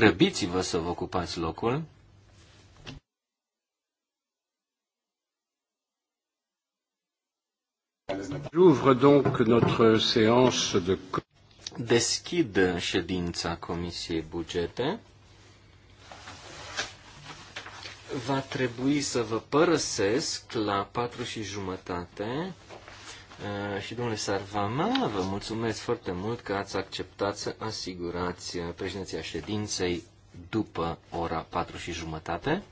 Grăbiți-vă să vă ocupați locul. J'ouvre donc notre séance de... Deschid ședința Comisiei Bugete. Va trebui să vă părăsesc la patru și jumătate Uh, și domnule Sarvama, vă mulțumesc foarte mult că ați acceptat să asigurați uh, președinția ședinței după ora 4 și jumătate.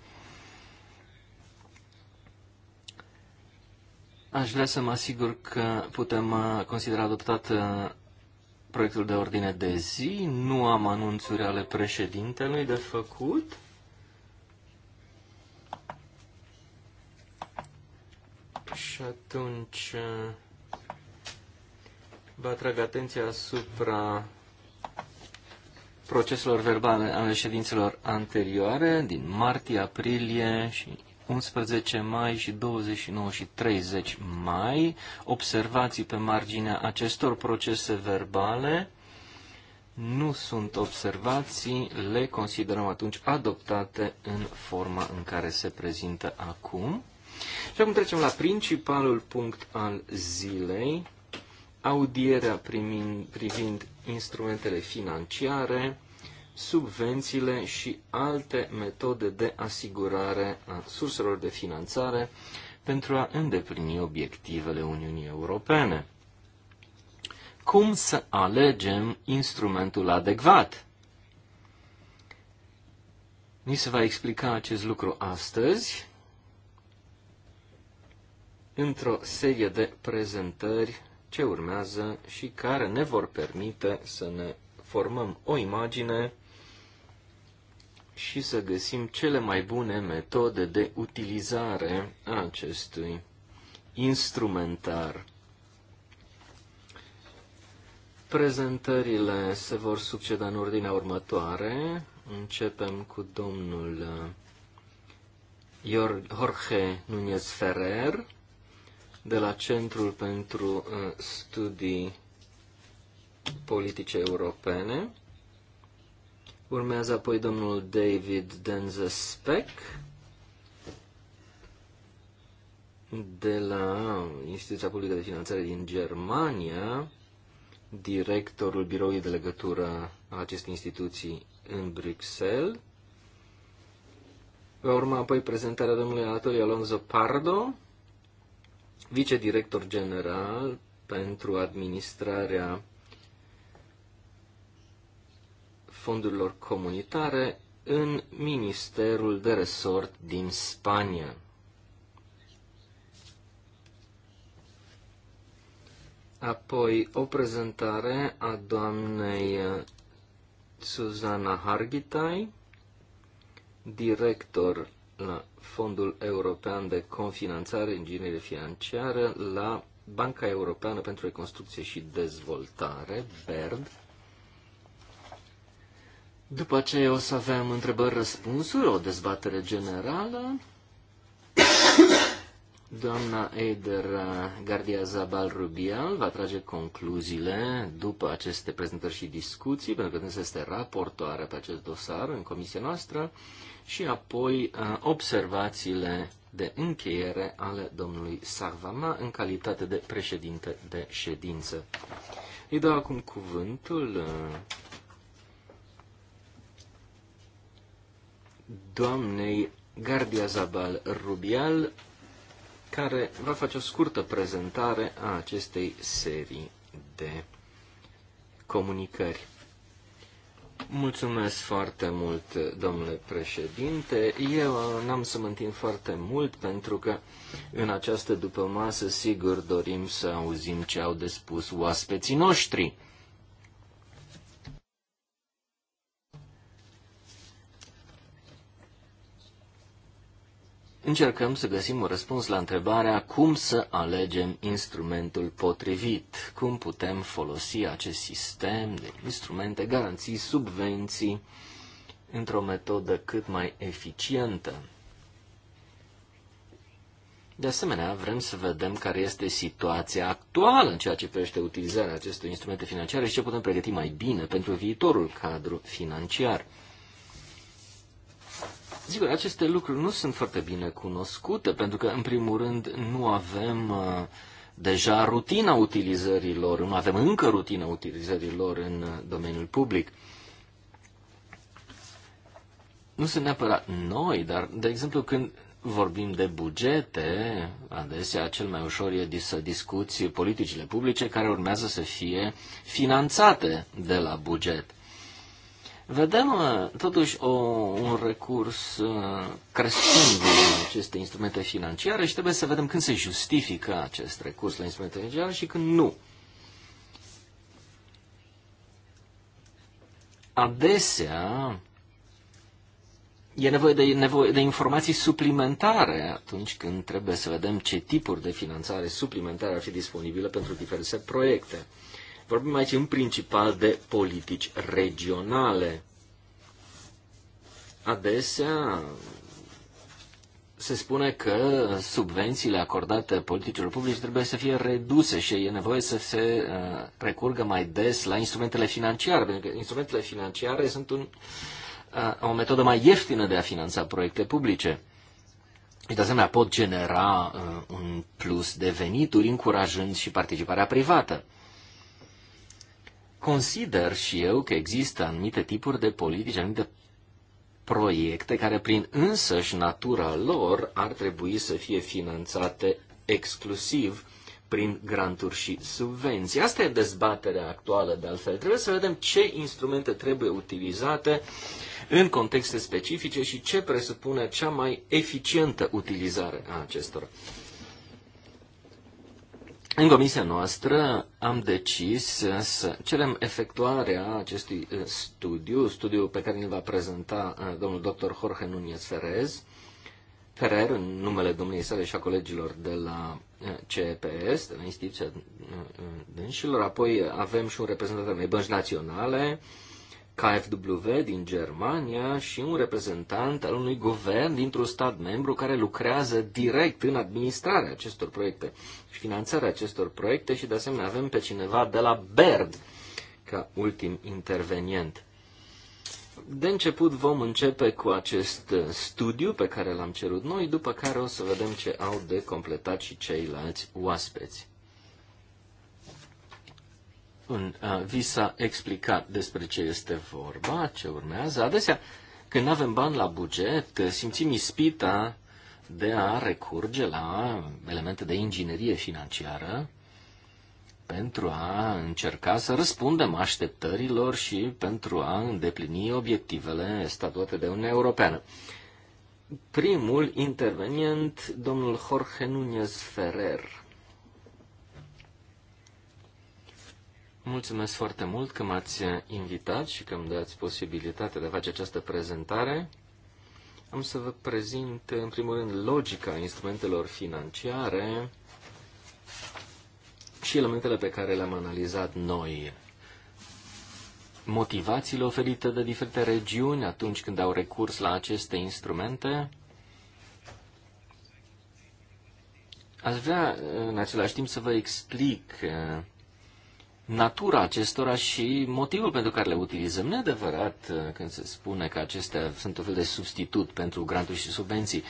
Aș vrea să mă asigur că putem uh, considera adoptat proiectul de ordine de zi. Nu am anunțuri ale președintelui de făcut. Și atunci Vă atrag atenția asupra proceselor verbale ale ședințelor anterioare, din martie, aprilie și 11 mai și 29 și 30 mai. Observații pe marginea acestor procese verbale nu sunt observații, le considerăm atunci adoptate în forma în care se prezintă acum. Și acum trecem la principalul punct al zilei, audierea primind, privind instrumentele financiare, subvențiile și alte metode de asigurare a surselor de finanțare pentru a îndeplini obiectivele Uniunii Europene. Cum să alegem instrumentul adecvat? Ni se va explica acest lucru astăzi într-o serie de prezentări ce urmează și care ne vor permite să ne formăm o imagine și să găsim cele mai bune metode de utilizare a acestui instrumentar. Prezentările se vor succeda în ordinea următoare. Începem cu domnul uh, Jorge Nunez Ferrer, de la Centrul pentru uh, Studii Politice Europene. Urmează apoi domnul David Denzespec de la Instituția Publică de Finanțare din Germania, directorul biroului de legătură a acestei instituții în Bruxelles. Va urma apoi prezentarea domnului Anatoly Alonso Pardo, vicedirector general pentru administrarea fondurilor comunitare în Ministerul de Resort din Spania. Apoi o prezentare a doamnei Suzana Hargitai, director la Fondul European de Confinanțare, Inginerie Financiară, la Banca Europeană pentru Reconstrucție și Dezvoltare, BERD. După aceea o să avem întrebări-răspunsuri, o dezbatere generală. Doamna Eider Gardia Zabal Rubial va trage concluziile după aceste prezentări și discuții, pentru că dânsa este raportoare pe acest dosar în comisia noastră și apoi uh, observațiile de încheiere ale domnului Sarvama în calitate de președinte de ședință. Îi dau acum cuvântul uh, doamnei Gardia Zabal Rubial, care va face o scurtă prezentare a acestei serii de comunicări. Mulțumesc foarte mult, domnule președinte. Eu n-am să mă întind foarte mult pentru că în această dupămasă sigur dorim să auzim ce au de spus oaspeții noștri. încercăm să găsim un răspuns la întrebarea cum să alegem instrumentul potrivit, cum putem folosi acest sistem de instrumente, garanții, subvenții într-o metodă cât mai eficientă. De asemenea, vrem să vedem care este situația actuală în ceea ce privește utilizarea acestor instrumente financiare și ce putem pregăti mai bine pentru viitorul cadru financiar. Sigur, aceste lucruri nu sunt foarte bine cunoscute, pentru că, în primul rând, nu avem uh, deja rutina utilizărilor, nu avem încă rutina utilizărilor în uh, domeniul public. Nu sunt neapărat noi, dar, de exemplu, când vorbim de bugete, adesea cel mai ușor e să discuți politicile publice care urmează să fie finanțate de la buget. Vedem uh, totuși o, un recurs uh, crescând la aceste instrumente financiare și trebuie să vedem când se justifică acest recurs la instrumente financiare și când nu. Adesea e nevoie de, nevoie de informații suplimentare atunci când trebuie să vedem ce tipuri de finanțare suplimentare ar fi disponibile pentru diverse proiecte. Vorbim aici în principal de politici regionale. Adesea se spune că subvențiile acordate politicilor publice trebuie să fie reduse și e nevoie să se uh, recurgă mai des la instrumentele financiare, pentru că instrumentele financiare sunt un, uh, o metodă mai ieftină de a finanța proiecte publice. Și de asemenea pot genera uh, un plus de venituri încurajând și participarea privată. Consider și eu că există anumite tipuri de politici, anumite proiecte care prin însăși natura lor ar trebui să fie finanțate exclusiv prin granturi și subvenții. Asta e dezbaterea actuală, de altfel. Trebuie să vedem ce instrumente trebuie utilizate în contexte specifice și ce presupune cea mai eficientă utilizare a acestora. În comisia noastră am decis să cerem efectuarea acestui uh, studiu, studiu pe care îl va prezenta uh, domnul dr. Jorge Nunez Ferez, Ferrer, în numele domniei sale și a colegilor de la uh, CEPS, de la instituția dânșilor. Apoi avem și un reprezentant al unei naționale, KFW din Germania și un reprezentant al unui guvern dintr-un stat membru care lucrează direct în administrarea acestor proiecte și finanțarea acestor proiecte și de asemenea avem pe cineva de la BERD ca ultim intervenient. De început vom începe cu acest studiu pe care l-am cerut noi, după care o să vedem ce au de completat și ceilalți oaspeți. Bun, vi s-a explicat despre ce este vorba, ce urmează. Adesea, când avem bani la buget, simțim ispita de a recurge la elemente de inginerie financiară pentru a încerca să răspundem așteptărilor și pentru a îndeplini obiectivele statuate de Uniunea Europeană. Primul intervenient, domnul Jorge Núñez Ferrer. Mulțumesc foarte mult că m-ați invitat și că îmi dați posibilitatea de a face această prezentare. Am să vă prezint, în primul rând, logica instrumentelor financiare și elementele pe care le-am analizat noi. Motivațiile oferite de diferite regiuni atunci când au recurs la aceste instrumente. Aș vrea, în același timp, să vă explic natura acestora și motivul pentru care le utilizăm. Nu adevărat uh, când se spune că acestea sunt un fel de substitut pentru granturi și subvenții.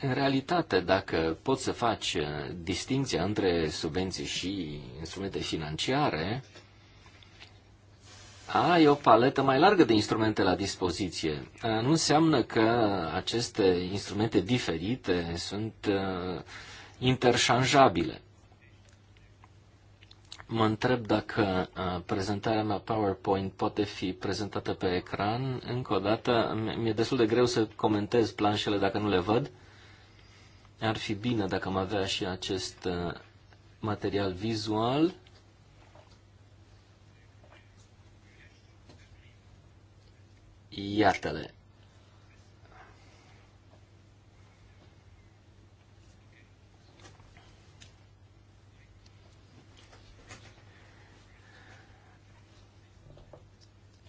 În realitate, dacă poți să faci uh, distinția între subvenții și instrumente financiare, ai o paletă mai largă de instrumente la dispoziție. Uh, nu înseamnă că aceste instrumente diferite sunt uh, interșanjabile. Mă întreb dacă uh, prezentarea mea PowerPoint poate fi prezentată pe ecran. Încă o dată, mi-e destul de greu să comentez planșele dacă nu le văd. Ar fi bine dacă am avea și acest uh, material vizual. Iată-le.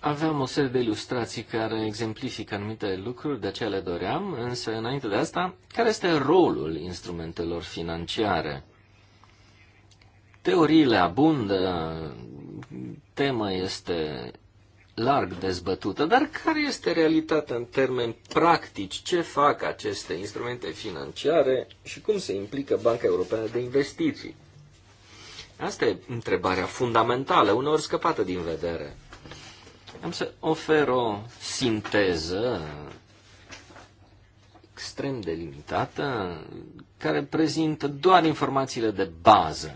Aveam o serie de ilustrații care exemplifică anumite lucruri, de aceea le doream, însă înainte de asta, care este rolul instrumentelor financiare? Teoriile abundă, tema este larg dezbătută, dar care este realitatea în termeni practici? Ce fac aceste instrumente financiare și cum se implică Banca Europeană de Investiții? Asta e întrebarea fundamentală, uneori scăpată din vedere. Am să ofer o sinteză extrem de limitată, care prezintă doar informațiile de bază.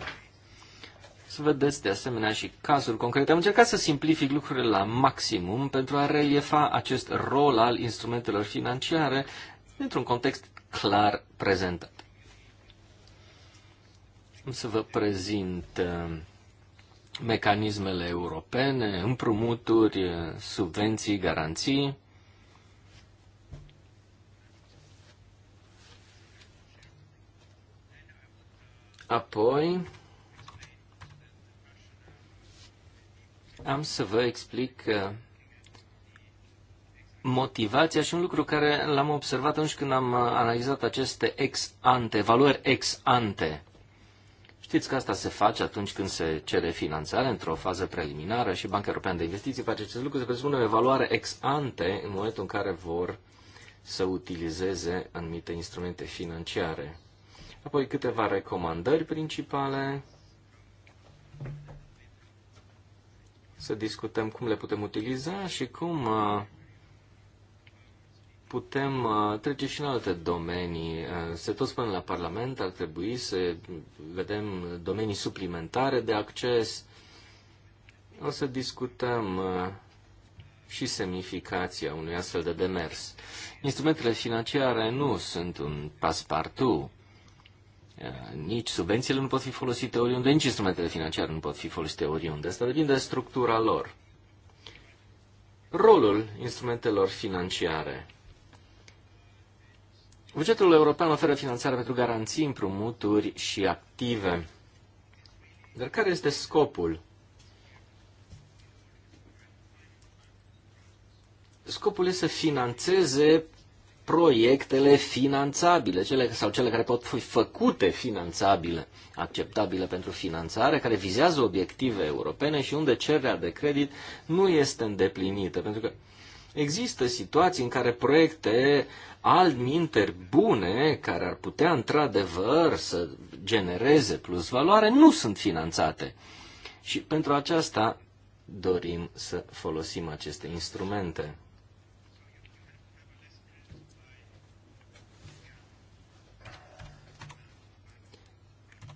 Să vedeți de asemenea și cazul concret. Am încercat să simplific lucrurile la maximum pentru a reliefa acest rol al instrumentelor financiare într-un context clar prezentat. Am să vă prezint uh, mecanismele europene, împrumuturi, subvenții, garanții. Apoi am să vă explic uh, motivația și un lucru care l-am observat atunci când am uh, analizat aceste ex ante, valori ex ante. Știți că asta se face atunci când se cere finanțare într-o fază preliminară și Banca Europeană de Investiții face acest lucru, se presupune o evaluare ex ante în momentul în care vor să utilizeze anumite instrumente financiare. Apoi câteva recomandări principale. Să discutăm cum le putem utiliza și cum uh, putem uh, trece și în alte domenii. Uh, se tot spune la Parlament, ar trebui să vedem domenii suplimentare de acces. O să discutăm uh, și semnificația unui astfel de demers. Instrumentele financiare nu sunt un paspartu. Nici subvențiile nu pot fi folosite oriunde, nici instrumentele financiare nu pot fi folosite oriunde. Asta depinde de structura lor. Rolul instrumentelor financiare Bugetul european oferă finanțare pentru garanții, împrumuturi și active. Dar care este scopul? Scopul este să finanțeze proiectele finanțabile, cele, sau cele care pot fi făcute finanțabile, acceptabile pentru finanțare, care vizează obiective europene și unde cererea de credit nu este îndeplinită. Pentru că există situații în care proiecte altminteri bune care ar putea într-adevăr să genereze plus valoare nu sunt finanțate. Și pentru aceasta dorim să folosim aceste instrumente.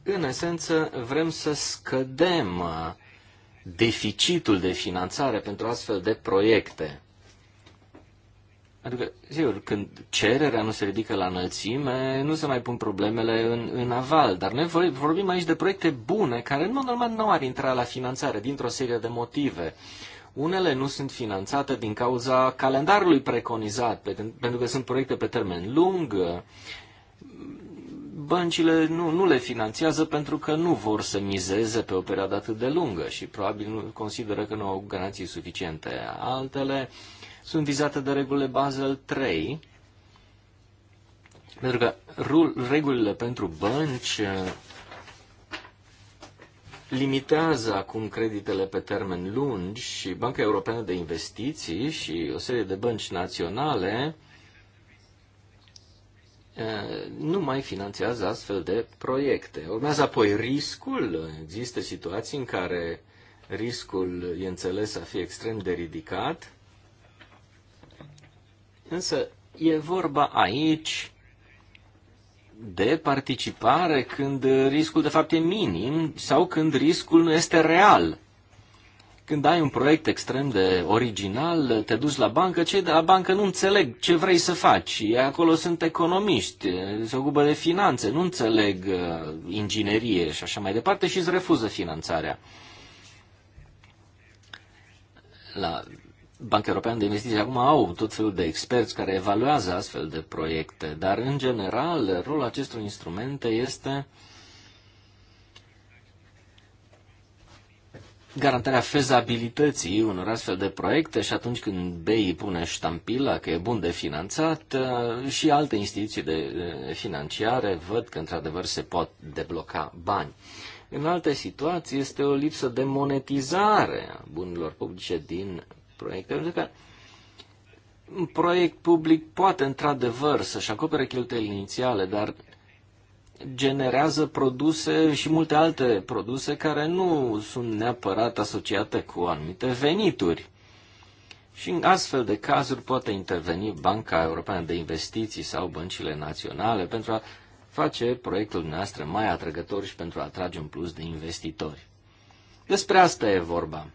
În esență, vrem să scădem uh, deficitul de finanțare pentru astfel de proiecte. Pentru că, adică, sigur, când cererea nu se ridică la înălțime, nu se mai pun problemele în, în aval. Dar noi vorbim aici de proiecte bune, care în mod normal nu ar intra la finanțare, dintr-o serie de motive. Unele nu sunt finanțate din cauza calendarului preconizat, pentru că sunt proiecte pe termen lung. Băncile nu, nu le finanțează pentru că nu vor să mizeze pe o perioadă atât de lungă și probabil nu consideră că nu au garanții suficiente. Altele uh, sunt vizate de regulile Basel 3, pentru că regulile pentru bănci uh, limitează acum creditele pe termen lungi și Banca Europeană de Investiții și o serie de bănci naționale uh, nu mai finanțează astfel de proiecte. Urmează apoi riscul. Există situații în care riscul e înțeles a fi extrem de ridicat Însă e vorba aici de participare când riscul de fapt e minim sau când riscul nu este real. Când ai un proiect extrem de original, te duci la bancă, cei de la bancă nu înțeleg ce vrei să faci. Acolo sunt economiști, se ocupă de finanțe, nu înțeleg uh, inginerie și așa mai departe și îți refuză finanțarea. La Banca Europeană de Investiții acum au tot felul de experți care evaluează astfel de proiecte, dar în general rolul acestor instrumente este garantarea fezabilității unor astfel de proiecte și atunci când BEI pune ștampila că e bun de finanțat uh, și alte instituții de uh, financiare văd că într-adevăr se pot debloca bani. În alte situații este o lipsă de monetizare a bunurilor publice din proiect. pentru că un proiect public poate într-adevăr să-și acopere cheltuielile inițiale, dar generează produse și multe alte produse care nu sunt neapărat asociate cu anumite venituri. Și în astfel de cazuri poate interveni Banca Europeană de Investiții sau băncile naționale pentru a face proiectul noastră mai atrăgător și pentru a atrage un plus de investitori. Despre asta e vorba.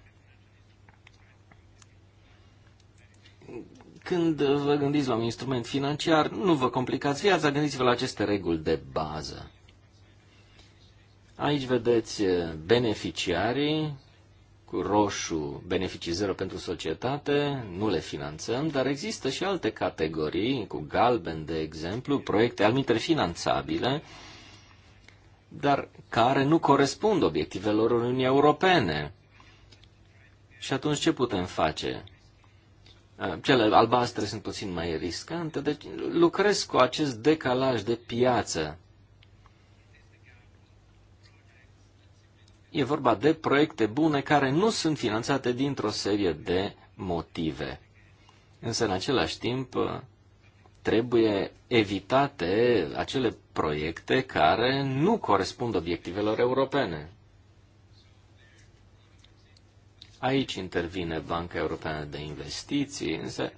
Când vă gândiți la un instrument financiar, nu vă complicați viața, gândiți-vă la aceste reguli de bază. Aici vedeți eh, beneficiarii, cu roșu beneficii zero pentru societate, nu le finanțăm, dar există și alte categorii, cu galben, de exemplu, proiecte almitere finanțabile, dar care nu corespund obiectivelor Uniunii Europene. Și atunci ce putem face? Ah, cele albastre sunt puțin mai riscante, deci lucrez cu acest decalaj de piață. E vorba de proiecte bune care nu sunt finanțate dintr-o serie de motive. Însă, în același timp, trebuie evitate acele proiecte care nu corespund obiectivelor europene. Aici intervine Banca Europeană de Investiții, însă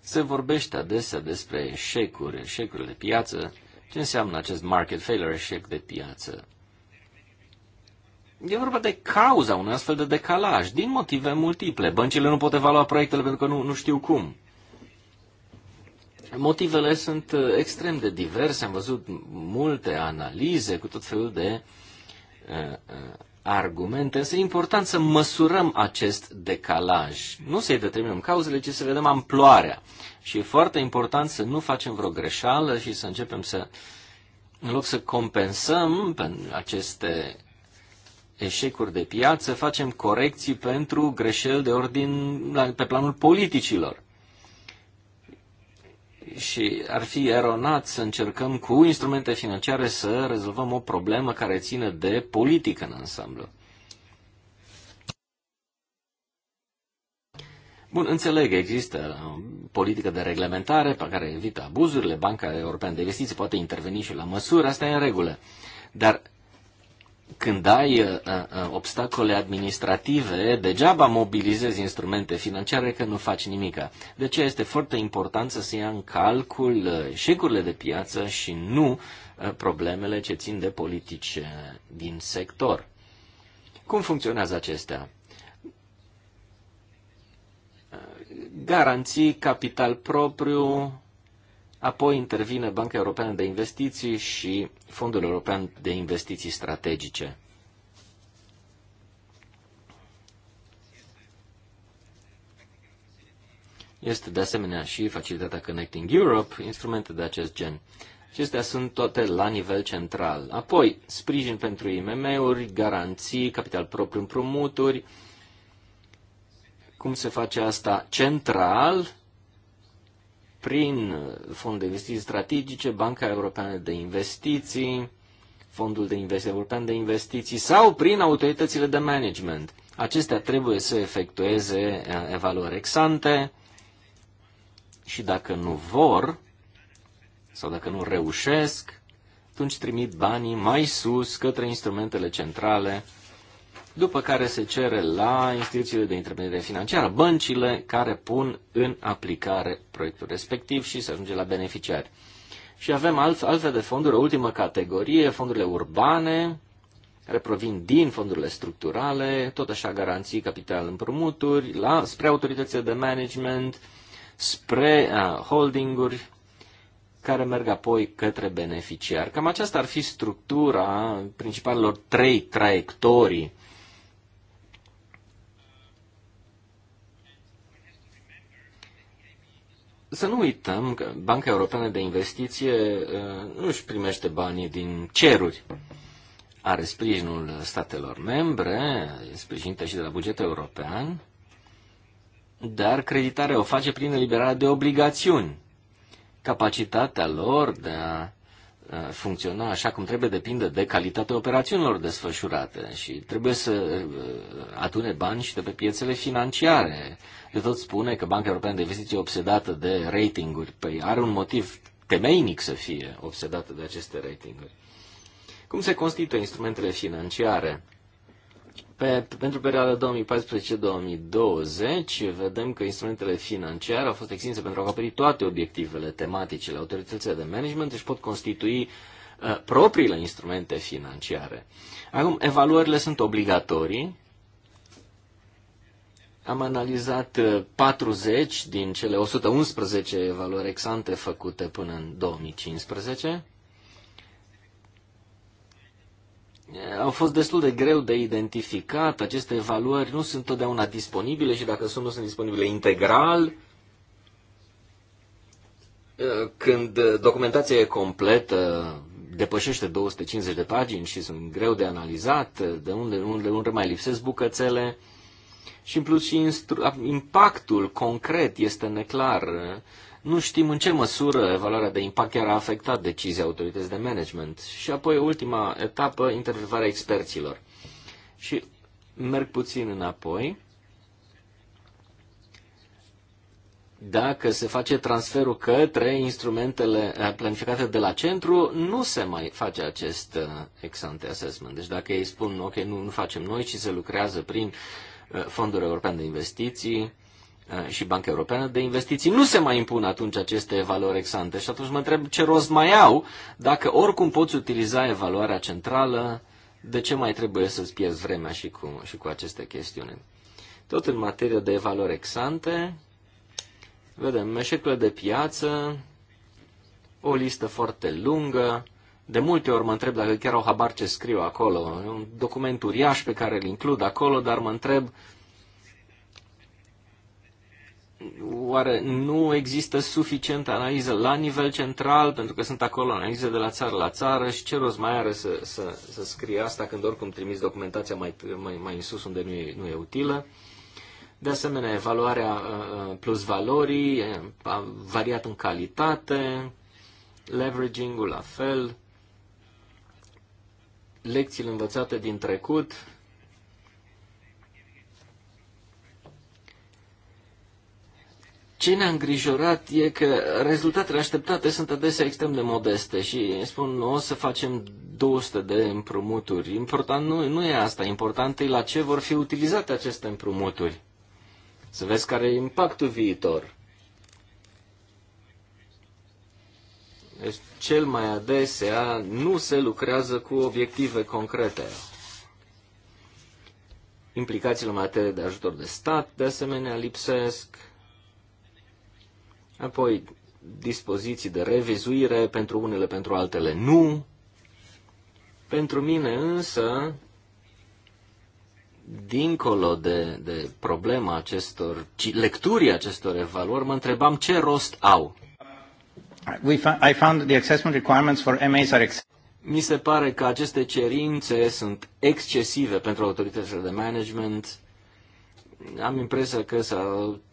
se vorbește adesea despre eșecuri, eșecuri de piață. Ce înseamnă acest market failure, eșec de piață? E vorba de cauza unui astfel de decalaj, din motive multiple. Băncile nu pot evalua proiectele pentru că nu, nu știu cum. Motivele sunt uh, extrem de diverse, am văzut multe analize cu tot felul de uh, uh, argumente, însă e important să măsurăm acest decalaj. Nu să-i determinăm cauzele, ci să vedem amploarea. Și e foarte important să nu facem vreo greșeală și să începem să, în loc să compensăm aceste eșecuri de piață, facem corecții pentru greșeli de ordin pe planul politicilor și ar fi eronat să încercăm cu instrumente financiare să rezolvăm o problemă care ține de politică în ansamblu. Bun, înțeleg, există o politică de reglementare pe care evită abuzurile, Banca Europeană de Investiții poate interveni și la măsuri, asta e în regulă. Dar când ai uh, uh, obstacole administrative, degeaba mobilizezi instrumente financiare că nu faci nimica. De aceea este foarte important să se ia în calcul uh, eșecurile de piață și nu uh, problemele ce țin de politici uh, din sector. Cum funcționează acestea? Uh, garanții, capital propriu, Apoi intervine Banca Europeană de Investiții și Fondul European de Investiții Strategice. Este de asemenea și facilitatea Connecting Europe, instrumente de acest gen. Acestea sunt toate la nivel central. Apoi, sprijin pentru IMM-uri, garanții, capital propriu împrumuturi. Cum se face asta central? prin fondul de investiții strategice, Banca Europeană de Investiții, Fondul de investiții European de Investiții sau prin autoritățile de management. Acestea trebuie să efectueze evaluări exante și dacă nu vor sau dacă nu reușesc, atunci trimit banii mai sus către instrumentele centrale după care se cere la instituțiile de intermediere financiară, băncile care pun în aplicare proiectul respectiv și se ajunge la beneficiari. Și avem alt, altfel de fonduri, o ultimă categorie, fondurile urbane, care provin din fondurile structurale, tot așa garanții, capital împrumuturi, la, spre autoritățile de management, spre uh, holdinguri, care merg apoi către beneficiar. Cam aceasta ar fi structura principalelor trei traiectorii Să nu uităm că Banca Europeană de Investiție uh, nu își primește banii din ceruri. Are sprijinul statelor membre, sprijinită și de la bugetul european, dar creditarea o face prin eliberarea de obligațiuni. Capacitatea lor de a Uh, funcționa așa cum trebuie depinde de calitatea operațiunilor desfășurate și trebuie să uh, adune bani și de pe piețele financiare. De tot spune că Banca Europeană de Investiții e obsedată de ratinguri. Păi are un motiv temeinic să fie obsedată de aceste ratinguri. Cum se constituie instrumentele financiare? pe, pentru perioada 2014-2020 vedem că instrumentele financiare au fost extinse pentru a acoperi toate obiectivele tematice ale autorităților de management, își pot constitui uh, propriile instrumente financiare. Acum, evaluările sunt obligatorii. Am analizat 40 uh, din cele 111 evaluări exante făcute până în 2015. Eh, au fost destul de greu de identificat. Aceste evaluări nu sunt totdeauna disponibile și dacă sunt, nu sunt disponibile integral. Eh, când documentația e completă, depășește 250 de pagini și sunt greu de analizat, de unde, unde, unde mai lipsesc bucățele. Și în plus și impactul concret este neclar. Nu știm în ce măsură evaluarea de impact chiar a afectat decizia autorității de management. Și apoi ultima etapă, intervievarea experților. Și merg puțin înapoi. Dacă se face transferul către instrumentele eh, planificate de la centru, nu se mai face acest eh, ex-ante assessment. Deci dacă ei spun, ok, nu, nu facem noi, ci se lucrează prin eh, Fondul European de Investiții, Eh, și Banca Europeană de Investiții nu se mai impun atunci aceste evaluări exante și atunci mă întreb ce rost mai au dacă oricum poți utiliza evaluarea centrală, de ce mai trebuie să-ți pierzi vremea și cu, și cu aceste chestiuni. Tot în materie de evaluări exante, vedem eșecurile de piață, o listă foarte lungă, de multe ori mă întreb dacă chiar au habar ce scriu acolo, un document uriaș pe care îl includ acolo, dar mă întreb Oare nu există suficientă analiză la nivel central, pentru că sunt acolo analize de la țară la țară și ce rost mai are să, să, să scrie asta când oricum trimis documentația mai, mai, mai în sus unde nu e, nu e utilă? De asemenea, evaluarea uh, uh, plus valorii a variat în calitate, leveraging-ul la fel, lecțiile învățate din trecut, Ce ne-a îngrijorat e că rezultatele așteptate sunt adesea extrem de modeste și spun o să facem 200 de împrumuturi. Important nu, nu e asta, important e la ce vor fi utilizate aceste împrumuturi. Să vezi care e impactul viitor. Deci cel mai adesea nu se lucrează cu obiective concrete. Implicațiile în materie de ajutor de stat, de asemenea, lipsesc Apoi, dispoziții de revizuire, pentru unele, pentru altele nu. Pentru mine însă, dincolo de, de problema acestor, lecturii acestor evaluări, mă întrebam ce rost au. We found, I found the assessment requirements for MAs are Mi se pare că aceste cerințe sunt excesive pentru autoritățile de management, am impresia că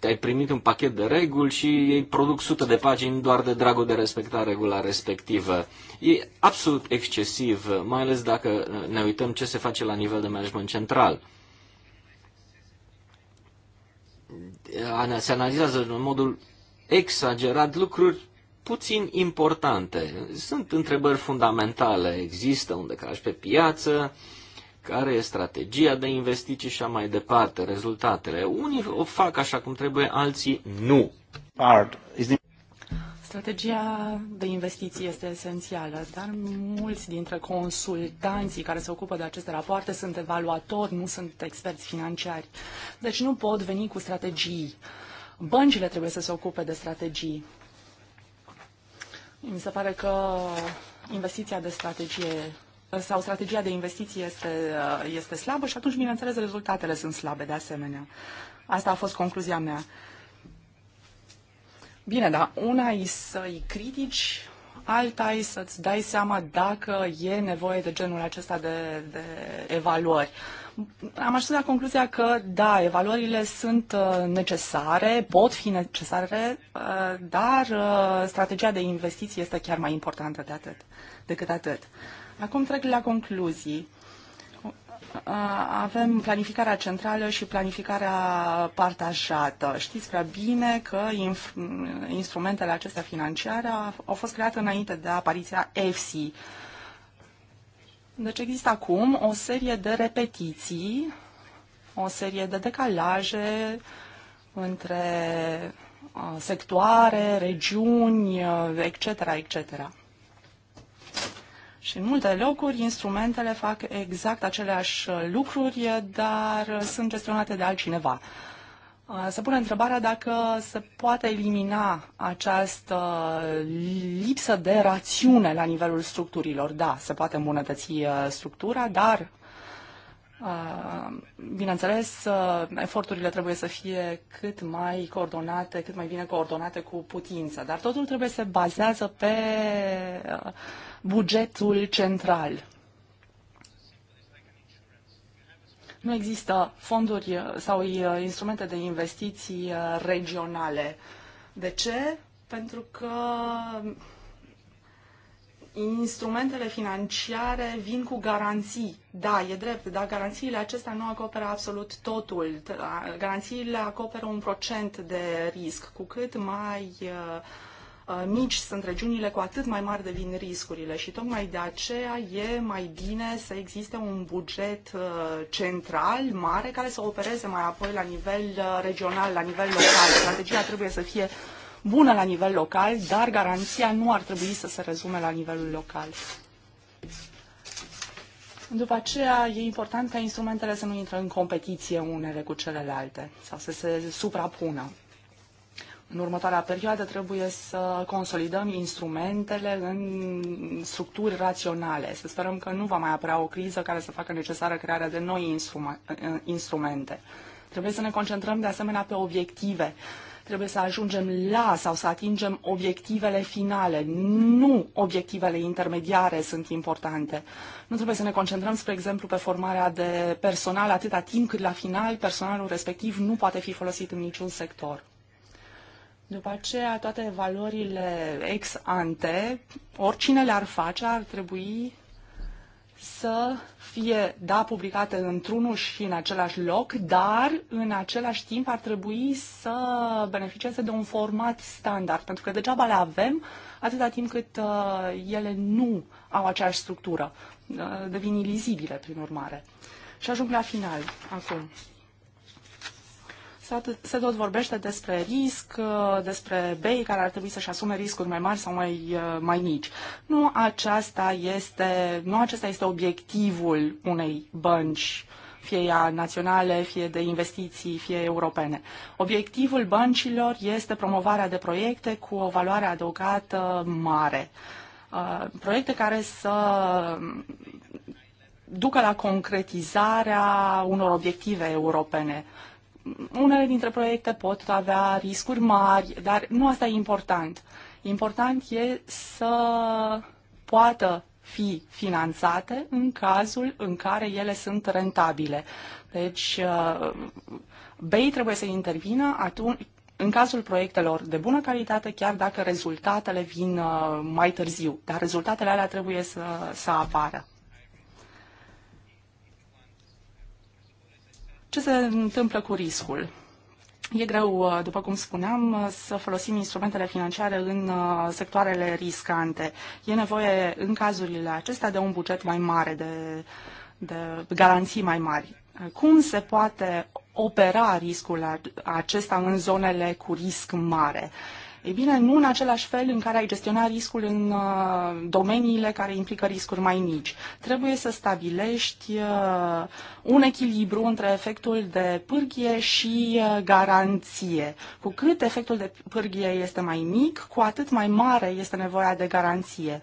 ai primit un pachet de reguli și ei produc sute de pagini doar de dragul de a respecta regula respectivă. E absolut excesiv, mai ales dacă ne uităm ce se face la nivel de management central. Se analizează în modul exagerat lucruri puțin importante. Sunt întrebări fundamentale. Există un decalaj pe piață, uh, care e strategia de investiții și așa mai departe, rezultatele. Unii o fac așa cum trebuie, alții nu. Strategia de investiții este esențială, dar mulți dintre consultanții care se ocupă de aceste rapoarte sunt evaluatori, nu sunt experți financiari. Deci nu pot veni cu strategii. Băncile trebuie să se ocupe de strategii. Mi se pare că investiția de strategie sau strategia de investiții este, uh, este slabă și atunci, bineînțeles, rezultatele sunt slabe de asemenea. Asta a fost concluzia mea. Bine, dar una e să-i critici, alta e să-ți dai seama dacă e nevoie de genul acesta de, de evaluări. Am ajuns la concluzia că, da, evaluările sunt uh, necesare, pot fi necesare, uh, dar strategia de investiții este chiar mai importantă de atât, decât atât. Acum trec la concluzii. Avem planificarea centrală și planificarea partajată. Știți prea bine că instrumentele acestea financiare au fost create înainte de apariția EFSI. Deci există acum o serie de repetiții, o serie de decalaje între sectoare, regiuni, etc., etc. Și în multe locuri instrumentele fac exact aceleași lucruri, dar sunt gestionate de altcineva. Se pune întrebarea dacă se poate elimina această lipsă de rațiune la nivelul structurilor. Da, se poate îmbunătăți structura, dar Uh, bineînțeles, uh, eforturile trebuie să fie cât mai coordonate, cât mai bine coordonate cu putință, dar totul trebuie să bazează pe uh, bugetul central. Nu există fonduri sau instrumente de investiții regionale. De ce? Pentru că instrumentele financiare vin cu garanții. Da, e drept, dar garanțiile acestea nu acoperă absolut totul. Garanțiile acoperă un procent de risc. Cu cât mai uh, uh, mici sunt regiunile, cu atât mai mari devin riscurile și tocmai de aceea e mai bine să existe un buget uh, central mare care să opereze mai apoi la nivel regional, la nivel local. Strategia trebuie să fie bună la nivel local, dar garanția nu ar trebui să se rezume la nivelul local. După aceea, e important ca instrumentele să nu intre în competiție unele cu celelalte sau să se suprapună. În următoarea perioadă trebuie să consolidăm instrumentele în structuri raționale. Să sperăm că nu va mai apărea o criză care să facă necesară crearea de noi instrumente. Trebuie să ne concentrăm de asemenea pe obiective Trebuie să ajungem la sau să atingem obiectivele finale. Nu obiectivele intermediare sunt importante. Nu trebuie să ne concentrăm, spre exemplu, pe formarea de personal atâta timp cât la final personalul respectiv nu poate fi folosit în niciun sector. După aceea, toate valorile ex ante, oricine le-ar face, ar trebui să fie, da, publicate într-unul și în același loc, dar în același timp ar trebui să beneficieze de un format standard, pentru că degeaba le avem atâta timp cât uh, ele nu au aceeași structură. Uh, devin ilizibile, prin urmare. Și ajung la final acum se tot vorbește despre risc, uh, despre bei care ar trebui să-și asume riscuri mai mari sau mai, uh, mai mici. Nu aceasta este, nu acesta este obiectivul unei bănci fie ea naționale, fie de investiții, fie europene. Obiectivul băncilor este promovarea de proiecte cu o valoare adăugată mare. Uh, proiecte care să ducă la concretizarea unor obiective europene unele dintre proiecte pot avea riscuri mari, dar nu asta e important. Important e să poată fi finanțate în cazul în care ele sunt rentabile. Deci, uh, BEI trebuie să intervină atunci, în cazul proiectelor de bună calitate, chiar dacă rezultatele vin uh, mai târziu. Dar rezultatele alea trebuie să, să apară. Ce se întâmplă cu riscul? E greu, uh, după cum spuneam, uh, să folosim instrumentele financiare în uh, sectoarele riscante. E nevoie, în cazurile acestea, de un buget mai mare, de, de garanții mai mari. Cum se poate opera riscul acesta în zonele cu risc mare? Uh, ei bine, nu în același fel în care ai gestiona riscul în uh, domeniile care implică riscuri mai mici. Trebuie să stabilești uh, un echilibru între efectul de pârghie și uh, garanție. Cu cât efectul de pârghie este mai mic, cu atât mai mare este nevoia de garanție.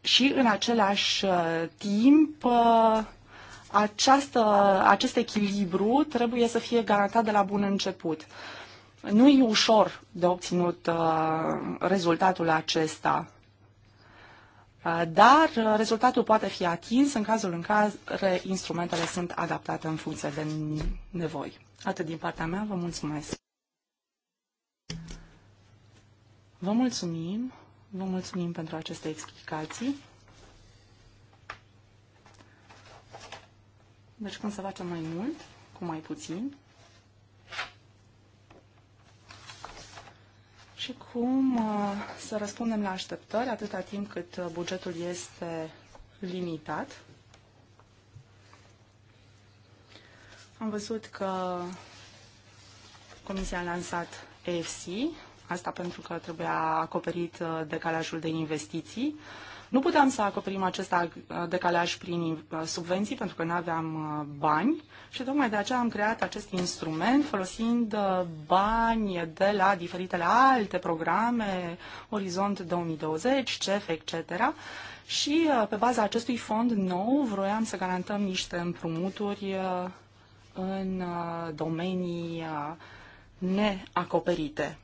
Și în același timp, această, acest echilibru trebuie să fie garantat de la bun început. Uh, nu e ușor de obținut uh, rezultatul acesta, uh, dar uh, rezultatul poate fi atins în cazul în care instrumentele sunt adaptate în funcție de nevoi. Atât din partea mea, vă mulțumesc. Vă mulțumim, vă mulțumim pentru aceste explicații. Deci cum să facem mai mult, cu mai puțin, și cum uh, să răspundem la așteptări atâta timp cât uh, bugetul este limitat. Am văzut că Comisia a lansat EFC, asta pentru că trebuia acoperit uh, decalajul de investiții. Uh, nu puteam să acoperim acest decalaj prin uh, subvenții pentru că nu aveam uh, bani și tocmai de aceea am creat acest instrument folosind uh, bani de la diferitele alte programe, Orizont 2020, CEF, etc. Și pe baza acestui fond nou vroiam să garantăm niște împrumuturi în domenii neacoperite.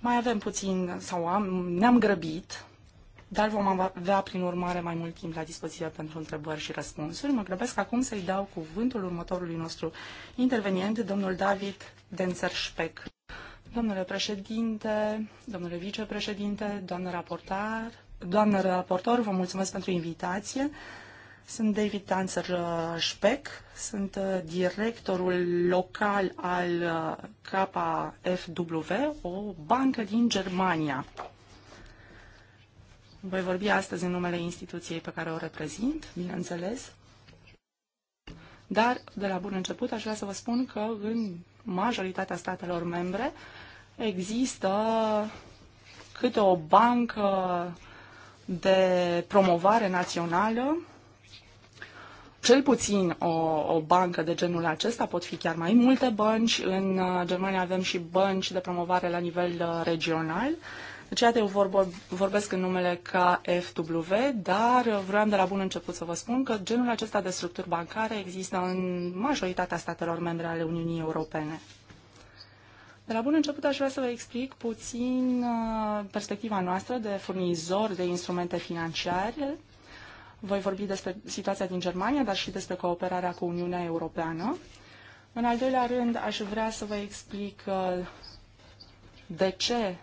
Mai avem puțin, sau am, ne-am grăbit dar vom avea, prin urmare, mai mult timp la dispoziție pentru întrebări și răspunsuri. Mă grăbesc acum să-i dau cuvântul următorului nostru intervenient, domnul David Denzer-Speck. Domnule președinte, domnule vicepreședinte, doamnă raportar, doamnă raportor, vă mulțumesc pentru invitație. Sunt David Tanzer Speck, sunt uh, directorul local al uh, KFW, o bancă din Germania. Voi vorbi astăzi în numele instituției pe care o reprezint, bineînțeles. Dar, de la bun început, aș vrea să vă spun că în majoritatea statelor membre există câte o bancă de promovare națională, cel puțin o, o bancă de genul acesta, pot fi chiar mai multe bănci. În uh, Germania avem și bănci de promovare la nivel uh, regional. Deci, iată, eu vorbesc în numele KFW, dar vreau de la bun început să vă spun că genul acesta de structuri bancare există în majoritatea statelor membre ale Uniunii Europene. De la bun început aș vrea să vă explic puțin uh, perspectiva noastră de furnizor de instrumente financiare. Voi vorbi despre situația din Germania, dar și despre cooperarea cu Uniunea Europeană. În al doilea rând, aș vrea să vă explic uh, de ce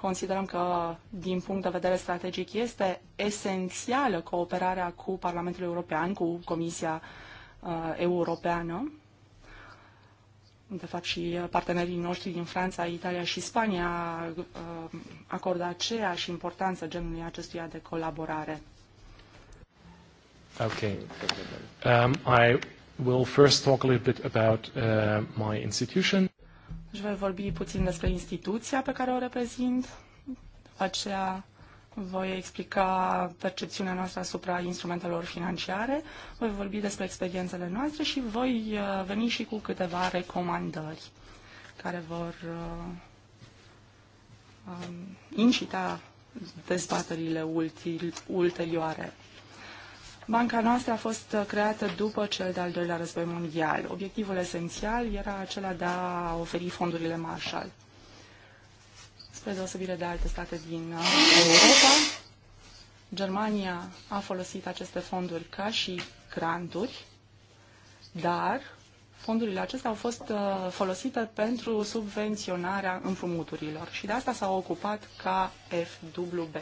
Considerăm că, din punct de vedere strategic, este esențială cooperarea cu Parlamentul European, cu Comisia uh, Europeană. De fapt, și partenerii noștri din Franța, Italia și Spania uh, acordă aceeași importanță genului acestuia de colaborare. Okay. Um, I will first talk a little bit about uh, my institution. Își voi vorbi puțin despre instituția pe care o reprezint, după aceea voi explica percepțiunea noastră asupra instrumentelor financiare, voi vorbi despre experiențele noastre și voi uh, veni și cu câteva recomandări care vor uh, um, incita dezbaterile ulterioare. Banca noastră a fost uh, creată după cel de-al doilea război mondial. Obiectivul esențial era acela de a oferi fondurile Marshall. Spre deosebire de alte state din uh, Europa, Germania a folosit aceste fonduri ca și granturi, dar fondurile acestea au fost uh, folosite pentru subvenționarea împrumuturilor și de asta s-a ocupat KFWB.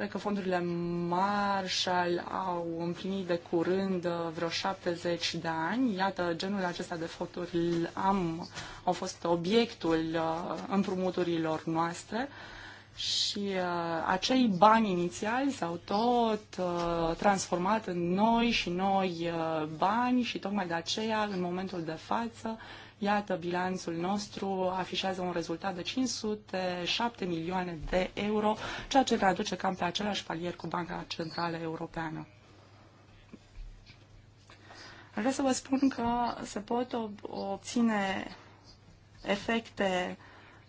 Cred că fondurile Marshall au împlinit de curând uh, vreo 70 de ani. Iată, genul acesta de fonduri am, au fost obiectul uh, împrumuturilor noastre. Și uh, acei bani inițiali s-au tot uh, transformat în noi și noi uh, bani și tocmai de aceea, în momentul de față, Iată, bilanțul nostru afișează un rezultat de 507 milioane de euro, ceea ce traduce cam pe același palier cu Banca Centrală Europeană. Vreau să vă spun că se pot obține efecte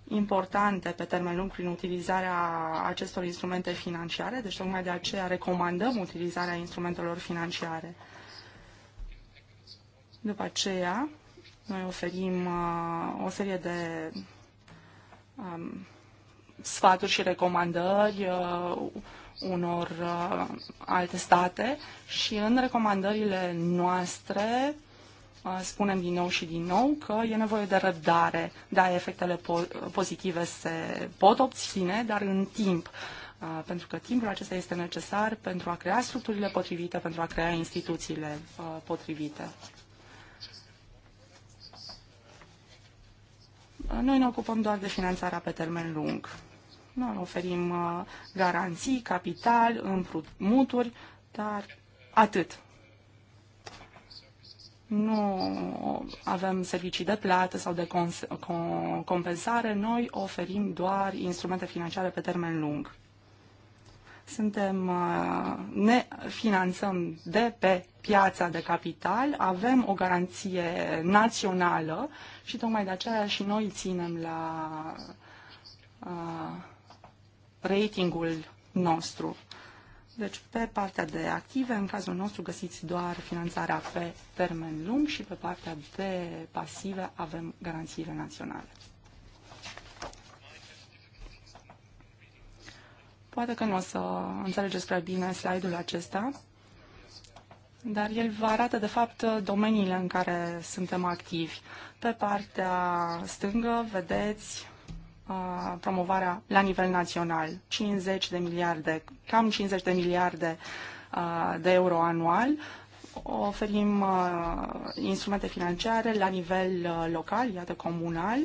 importante pe termen lung prin utilizarea acestor instrumente financiare, deci tocmai de aceea recomandăm utilizarea instrumentelor financiare. După aceea, noi oferim uh, o serie de um, sfaturi și recomandări uh, unor uh, alte state și în recomandările noastre uh, spunem din nou și din nou că e nevoie de răbdare. Da, efectele po- pozitive se pot obține, dar în timp. Uh, pentru că timpul acesta este necesar pentru a crea structurile potrivite, pentru a crea instituțiile uh, potrivite. Noi ne ocupăm doar de finanțarea pe termen lung. Noi oferim uh, garanții, capital, împrumuturi, dar atât. Nu avem servicii de plată sau de compensare, noi oferim doar instrumente financiare pe termen lung suntem, uh, ne finanțăm de pe piața de capital, avem o garanție națională și tocmai de aceea și noi ținem la uh, ratingul nostru. Deci pe partea de active, în cazul nostru, găsiți doar finanțarea pe termen lung și pe partea de pasive avem garanțiile naționale. Poate că nu o să înțelegeți prea bine slide-ul acesta, dar el vă arată, de fapt, domeniile în care suntem activi. Pe partea stângă vedeți uh, promovarea la nivel național, 50 de miliarde, cam 50 de miliarde uh, de euro anual. Oferim uh, instrumente financiare la nivel local, iată comunal,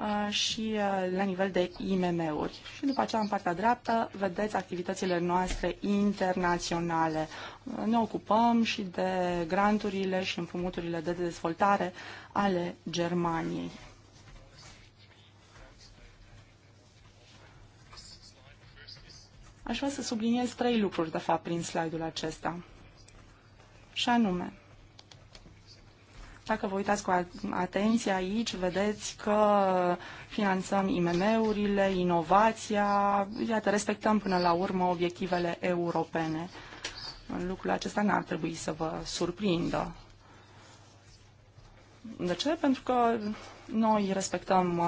Uh, și uh, la nivel de IMM-uri. Și după aceea, în partea dreaptă, vedeți activitățile noastre internaționale. Uh, ne ocupăm și de granturile și împrumuturile de dezvoltare ale Germaniei. Aș vrea să subliniez trei lucruri, de fapt, prin slide-ul acesta. Și anume, dacă vă uitați cu atenție aici, vedeți că finanțăm IMM-urile, inovația, iată, respectăm până la urmă obiectivele europene. Lucrul acesta n-ar trebui să vă surprindă. De ce? Pentru că noi respectăm uh,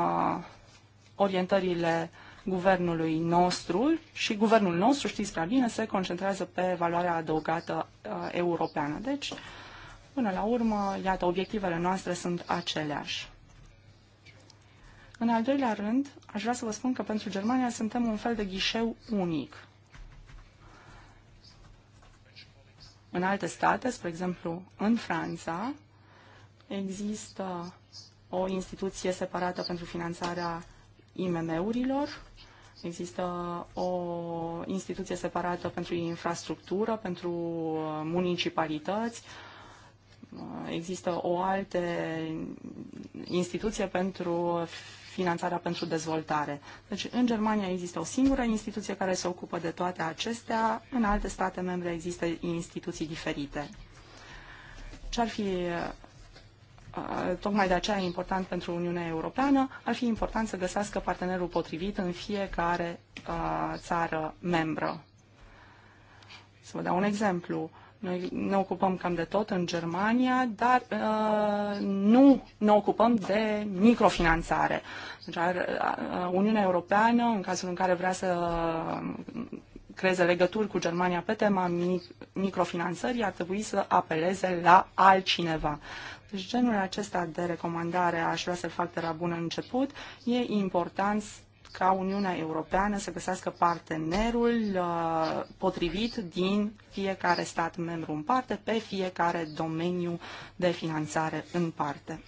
orientările guvernului nostru și guvernul nostru, știți prea bine, se concentrează pe valoarea adăugată uh, europeană. Deci, Până la urmă, iată, obiectivele noastre sunt aceleași. În al doilea rând, aș vrea să vă spun că pentru Germania suntem un fel de ghișeu unic. În alte state, spre exemplu în Franța, există o instituție separată pentru finanțarea IMM-urilor, există o instituție separată pentru infrastructură, pentru municipalități, există o altă instituție pentru finanțarea pentru dezvoltare. Deci în Germania există o singură instituție care se ocupă de toate acestea, în alte state membre există instituții diferite. Ce ar fi uh, tocmai de aceea e important pentru Uniunea Europeană, ar fi important să găsească partenerul potrivit în fiecare uh, țară membră. Să vă dau un exemplu. Noi ne ocupăm cam de tot în Germania, dar uh, nu ne ocupăm de microfinanțare. Deci, uh, Uniunea Europeană, în cazul în care vrea să creeze legături cu Germania pe tema microfinanțării, ar trebui să apeleze la altcineva. Deci genul acesta de recomandare aș vrea să-l fac de la bun început. E important ca Uniunea Europeană să găsească partenerul uh, potrivit din fiecare stat membru în parte, pe fiecare domeniu de finanțare în parte.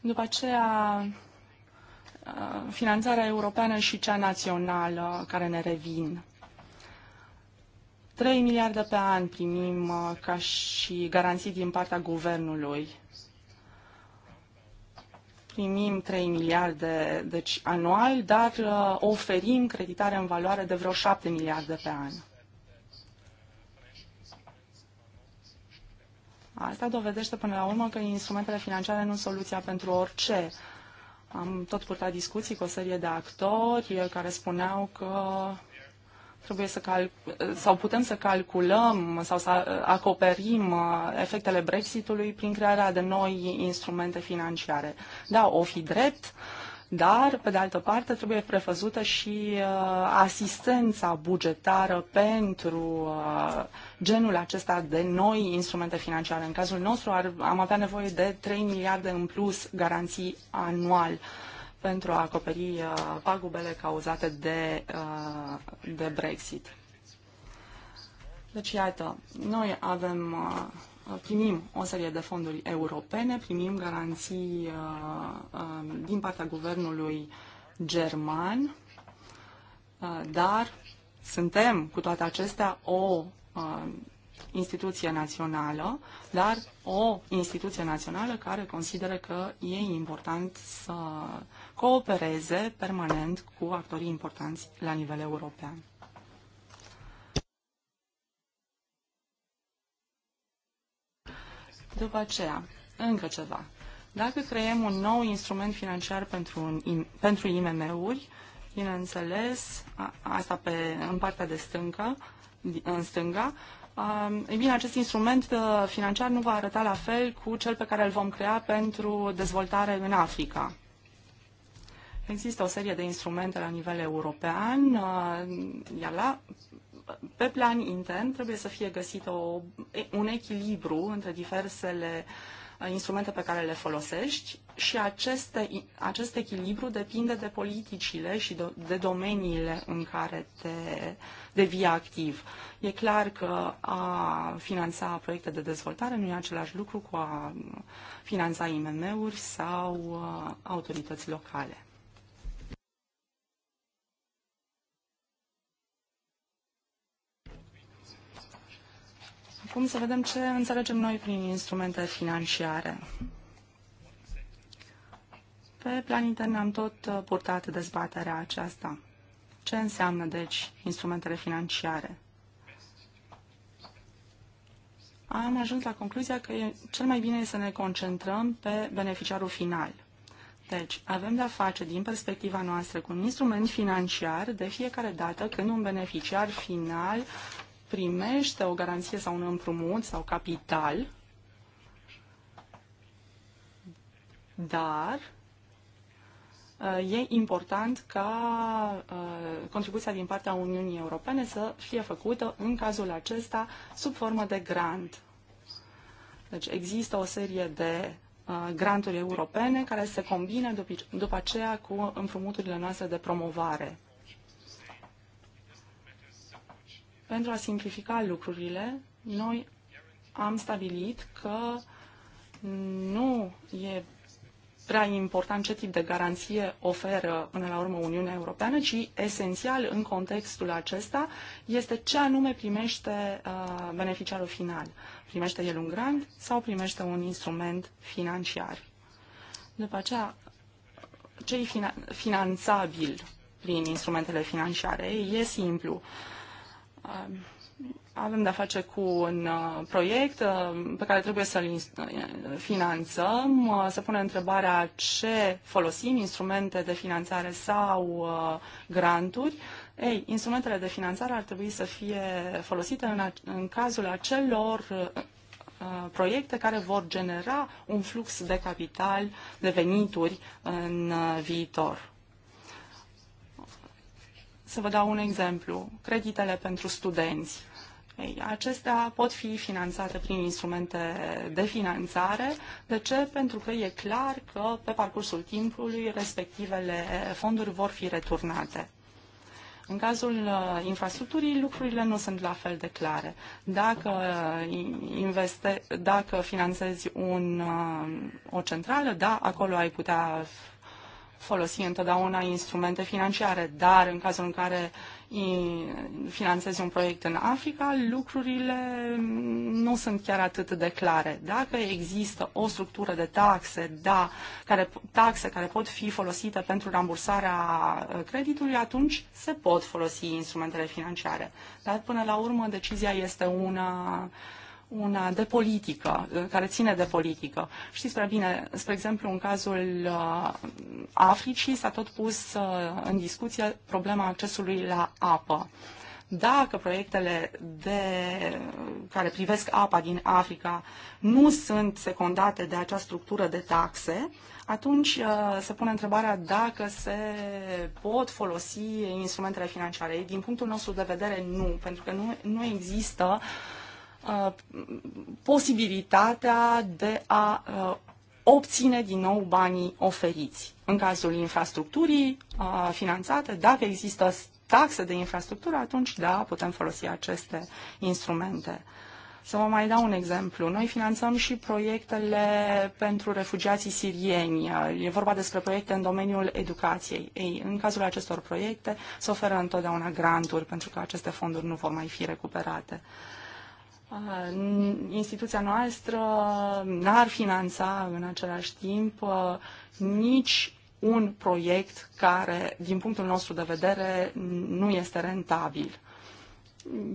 După aceea, uh, finanțarea europeană și cea națională care ne revin. 3 miliarde pe an primim uh, ca și garanții din partea guvernului primim 3 miliarde deci anual, dar uh, oferim creditare în valoare de vreo 7 miliarde pe an. Asta dovedește până la urmă că instrumentele financiare nu sunt soluția pentru orice. Am tot purtat discuții cu o serie de actori uh, care spuneau că Trebuie să cal- sau putem să calculăm sau să acoperim uh, efectele Brexitului prin crearea de noi instrumente financiare. Da, o fi drept, dar, pe de altă parte, trebuie prevăzută și uh, asistența bugetară pentru uh, genul acesta de noi instrumente financiare. În cazul nostru ar, am avea nevoie de 3 miliarde în plus garanții anual. Uh, pentru a acoperi uh, pagubele cauzate de, uh, de Brexit. Deci, iată, noi avem, uh, primim o serie de fonduri europene, primim garanții um, din partea guvernului german, dar suntem cu toate acestea o um, instituție națională, dar o instituție națională care consideră că e important să coopereze permanent cu actorii importanți la nivel european. După aceea, încă ceva. Dacă creăm un nou instrument financiar pentru, pentru IMM-uri, bineînțeles, asta pe, în partea de stâncă, în stânga, ei e bine, acest instrument uh, financiar nu va arăta la fel cu cel pe care îl vom crea pentru dezvoltare în Africa. Există o serie de instrumente la nivel european, uh, iar la, pe plan intern trebuie să fie găsit o, un echilibru între diversele uh, instrumente pe care le folosești și aceste, acest echilibru depinde de politicile și de, de domeniile în care te devii activ. E clar că a finanța proiecte de dezvoltare nu e același lucru cu a finanța IMM-uri sau uh, autorități locale. acum să vedem ce înțelegem noi prin instrumente financiare. Pe plan intern am tot uh, purtat dezbaterea aceasta. Ce înseamnă, deci, instrumentele financiare? Am ajuns la concluzia că cel mai bine este să ne concentrăm pe beneficiarul final. Deci, avem de-a face, din perspectiva noastră, cu un instrument financiar de fiecare dată când un beneficiar final primește o garanție sau un împrumut sau capital, dar uh, e important ca uh, contribuția din partea Uniunii Europene să fie făcută în cazul acesta sub formă de grant. Deci există o serie de uh, granturi europene care se combină după aceea cu împrumuturile noastre de promovare. Pentru a simplifica lucrurile, noi am stabilit că nu e prea important ce tip de garanție oferă până la urmă Uniunea Europeană, ci esențial în contextul acesta este ce anume primește uh, beneficiarul final. Primește el un grant sau primește un instrument financiar. După aceea, ce e finan- finanțabil prin instrumentele financiare? E simplu. Uh, avem de-a face cu un uh, proiect uh, pe care trebuie să-l uh, finanțăm. Se pune întrebarea ce folosim, instrumente de finanțare sau granturi. Ei, instrumentele de finanțare ar trebui să fie folosite în, în cazul acelor proiecte care vor genera un flux de capital, de venituri în viitor. Să vă dau un exemplu. Creditele pentru studenți. Ei, acestea pot fi finanțate prin instrumente de finanțare. De ce? Pentru că e clar că pe parcursul timpului respectivele fonduri vor fi returnate. În cazul uh, infrastructurii, lucrurile nu sunt la fel de clare. Dacă, uh, investe, dacă finanțezi un, uh, o centrală, da, acolo ai putea folosi întotdeauna instrumente financiare, dar în cazul în care finanțezi un proiect în Africa, lucrurile nu sunt chiar atât de clare. Dacă există o structură de taxe, da, care, taxe care pot fi folosite pentru rambursarea uh, creditului, atunci se pot folosi instrumentele financiare. Dar până la urmă decizia este una uh, una de politică, uh, care ține de politică. Știți prea bine, spre exemplu, în cazul uh, Africii s-a tot pus uh, în discuție problema accesului la apă. Dacă proiectele de, care privesc apa din Africa nu sunt secundate de acea structură de taxe, atunci se pune întrebarea dacă se pot folosi instrumentele financiare. Din punctul nostru de vedere, nu, pentru că nu, nu există uh, Uh, posibilitatea de a uh, obține din nou banii oferiți. În cazul infrastructurii uh, finanțate, dacă există taxe de infrastructură, atunci da, putem folosi aceste instrumente. Să vă mai dau un exemplu. Noi finanțăm și proiectele pentru refugiații sirieni. E vorba despre proiecte în domeniul educației. Ei, în cazul acestor proiecte se oferă întotdeauna granturi pentru că aceste fonduri nu vor mai fi recuperate. Uh, Uh, instituția noastră n-ar finanța în același timp uh, nici un proiect care, din punctul nostru de vedere, nu este rentabil.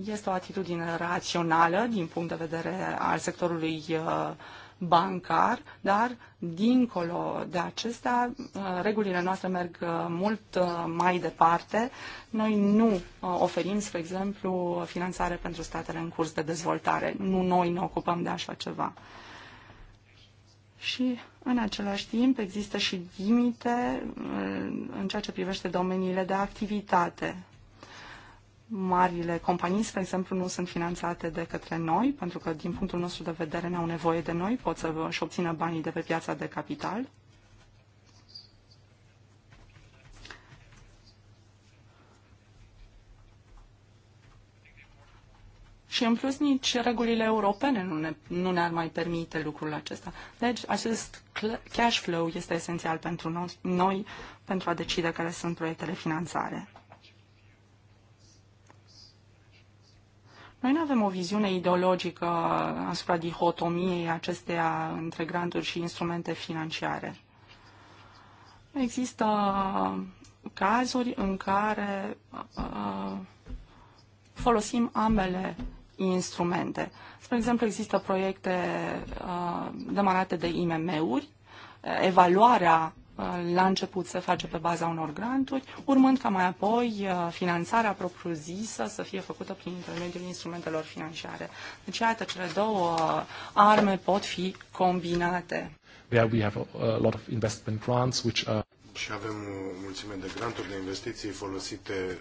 Este o atitudine rațională din punct de vedere al sectorului uh, bancar, dar dincolo de acestea, uh, regulile noastre merg uh, mult uh, mai departe. Noi nu oferim, spre exemplu, finanțare pentru statele în curs de dezvoltare. Nu noi ne ocupăm de așa ceva. Și în același timp există și limite în ceea ce privește domeniile de activitate marile companii, spre exemplu, nu sunt finanțate de către noi, pentru că, din punctul nostru de vedere, n-au nevoie de noi, pot să își obțină banii de pe piața de capital. Și în plus nici regulile europene nu, ne, nu ne-ar mai permite lucrul acesta. Deci acest cash flow este esențial pentru noi, pentru a decide care sunt proiectele finanțare. Noi nu avem o viziune ideologică asupra dihotomiei acesteia între granturi și instrumente financiare. Există cazuri în care uh, folosim ambele instrumente. Spre exemplu, există proiecte uh, demarate de IMM-uri, evaluarea la început se face pe baza unor granturi, urmând ca mai apoi uh, finanțarea propriu-zisă să fie făcută prin intermediul instrumentelor financiare. Deci, iată, cele două uh, arme pot fi combinate. There we have a lot of investment grants which are... Și avem o mulțime de granturi de investiții folosite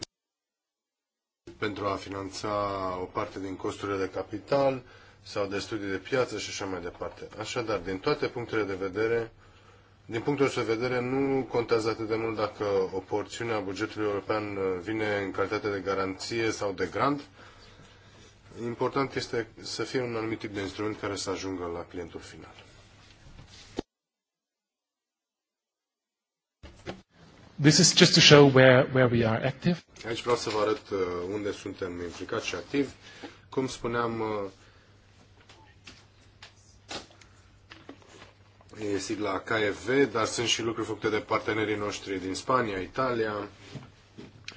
pentru a finanța o parte din costurile de capital sau de studii de piață și așa mai departe. Așadar, din toate punctele de vedere, din punctul nostru de vedere, nu contează atât de mult dacă o porțiune a bugetului european uh, vine în calitate de garanție sau de grant. Important este să fie un anumit tip de instrument care să ajungă la clientul final. This is just to show where, where we are active. Aici vreau să vă arăt uh, unde suntem implicați și activi. Cum spuneam, uh, e sigla KFV, dar sunt și lucruri făcute de partenerii noștri din Spania, Italia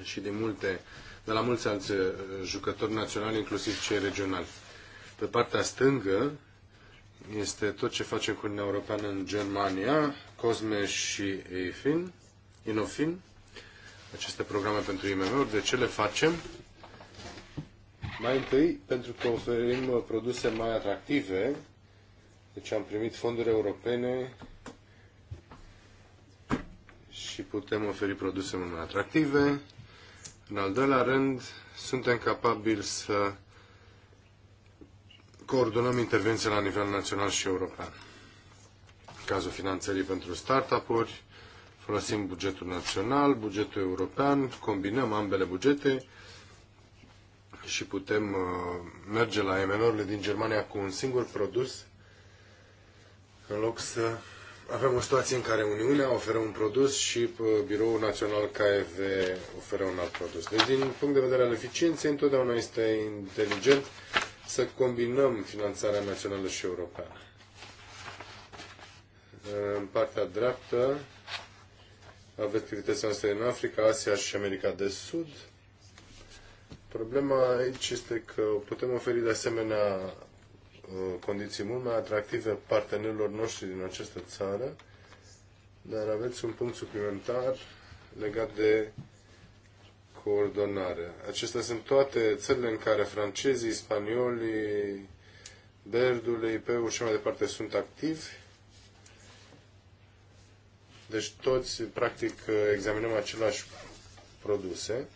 și din multe, de la mulți alți uh, jucători naționali, inclusiv cei regionali. Pe partea stângă este tot ce facem cu Uniunea Europeană în Germania, COSME și EIFIN, INOFIN, aceste programe pentru IMM-uri. De ce le facem? Mai întâi, pentru că oferim produse mai atractive deci am primit fonduri europene și putem oferi produse mult mai atractive. În al doilea rând, suntem capabili să coordonăm intervenția la nivel național și european. În cazul finanțării pentru startup-uri, folosim bugetul național, bugetul european, combinăm ambele bugete și putem uh, merge la MNO-urile din Germania cu un singur produs în loc să avem o situație în care Uniunea oferă un produs și uh, Biroul Național KFV oferă un alt produs. Deci, din punct de vedere al eficienței, întotdeauna este inteligent să combinăm finanțarea națională și europeană. Uh, în partea dreaptă aveți prioritățile noastre în Africa, Asia și America de Sud. Problema aici este că putem oferi de asemenea Uh, condiții mult mai atractive partenerilor noștri din această țară, dar aveți un punct suplimentar legat de coordonare. Acestea sunt toate țările în care francezii, spaniolii, Berdule, IPU și mai departe sunt activi. Deci toți, practic, examinăm aceleași produse,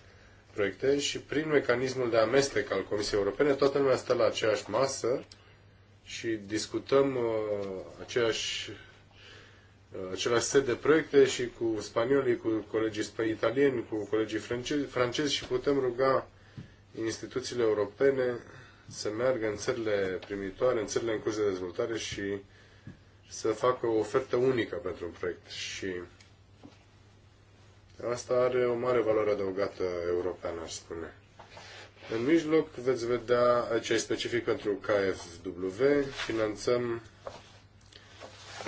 proiecte și prin mecanismul de amestec al Comisiei Europene, toată lumea stă la aceeași masă și discutăm uh, aceeași, uh, același set de proiecte și cu spaniolii, cu colegii italieni, cu colegii francezi, francezi și putem ruga instituțiile europene să meargă în țările primitoare, în țările în curs de dezvoltare și să facă o ofertă unică pentru un proiect. Și asta are o mare valoare adăugată europeană, aș spune. În mijloc veți vedea ce e specific pentru KFW. Finanțăm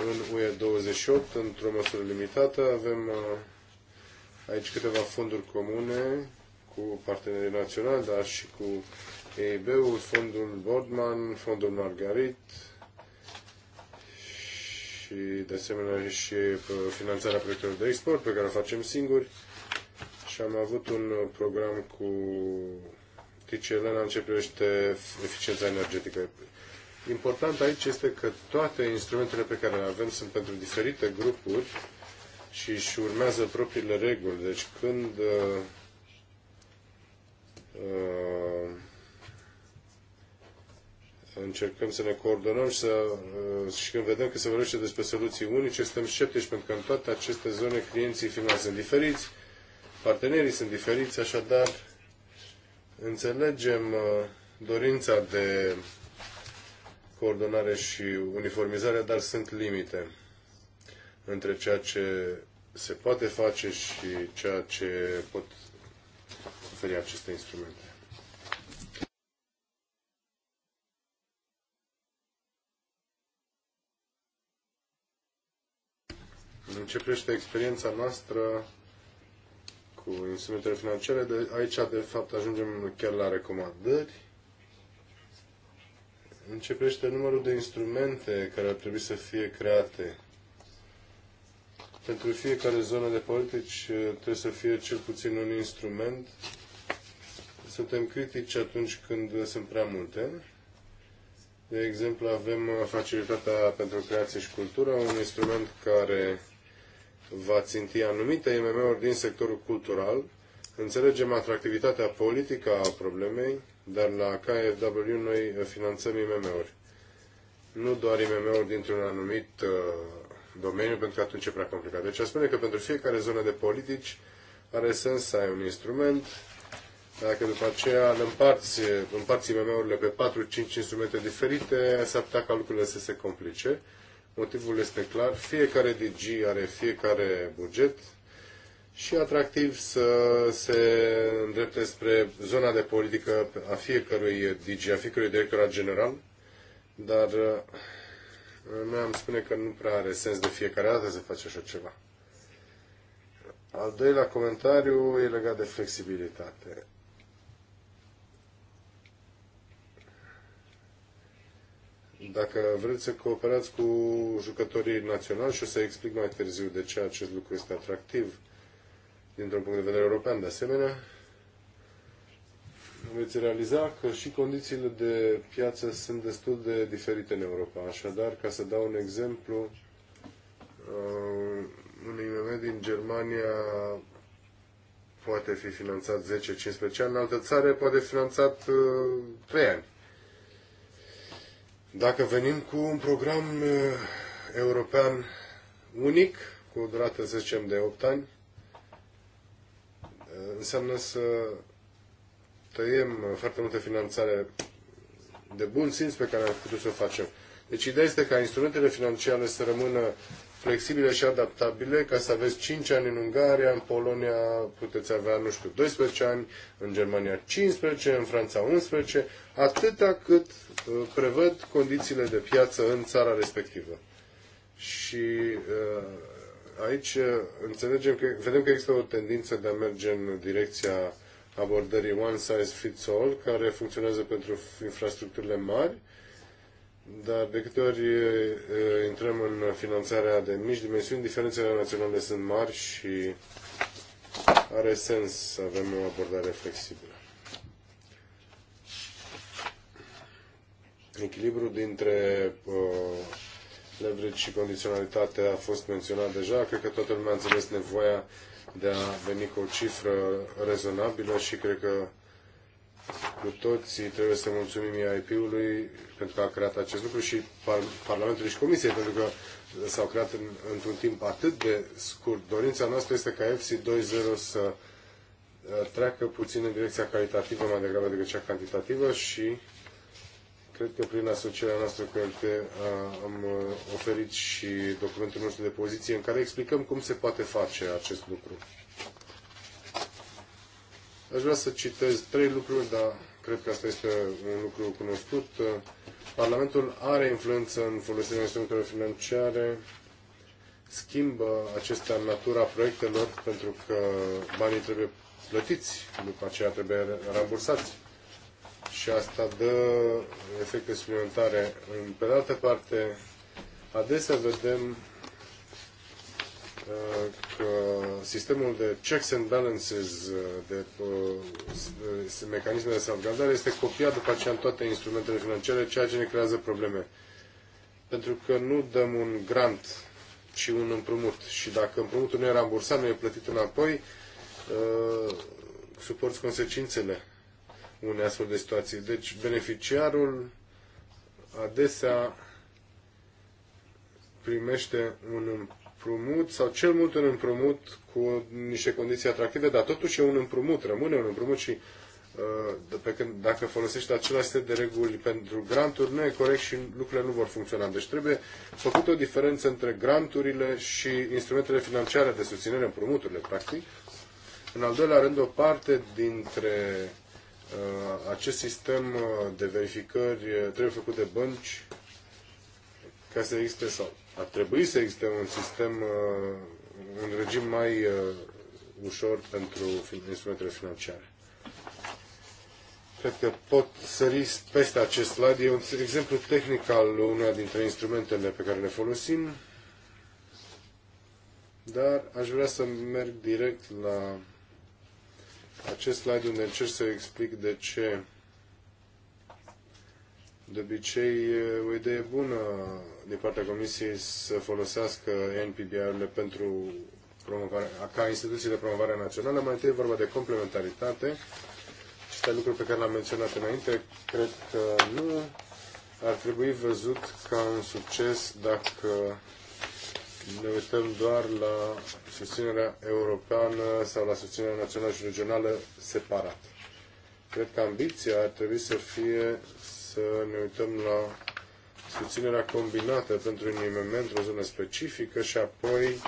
în UE28 într-o măsură limitată. Avem uh, aici câteva fonduri comune cu partenerii naționali, dar și cu EIB-ul, fondul Bordman, fondul Margarit și de asemenea și uh, finanțarea proiectelor de export pe care o facem singuri și am avut un program cu criticii Elena în ce privește eficiența energetică. Important aici este că toate instrumentele pe care le avem sunt pentru diferite grupuri și își urmează propriile reguli. Deci când uh, uh, încercăm să ne coordonăm și, să, uh, și când vedem că se vorbește despre soluții unice, suntem sceptici pentru că în toate aceste zone clienții finali sunt diferiți, partenerii sunt diferiți, așadar Înțelegem uh, dorința de coordonare și uniformizare, dar sunt limite între ceea ce se poate face și ceea ce pot oferi aceste instrumente. Începește ce experiența noastră, cu instrumentele financiare. De aici, de fapt, ajungem chiar la recomandări. Începește numărul de instrumente care ar trebui să fie create. Pentru fiecare zonă de politici uh, trebuie să fie cel puțin un instrument. Suntem critici atunci când sunt prea multe. De exemplu, avem facilitatea pentru creație și cultură, un instrument care va ținti anumite IMM-uri din sectorul cultural. Înțelegem atractivitatea politică a problemei, dar la KFW noi finanțăm IMM-uri. Nu doar IMM-uri dintr-un anumit uh, domeniu, pentru că atunci e prea complicat. Deci a spune că pentru fiecare zonă de politici are sens să ai un instrument, dacă după aceea le împarți, împarți IMM-urile pe 4-5 instrumente diferite, s-ar putea ca lucrurile să se complice. Motivul este clar, fiecare DG are fiecare buget și atractiv să se îndrepte spre zona de politică a fiecărui DG, a fiecărui directorat general, dar uh, noi am spune că nu prea are sens de fiecare dată să face așa ceva. Al doilea comentariu e legat de flexibilitate. dacă vreți să cooperați cu jucătorii naționali și o să explic mai târziu de ce acest lucru este atractiv dintr-un punct de vedere european. De asemenea, veți realiza că și condițiile de piață sunt destul de diferite în Europa. Așadar, ca să dau un exemplu, uh, un IMM din Germania poate fi finanțat 10-15 ani, în altă țară poate fi finanțat 3 uh, ani. Dacă venim cu un program uh, european unic, cu o durată, să zicem, de 8 ani, uh, înseamnă să tăiem foarte multe finanțare de bun simț pe care am putut să o facem. Deci ideea este ca instrumentele financiare să rămână flexibile și adaptabile, ca să aveți 5 ani în Ungaria, în Polonia puteți avea, nu știu, 12 ani, în Germania 15, în Franța 11, atâta cât uh, prevăd condițiile de piață în țara respectivă. Și uh, aici uh, înțelegem că, vedem că există o tendință de a merge în direcția abordării one size fits all, care funcționează pentru infrastructurile mari, dar de câte ori intrăm în finanțarea de mici dimensiuni, diferențele naționale sunt mari și are sens să avem o abordare flexibilă. Echilibru dintre uh, leverage și condiționalitate a fost menționat deja. Cred că toată lumea a înțeles nevoia de a veni cu o cifră rezonabilă și cred că cu toții trebuie să mulțumim EIP-ului pentru că a creat acest lucru și par Parlamentului și Comisiei pentru că s-au creat în, într-un timp atât de scurt. Dorința noastră este ca FC 2.0 să uh, treacă puțin în direcția calitativă mai degrabă decât cea cantitativă și cred că prin asocierea noastră cu LT uh, am uh, oferit și documentul nostru de poziție în care explicăm cum se poate face acest lucru. Aș vrea să citez trei lucruri, dar cred că asta este un lucru cunoscut. Parlamentul are influență în folosirea instrumentelor financiare, schimbă acestea natura proiectelor, pentru că banii trebuie plătiți, după aceea trebuie rambursați. Și asta dă efecte suplimentare. Pe de altă parte, adesea vedem că sistemul de checks and balances, de, de uh, mecanisme de salvgardare, este copiat după aceea în toate instrumentele financiare, ceea ce ne creează probleme. Pentru că nu dăm un grant și un împrumut. Și dacă împrumutul nu e rambursat, nu e plătit înapoi, uh, suporți consecințele unei astfel de situații. Deci beneficiarul adesea primește un împrumut sau cel mult un împrumut cu niște condiții atractive, dar totuși e un împrumut, rămâne un împrumut și uh, pe când, dacă folosești același set de reguli pentru granturi, nu e corect și lucrurile nu vor funcționa. Deci trebuie făcută o diferență între granturile și instrumentele financiare de susținere, împrumuturile, practic. În al doilea rând, o parte dintre uh, acest sistem uh, de verificări uh, trebuie făcut de bănci ca să existe sau ar trebui să existe un sistem, uh, un regim mai uh, ușor pentru instrumentele financiare. Cred că pot sări peste acest slide. E un exemplu tehnic al unora dintre instrumentele pe care le folosim, dar aș vrea să merg direct la acest slide unde încerc să explic de ce de obicei o idee bună din partea Comisiei să folosească NPR urile pentru promovare, ca instituții de promovare națională. Mai întâi e vorba de complementaritate. de lucruri pe care l am menționat înainte, cred că nu ar trebui văzut ca un succes dacă ne uităm doar la susținerea europeană sau la susținerea națională și regională separat. Cred că ambiția ar trebui să fie să ne uităm la susținerea combinată pentru un IMM într-o zonă specifică și apoi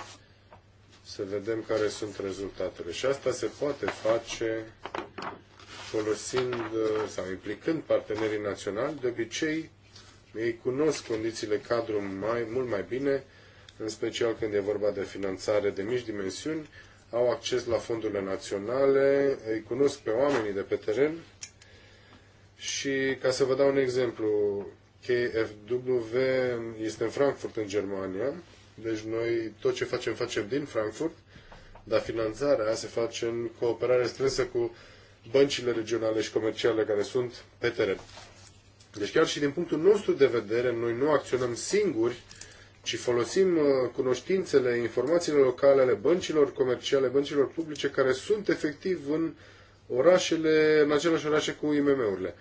să vedem care sunt rezultatele. Și asta se poate face folosind sau implicând partenerii naționali. De obicei, ei cunosc condițiile cadru mai, mult mai bine, în special când e vorba de finanțare de mici dimensiuni, au acces la fondurile naționale, îi cunosc pe oamenii de pe teren și ca să vă dau un exemplu, KFW este în Frankfurt, în Germania. Deci noi tot ce facem, facem din Frankfurt, dar finanțarea se face în cooperare strânsă cu băncile regionale și comerciale care sunt pe teren. Deci chiar și din punctul nostru de vedere, noi nu acționăm singuri, ci folosim uh, cunoștințele, informațiile locale ale băncilor comerciale, băncilor publice, care sunt efectiv în orașele, în același orașe cu IMM-urile.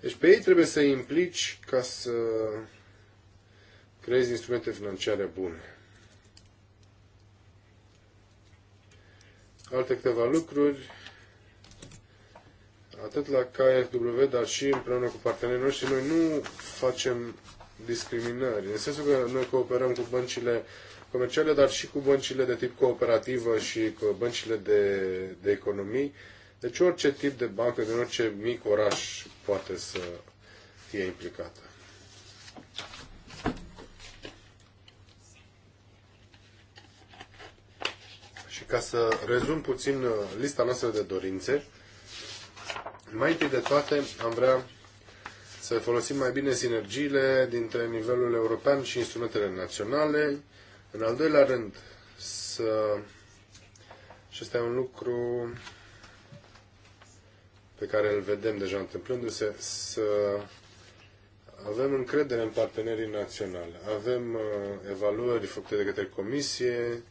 Deci pe ei trebuie să implici ca să creezi instrumente financiare bune. Alte câteva lucruri, atât la KFW, dar și împreună cu partenerii noștri, noi nu facem discriminări, în sensul că noi cooperăm cu băncile comerciale, dar și cu băncile de tip cooperativă și cu băncile de, de economii, deci orice tip de bancă din orice mic oraș poate să fie implicată. Și ca să rezum puțin uh, lista noastră de dorințe, mai întâi de toate am vrea să folosim mai bine sinergiile dintre nivelul european și instrumentele naționale. În al doilea rând, să... și ăsta e un lucru pe care îl vedem deja întâmplându-se, să avem încredere în partenerii naționali. Avem uh, evaluări făcute de către comisie,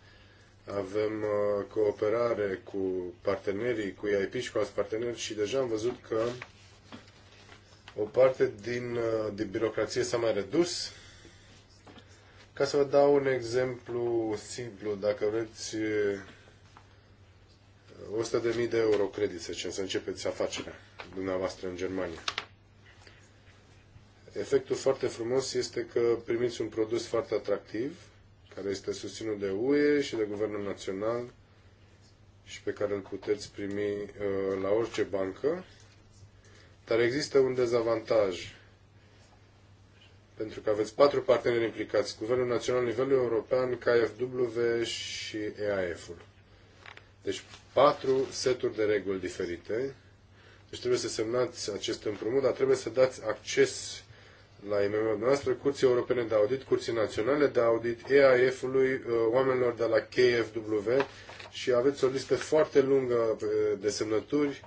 avem uh, cooperare cu partenerii, cu IIP și cu alți parteneri și deja am văzut că o parte din, uh, din birocrație s-a mai redus. Ca să vă dau un exemplu simplu, dacă vreți, 100.000 de euro credit, să zicem, să începeți afacerea dumneavoastră în Germania. Efectul foarte frumos este că primiți un produs foarte atractiv, care este susținut de UE și de Guvernul Național și pe care îl puteți primi uh, la orice bancă. Dar există un dezavantaj, pentru că aveți patru parteneri implicați, Guvernul Național, nivelul european, KfW și EAF-ul. Deci patru seturi de reguli diferite. Deci trebuie să semnați acest împrumut, dar trebuie să dați acces la IMM-ul noastră, Curții Europene de Audit, Curții Naționale de Audit, EAF-ului, uh, oamenilor de la KFW și aveți o listă foarte lungă uh, de semnături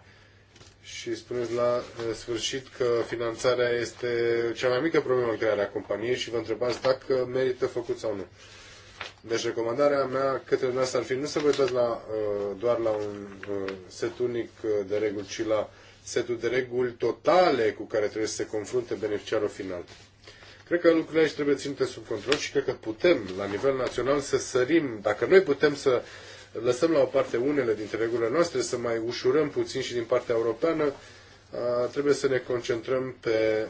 și spuneți la uh, sfârșit că finanțarea este cea mai mică problemă în crearea companiei și vă întrebați dacă merită făcut sau nu. Deci recomandarea mea către noastră ar fi nu să vă uitați la, uh, doar la un uh, set unic uh, de reguli, ci la setul de reguli totale cu care trebuie să se confrunte beneficiarul final. Cred că lucrurile aici trebuie ținute sub control și cred că putem, la nivel național, să sărim. Dacă noi putem să lăsăm la o parte unele dintre regulile noastre, să mai ușurăm puțin și din partea europeană, trebuie să ne concentrăm pe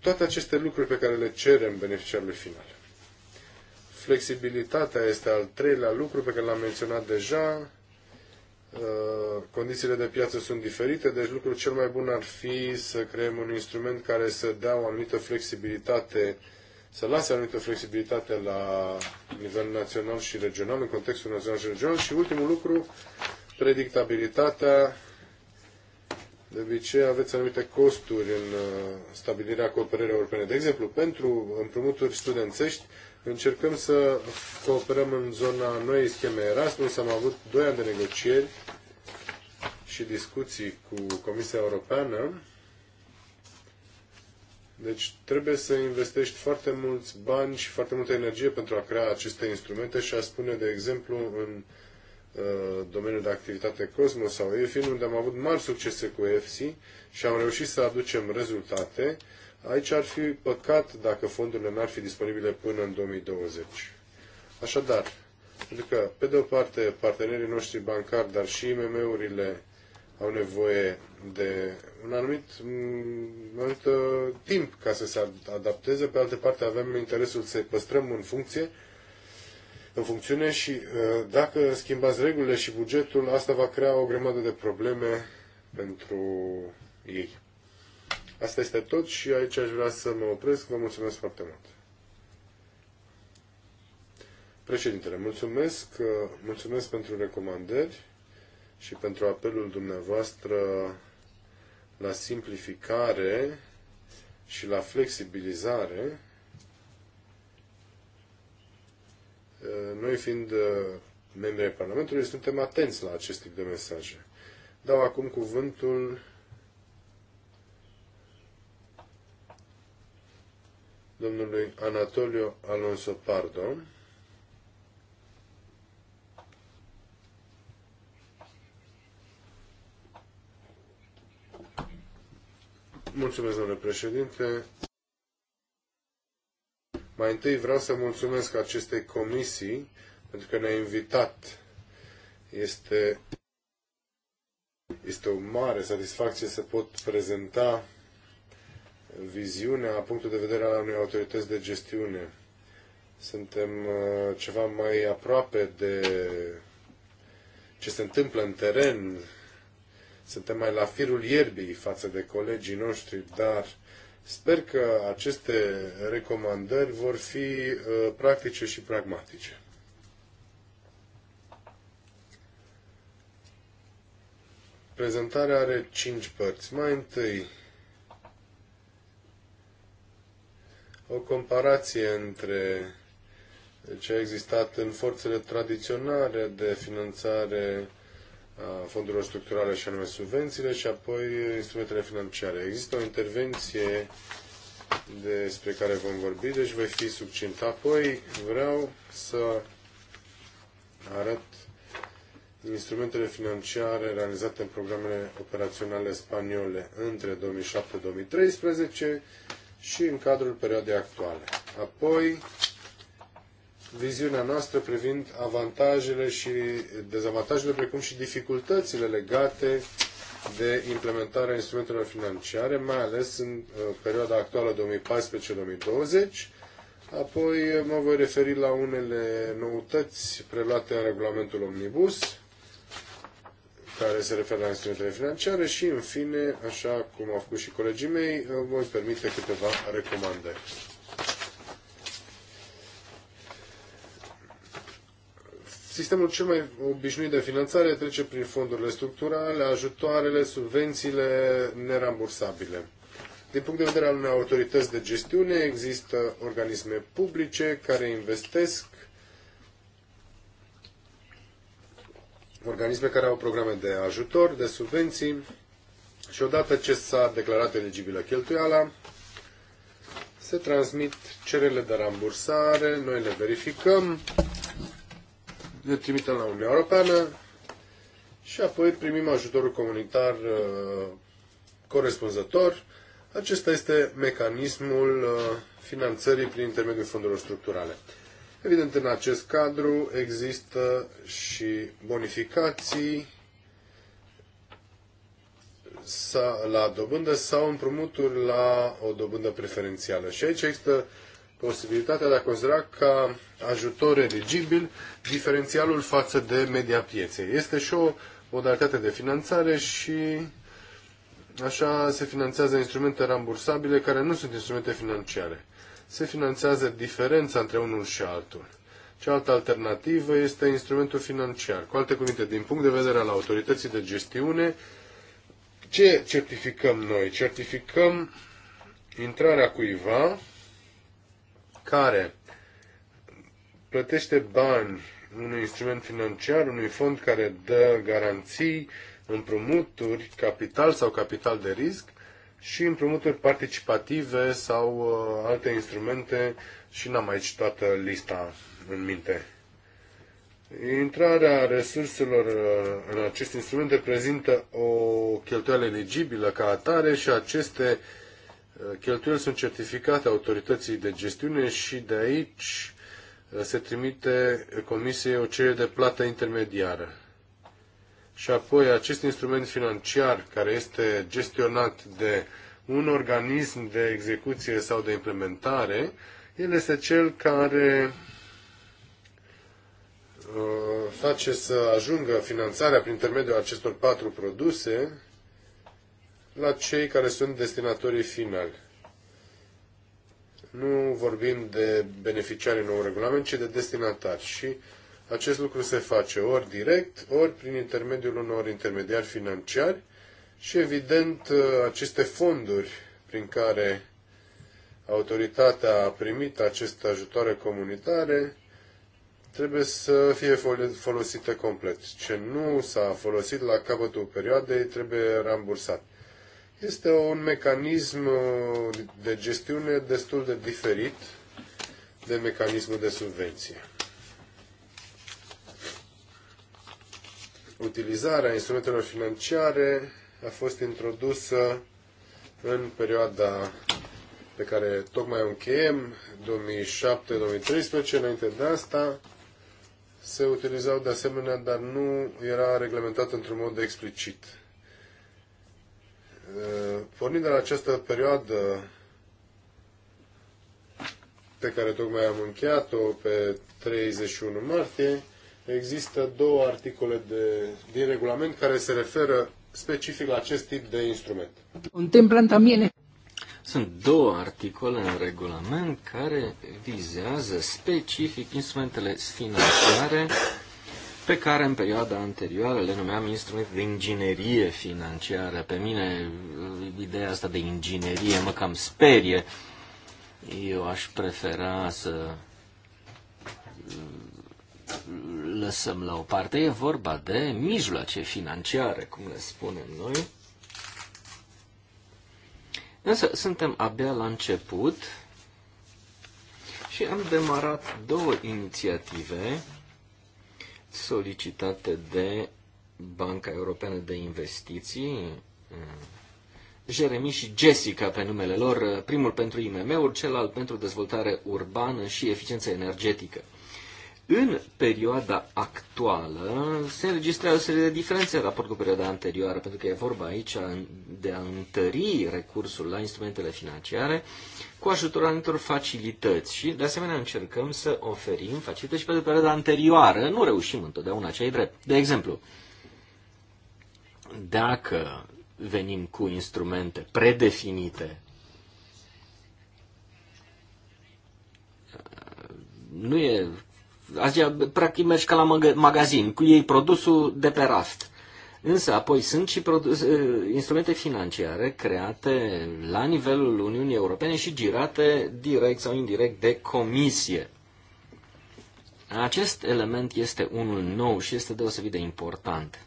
toate aceste lucruri pe care le cerem beneficiarului final. Flexibilitatea este al treilea lucru pe care l-am menționat deja. Uh, condițiile de piață sunt diferite, deci lucrul cel mai bun ar fi să creăm un instrument care să dea o anumită flexibilitate, să lase anumită flexibilitate la nivel național și regional, în contextul național și regional. Și ultimul lucru, predictabilitatea. De obicei aveți anumite costuri în uh, stabilirea cooperării europene. De exemplu, pentru împrumuturi studențești Încercăm să cooperăm în zona noii scheme Erasmus. Am avut doi ani de negocieri și discuții cu Comisia Europeană. Deci trebuie să investești foarte mulți bani și foarte multă energie pentru a crea aceste instrumente și a spune, de exemplu, în uh, domeniul de activitate Cosmos sau EFIN, unde am avut mari succese cu EFSI și am reușit să aducem rezultate Aici ar fi păcat dacă fondurile n-ar fi disponibile până în 2020. Așadar, pentru că, pe de o parte, partenerii noștri bancari, dar și IMM-urile au nevoie de un anumit, un mm, anumit uh, timp ca să se adapteze. Pe altă parte, avem interesul să-i păstrăm în funcție, în funcțiune și uh, dacă schimbați regulile și bugetul, asta va crea o grămadă de probleme pentru ei. Asta este tot și aici aș vrea să mă opresc. Vă mulțumesc foarte mult. Președintele, mulțumesc, uh, mulțumesc pentru recomandări și pentru apelul dumneavoastră la simplificare și la flexibilizare. Uh, noi fiind uh, membri ai Parlamentului, suntem atenți la acest tip de mesaje. Dau acum cuvântul domnului Anatolio Alonso Pardo. Mulțumesc, domnule președinte. Mai întâi vreau să mulțumesc acestei comisii pentru că ne-a invitat. Este, este o mare satisfacție să pot prezenta viziunea, punctul de vedere al unei autorități de gestiune. Suntem uh, ceva mai aproape de ce se întâmplă în teren, suntem mai la firul ierbii față de colegii noștri, dar sper că aceste recomandări vor fi uh, practice și pragmatice. Prezentarea are cinci părți. Mai întâi, o comparație între ce a existat în forțele tradiționale de finanțare a fondurilor structurale și anume subvențiile și apoi instrumentele financiare. Există o intervenție despre care vom vorbi, deci voi fi succint. Apoi vreau să arăt instrumentele financiare realizate în programele operaționale spaniole între 2007-2013 și în cadrul perioadei actuale. Apoi, viziunea noastră privind avantajele și dezavantajele, precum și dificultățile legate de implementarea instrumentelor financiare, mai ales în uh, perioada actuală 2014-2020. Apoi mă voi referi la unele noutăți preluate în regulamentul Omnibus, care se referă la instrumentele financiare și, în fine, așa cum au făcut și colegii mei, voi permite câteva recomandări. Sistemul cel mai obișnuit de finanțare trece prin fondurile structurale, ajutoarele, subvențiile nerambursabile. Din punct de vedere al unei autorități de gestiune, există organisme publice care investesc organisme care au programe de ajutor, de subvenții și odată ce s-a declarat eligibilă cheltuiala, se transmit cererile de rambursare, noi le verificăm, le trimitem la Uniunea Europeană și apoi primim ajutorul comunitar uh, corespunzător. Acesta este mecanismul uh, finanțării prin intermediul fondurilor structurale. Evident, în acest cadru există și bonificații la dobândă sau împrumuturi la o dobândă preferențială. Și aici există posibilitatea de a considera ca ajutor eligibil diferențialul față de media pieței. Este și o modalitate de finanțare și așa se finanțează instrumente rambursabile care nu sunt instrumente financiare se finanțează diferența între unul și altul. Cealaltă alternativă este instrumentul financiar. Cu alte cuvinte, din punct de vedere al autorității de gestiune, ce certificăm noi? Certificăm intrarea cuiva care plătește bani unui instrument financiar, unui fond care dă garanții, împrumuturi, capital sau capital de risc și împrumuturi participative sau uh, alte instrumente și n-am aici toată lista în minte. Intrarea resurselor uh, în acest instrument reprezintă o cheltuială eligibilă ca atare și aceste uh, cheltuieli sunt certificate autorității de gestiune și de aici se trimite Comisiei o cerere de plată intermediară și apoi acest instrument financiar care este gestionat de un organism de execuție sau de implementare, el este cel care uh, face să ajungă finanțarea prin intermediul acestor patru produse la cei care sunt destinatorii finali. Nu vorbim de beneficiari în nou regulament, ci de destinatari. Și acest lucru se face ori direct, ori prin intermediul unor intermediari financiari și, evident, aceste fonduri prin care autoritatea a primit aceste ajutoare comunitare trebuie să fie folosite complet. Ce nu s-a folosit la capătul perioadei trebuie rambursat. Este un mecanism de gestiune destul de diferit de mecanismul de subvenție. utilizarea instrumentelor financiare a fost introdusă în perioada pe care tocmai o încheiem, 2007-2013, înainte de asta, se utilizau de asemenea, dar nu era reglementat într-un mod explicit. Pornind de la această perioadă pe care tocmai am încheiat-o pe 31 martie, Există două articole de, din regulament care se referă specific la acest tip de instrument. Contemplan también sunt două articole în regulament care vizează specific instrumentele financiare pe care în perioada anterioară le numeam instrumente de inginerie financiară. Pe mine ideea asta de inginerie mă cam sperie. Eu aș prefera să lăsăm la o parte. E vorba de mijloace financiare, cum le spunem noi. Însă suntem abia la început și am demarat două inițiative solicitate de Banca Europeană de Investiții, Jeremy și Jessica pe numele lor, primul pentru IMM-uri, celălalt pentru dezvoltare urbană și eficiență energetică. În perioada actuală se înregistrează o serie de diferențe în raport cu perioada anterioară, pentru că e vorba aici de a întări recursul la instrumentele financiare cu ajutorul anumitor facilități și, de asemenea, încercăm să oferim facilități și pentru perioada anterioară. Nu reușim întotdeauna, cei drept. De exemplu, dacă venim cu instrumente predefinite nu e Azi, practic, mergi ca la magazin, cu ei produsul de pe raft. Însă, apoi, sunt și uh, instrumente financiare create la nivelul Uniunii Europene și girate direct sau indirect de comisie. Acest element este unul nou și este deosebit de important.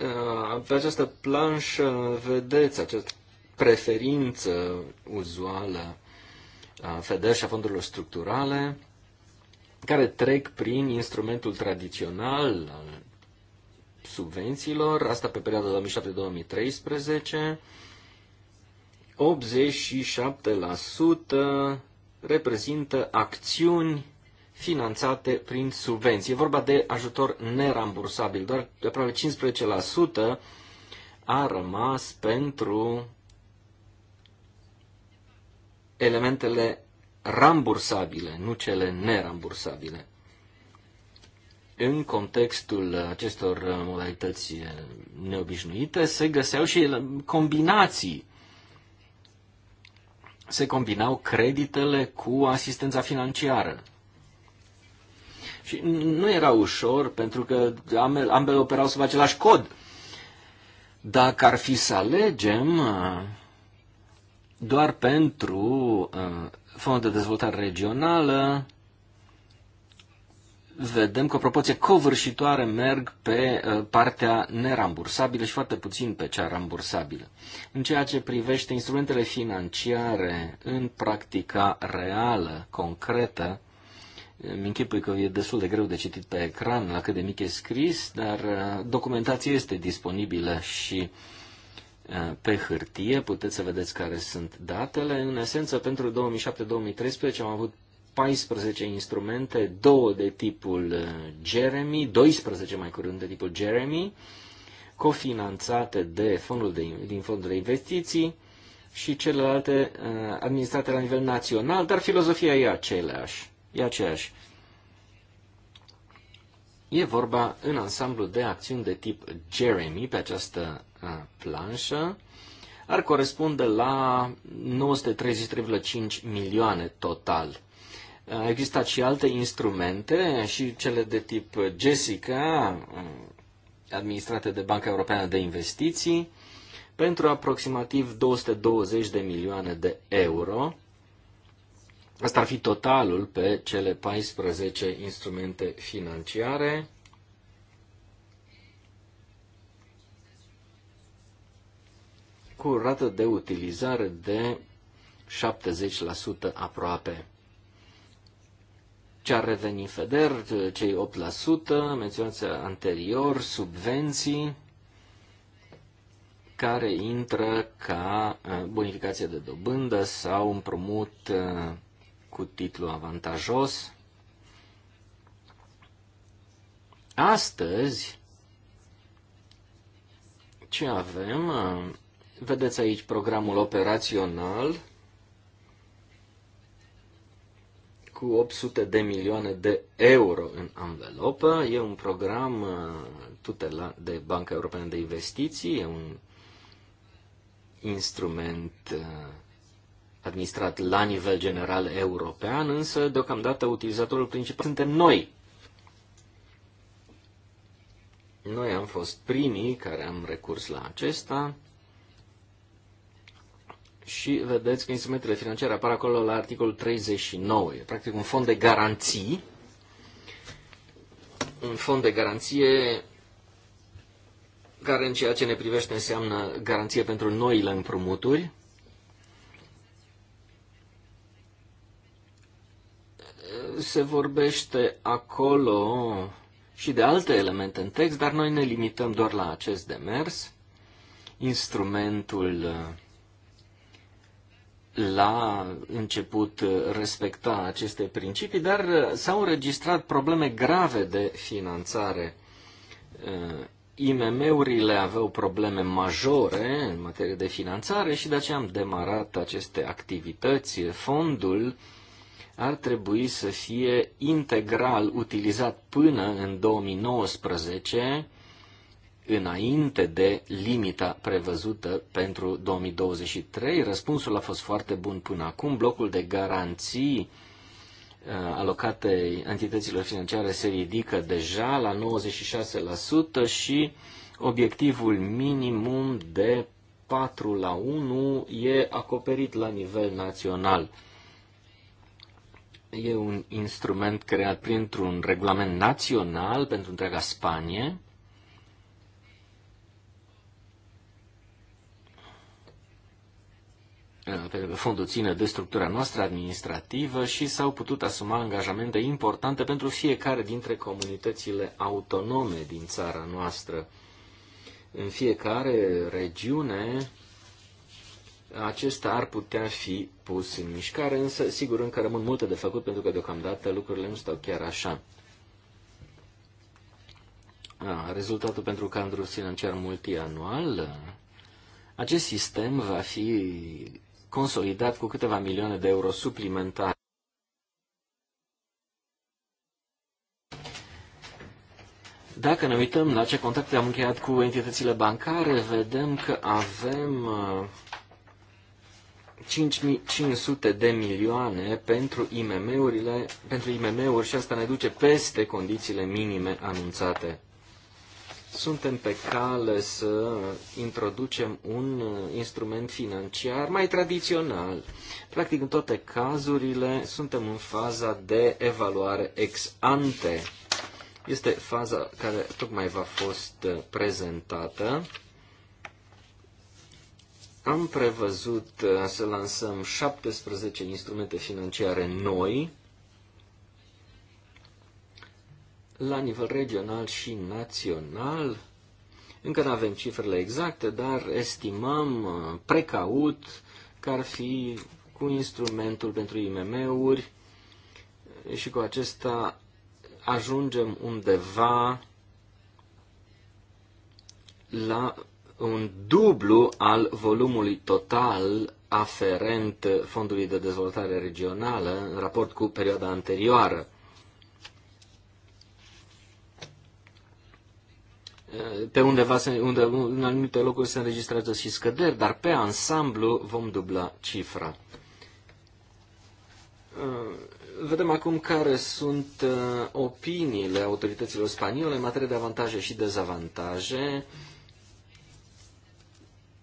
Uh, pe această planșă vedeți această preferință uzuală FEDER și a fondurilor structurale, care trec prin instrumentul tradițional al subvențiilor, asta pe perioada 2007-2013, 87% reprezintă acțiuni finanțate prin subvenții. E vorba de ajutor nerambursabil, doar de aproape 15% a rămas pentru elementele rambursabile, nu cele nerambursabile. În contextul acestor uh, modalități uh, neobișnuite se găseau și combinații. Se combinau creditele cu asistența financiară. Și nu era ușor, pentru că ambele operau sub același cod. Dacă ar fi să alegem, uh, doar pentru uh, fondul de dezvoltare regională, vedem că o proporție covârșitoare merg pe uh, partea nerambursabilă și foarte puțin pe cea rambursabilă. În ceea ce privește instrumentele financiare în practica reală, concretă, îmi închipui că e destul de greu de citit pe ecran la cât de mic e scris, dar uh, documentația este disponibilă și uh, Eh, pe hârtie, puteți să vedeți care sunt datele. În esență, pentru 2007-2013 am avut 14 instrumente, două de tipul eh, Jeremy, 12 mai curând de tipul Jeremy, cofinanțate de fondul de, din fondul de investiții și celelalte eh, administrate la nivel național, dar filozofia e aceeași. E aceeași. E vorba în ansamblu de acțiuni de tip Jeremy pe această planșă. Ar corespunde la 933,5 milioane total. Au existat și alte instrumente, și cele de tip Jessica, administrate de Banca Europeană de Investiții, pentru aproximativ 220 de milioane de euro Asta ar fi totalul pe cele 14 instrumente financiare. cu rată de utilizare de 70% aproape. Ce ar reveni FEDER, cei 8% menționați anterior, subvenții care intră ca eh, bonificație de dobândă sau împrumut eh, cu titlu avantajos. Astăzi, ce avem? Vedeți aici programul operațional cu 800 de milioane de euro în anvelopă. E un program uh, tutela de Banca Europeană de Investiții, e un instrument uh, administrat la nivel general european, însă deocamdată utilizatorul principal suntem noi. Noi am fost primii care am recurs la acesta și vedeți că instrumentele financiare apar acolo la articolul 39. E practic un fond de garanții. Un fond de garanție care în ceea ce ne privește înseamnă garanție pentru noile împrumuturi, se vorbește acolo și de alte elemente în text, dar noi ne limităm doar la acest demers. Instrumentul uh, la început uh, respecta aceste principii, dar uh, s-au înregistrat probleme grave de finanțare. IMM-urile aveau probleme majore în materie de finanțare și de aceea am demarat aceste activități. Fondul uh, ar trebui să fie integral utilizat până în 2019, înainte de limita prevăzută pentru 2023. Răspunsul a fost foarte bun până acum. Blocul de garanții uh, alocate entităților financiare se ridică deja la 96% și obiectivul minimum de 4 la 1 e acoperit la nivel național. E un instrument creat printr-un regulament național pentru întreaga Spanie. pentru că fondul ține de structura noastră administrativă și s-au putut asuma angajamente importante pentru fiecare dintre comunitățile autonome din țara noastră. În fiecare regiune acesta ar putea fi pus în mișcare, însă sigur încă rămân multe de făcut pentru că deocamdată lucrurile nu stau chiar așa. A, rezultatul pentru cadrul financiar multianual, acest sistem va fi consolidat cu câteva milioane de euro suplimentare. Dacă ne uităm la ce contacte am încheiat cu entitățile bancare, vedem că avem uh, 5500 de milioane pentru IMM-urile, pentru IMM-uri și asta ne duce peste condițiile minime anunțate. Suntem pe cale să introducem un uh, instrument financiar mai tradițional. Practic, în toate cazurile, suntem în faza de evaluare ex ante. Este faza care tocmai v-a fost uh, prezentată. Am prevăzut uh, să lansăm 17 instrumente financiare noi la nivel regional și național. Încă nu avem cifrele exacte, dar estimăm uh, precaut că ar fi cu instrumentul pentru IMM-uri și cu acesta ajungem undeva la un dublu al volumului total aferent Fondului de Dezvoltare Regională în raport cu perioada anterioară. Pe undeva, unde, în anumite locuri se înregistrează și scăderi, dar pe ansamblu vom dubla cifra. Vedem acum care sunt uh, opiniile autorităților spaniole în materie de avantaje și dezavantaje.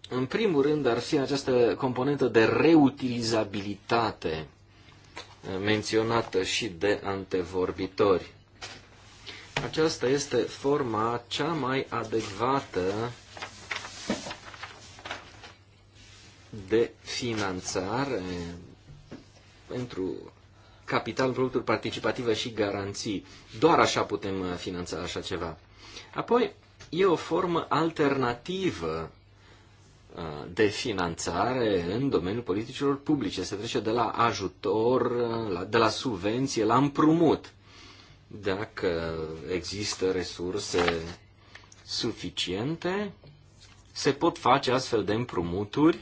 În primul rând ar fi această componentă de reutilizabilitate eh, menționată și de antevorbitori. Aceasta este forma cea mai adecvată de finanțare pentru capital, producturi participative și garanții. Doar așa putem eh, finanța așa ceva. Apoi, e o formă alternativă Uh, de finanțare în domeniul politicilor publice. Se trece de la ajutor, uh, de la subvenție, la împrumut. Dacă există resurse suficiente, se pot face astfel de împrumuturi.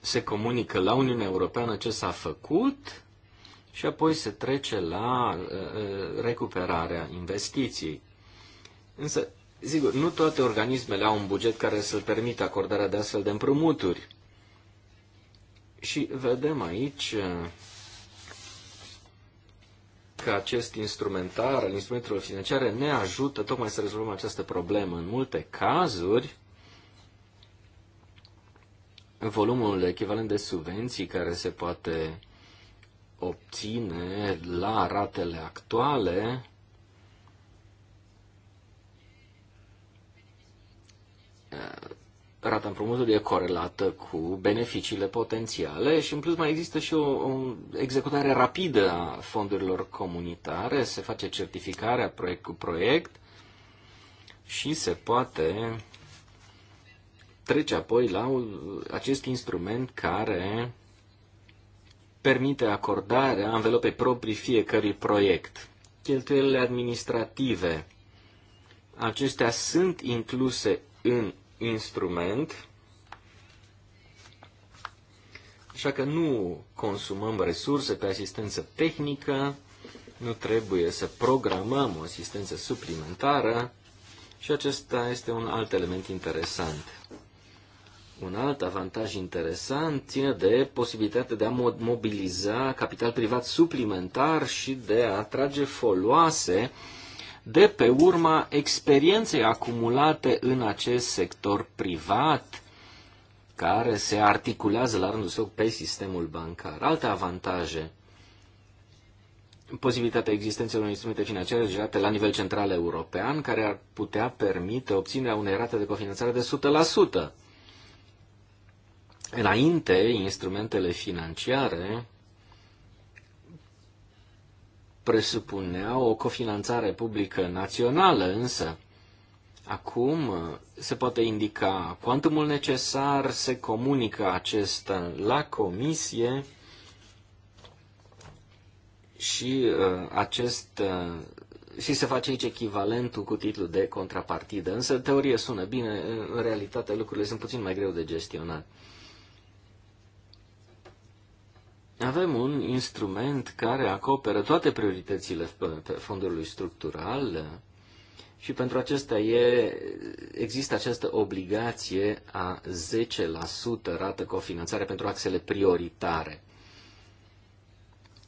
Se comunică la Uniunea Europeană ce s-a făcut și apoi se trece la uh, recuperarea investiției. Însă Sigur, nu toate organismele au un buget care să permită acordarea de astfel de împrumuturi. Și vedem aici uh, că acest instrumentar instrumentul financiar financiare ne ajută tocmai să rezolvăm această problemă. În multe cazuri, volumul echivalent de subvenții care se poate obține la ratele actuale rata împrumutului e corelată cu beneficiile potențiale și în plus mai există și o, o executare rapidă a fondurilor comunitare, se face certificarea proiect cu proiect și se poate trece apoi la acest instrument care permite acordarea anvelopei proprii fiecărui proiect. Cheltuielile administrative, acestea sunt incluse în instrument, așa că nu consumăm resurse pe asistență tehnică, nu trebuie să programăm o asistență suplimentară și acesta este un alt element interesant. Un alt avantaj interesant ține de posibilitatea de a mobiliza capital privat suplimentar și de a atrage foloase uh, de pe urma experienței acumulate în acest sector privat, care se articulează la rândul său pe sistemul bancar. Alte avantaje posibilitatea existenței unor instrumente financiare gerate la nivel central european, care ar putea permite obținerea unei rate de cofinanțare de 100%. Înainte, instrumentele financiare presupunea o cofinanțare publică națională, însă acum uh, se poate indica cuantumul necesar, se comunică acesta la comisie și uh, acest uh, și se face aici echivalentul cu titlul de contrapartidă. Însă teorie sună bine, în realitate lucrurile sunt puțin mai greu de gestionat. Avem un instrument care acoperă toate prioritățile fondului structural și pentru acesta e, există această obligație a 10% rată cofinanțare pentru axele prioritare.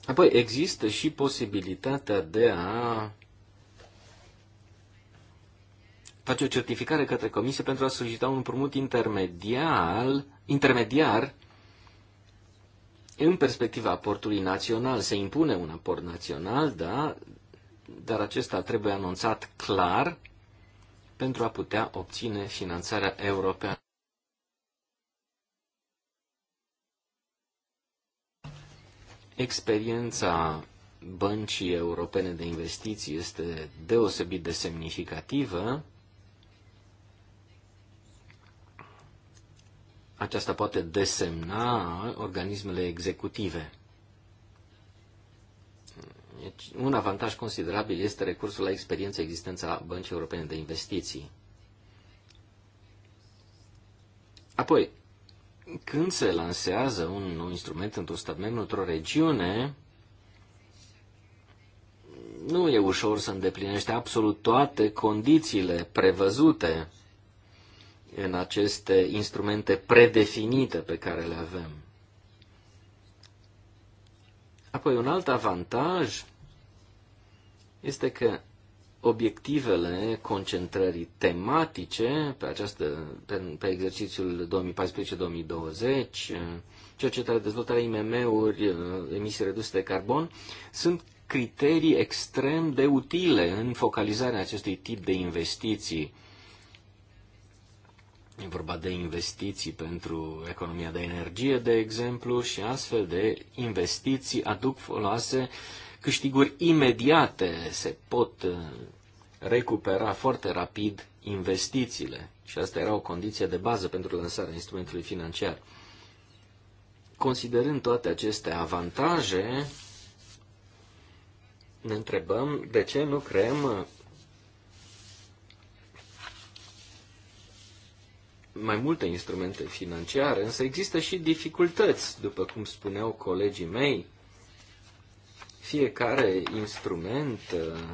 Apoi există și posibilitatea de a face o certificare către comisie pentru a solicita un împrumut intermedial, intermediar în perspectiva aportului național, se impune un aport național, da, dar acesta trebuie anunțat clar pentru a putea obține finanțarea europeană. Experiența Băncii Europene de Investiții este deosebit de semnificativă aceasta poate desemna organismele executive. Deci, un avantaj considerabil este recursul la experiența existența Băncii Europene de Investiții. Apoi, când se lansează un nou instrument într-un stat membru, într-o regiune, nu e ușor să îndeplinește absolut toate condițiile prevăzute în aceste instrumente predefinite pe care le avem. Apoi, un alt avantaj este că obiectivele concentrării tematice pe, această, pe, pe exercițiul 2014-2020, cercetare, dezvoltare IMM-uri, emisii reduse de carbon, sunt criterii extrem de utile în focalizarea acestui tip de investiții E vorba de investiții pentru economia de energie, de exemplu, și astfel de investiții aduc foloase câștiguri imediate. Se pot uh, recupera foarte rapid investițiile și asta era o condiție de bază pentru lansarea instrumentului financiar. Considerând toate aceste avantaje, ne întrebăm de ce nu creăm mai multe instrumente financiare, însă există și dificultăți, după cum spuneau colegii mei. Fiecare instrument uh,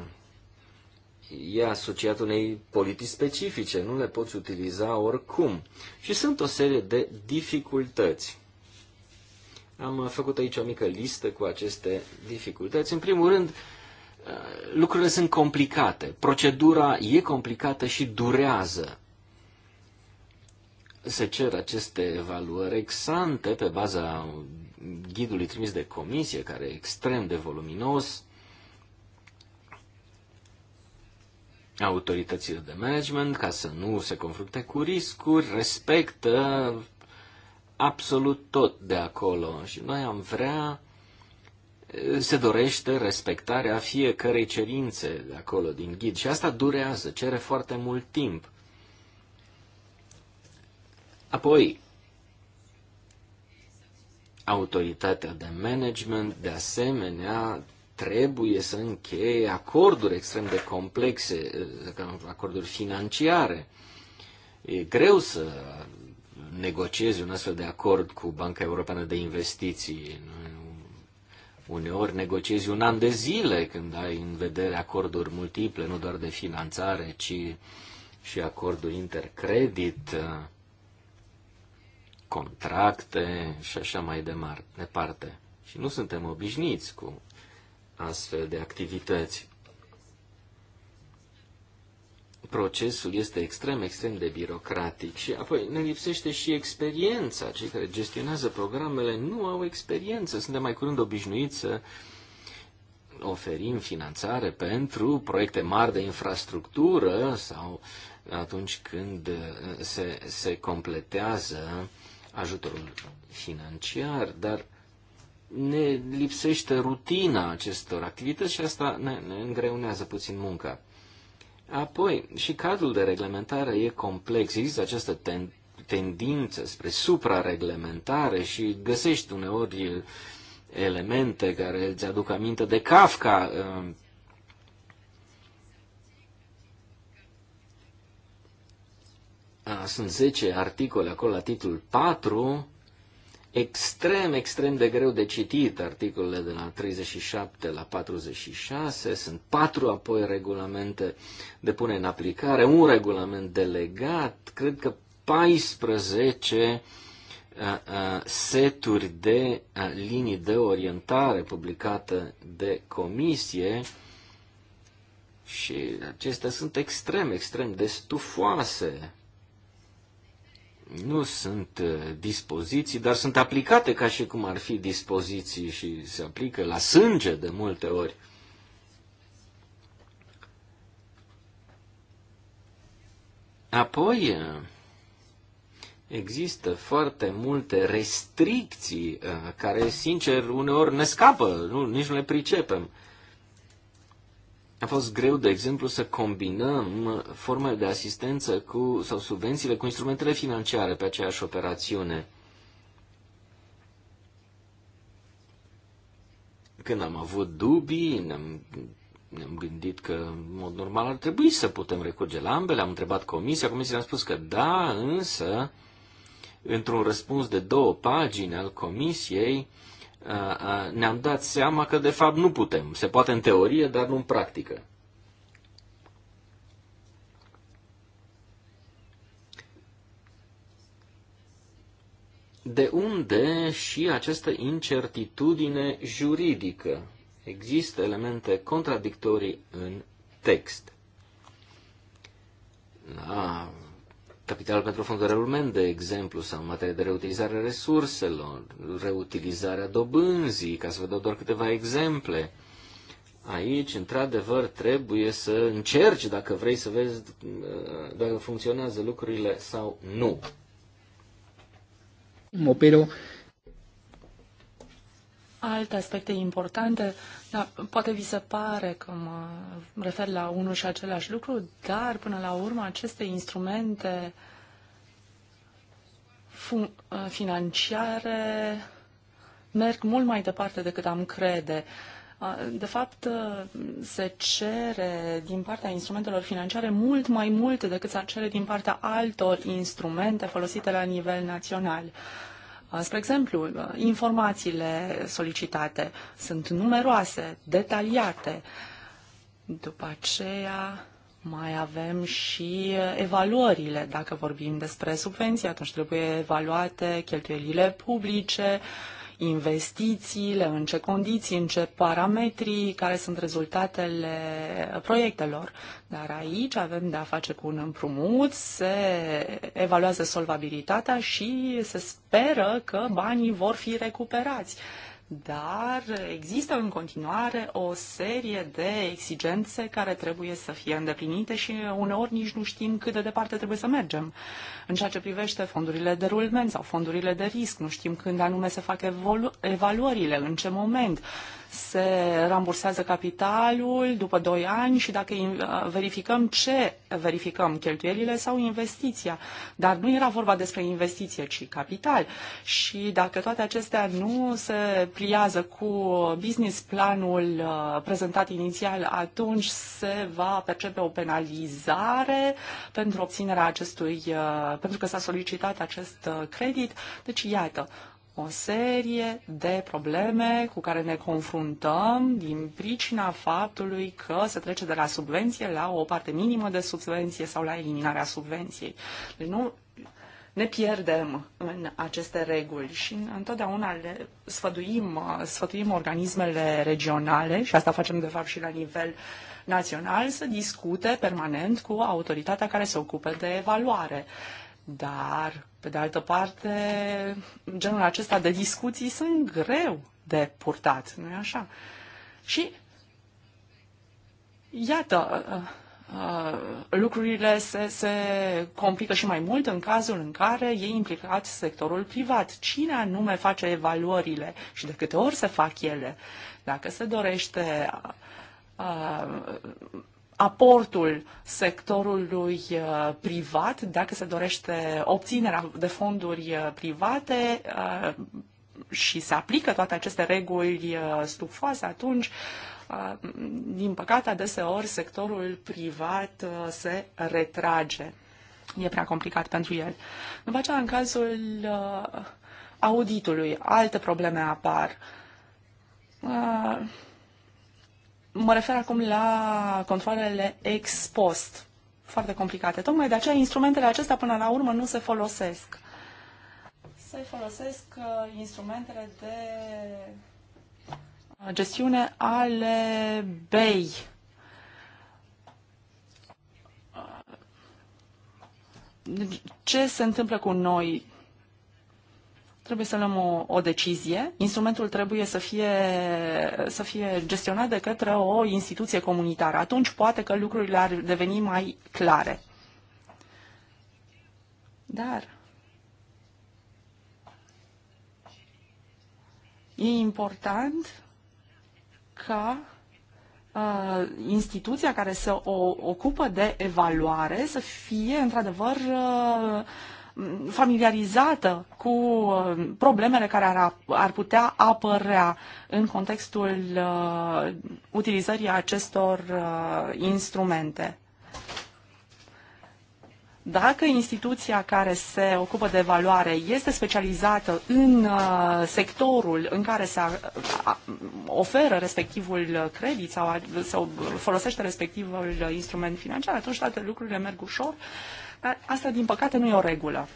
e asociat unei politici specifice, nu le poți utiliza oricum. Și sunt o serie de dificultăți. Am uh, făcut aici o mică listă cu aceste dificultăți. În primul rând, uh, lucrurile sunt complicate, procedura e complicată și durează se cer aceste evaluări exante pe baza ghidului trimis de comisie, care e extrem de voluminos, autoritățile de management, ca să nu se confrunte cu riscuri, respectă absolut tot de acolo și noi am vrea, se dorește respectarea fiecărei cerințe de acolo din ghid și asta durează, cere foarte mult timp. Apoi, autoritatea de management, de asemenea, trebuie să încheie acorduri extrem de complexe, eh, acorduri financiare. E greu să negociezi un astfel de acord cu Banca Europeană de Investiții. Uneori negociezi un an de zile când ai în vedere acorduri multiple, nu doar de finanțare, ci și acorduri intercredit. Eh, contracte și așa mai departe. Și nu suntem obișnuiți cu astfel de activități. Procesul este extrem, extrem de birocratic și apoi ne lipsește și experiența. Cei care gestionează programele nu au experiență. Suntem mai curând obișnuiți să oferim finanțare pentru proiecte mari de infrastructură sau atunci când se, se completează ajutorul financiar, dar ne lipsește rutina acestor activități și asta ne, ne îngreunează puțin munca. Apoi, și cadrul de reglementare e complex. Există această ten, tendință spre suprareglementare și găsești uneori elemente care îți aduc aminte de Kafka, uh, sunt 10 articole acolo la titlul 4, extrem, extrem de greu de citit articolele de la 37 la 46, sunt patru apoi regulamente de pune în aplicare, un regulament delegat, cred că 14 seturi de linii de orientare publicate de comisie și acestea sunt extrem, extrem de stufoase nu sunt uh, dispoziții, dar sunt aplicate ca și cum ar fi dispoziții și se aplică la sânge de multe ori. Apoi, uh, există foarte multe restricții uh, care, sincer, uneori ne scapă, nu, nici nu le pricepem. A fost greu, de exemplu, să combinăm formele de asistență cu, sau subvențiile cu instrumentele financiare pe aceeași operațiune. Când am avut dubii, ne-am, ne-am gândit că, în mod normal, ar trebui să putem recurge la ambele. Am întrebat comisia, comisia ne-a spus că da, însă, într-un răspuns de două pagini al comisiei, ne-am dat seama că de fapt nu putem. Se poate în teorie, dar nu în practică. De unde și această incertitudine juridică? Există elemente contradictorii în text. Da, capital pentru fondul de de exemplu, sau în materie de reutilizare a resurselor, reutilizarea dobânzii, ca să vă dau doar câteva exemple. Aici, într-adevăr, trebuie să încerci dacă vrei să vezi uh, dacă funcționează lucrurile sau nu. Pero alte aspecte importante. Da, poate vi se pare că mă refer la unul și același lucru, dar până la urmă aceste instrumente financiare merg mult mai departe decât am crede. De fapt, se cere din partea instrumentelor financiare mult mai mult decât s-ar cere din partea altor instrumente folosite la nivel național. Uh, Spre exemplu, informațiile solicitate sunt numeroase, detaliate. După aceea, mai avem și evaluările. Dacă vorbim despre subvenții, atunci trebuie evaluate cheltuielile publice, uh, investițiile, în ce condiții, în ce parametri, care sunt rezultatele proiectelor. Dar aici avem de a face cu un împrumut, se evaluează solvabilitatea și se speră că banii vor fi recuperați dar există în continuare o serie de exigențe care trebuie să fie îndeplinite și uneori nici nu știm cât de departe trebuie să mergem. În ceea ce privește fondurile de rulment sau fondurile de risc, nu știm când anume se fac evaluările, în ce moment se rambursează capitalul după 2 ani și dacă uh, verificăm ce verificăm, cheltuielile sau investiția. Dar nu era vorba despre investiție, ci capital. Și dacă toate acestea nu se pliază cu business planul uh, prezentat inițial, atunci se va percepe o penalizare pentru obținerea acestui, uh, pentru că s-a solicitat acest credit. Deci, iată, o serie de probleme cu care ne confruntăm din pricina faptului că se trece de la subvenție la o parte minimă de subvenție sau la eliminarea subvenției. Deci nu ne pierdem în aceste reguli și întotdeauna le sfăduim, sfătuim organismele regionale și asta facem de fapt și la nivel național să discute permanent cu autoritatea care se ocupe de evaluare. Dar pe de altă parte, genul acesta de discuții sunt greu de purtat, nu-i așa? Și iată, uh, uh, uh, lucrurile se, se complică și mai mult în cazul în care e implicat sectorul privat. Cine anume face evaluările și de câte ori se fac ele? Dacă se dorește aportul sectorului uh, privat, dacă se dorește obținerea de fonduri uh, private uh, și se aplică toate aceste reguli stufoase, atunci, din păcate, adeseori sectorul privat se retrage. E prea complicat pentru el. După aceea, în cazul auditului, alte probleme apar Mă refer acum la controlele ex post, foarte complicate. Tocmai de aceea instrumentele acestea până la urmă nu se folosesc. Se folosesc uh, instrumentele de uh, gestiune ale BEI. Uh, ce se întâmplă cu noi? trebuie să luăm o, o decizie, instrumentul trebuie să fie, să fie gestionat de către o instituție comunitară. Atunci poate că lucrurile ar deveni mai clare. Dar e important ca uh, instituția care se o, ocupă de evaluare să fie într-adevăr uh, familiarizată cu uh, problemele care ar, ar putea apărea în contextul uh, utilizării acestor uh, instrumente. Dacă instituția care se ocupă de evaluare este specializată în uh, sectorul în care se oferă respectivul credit sau se folosește respectivul instrument financiar, atunci toate lucrurile merg ușor. Uh, asta, din păcate, nu e o regulă.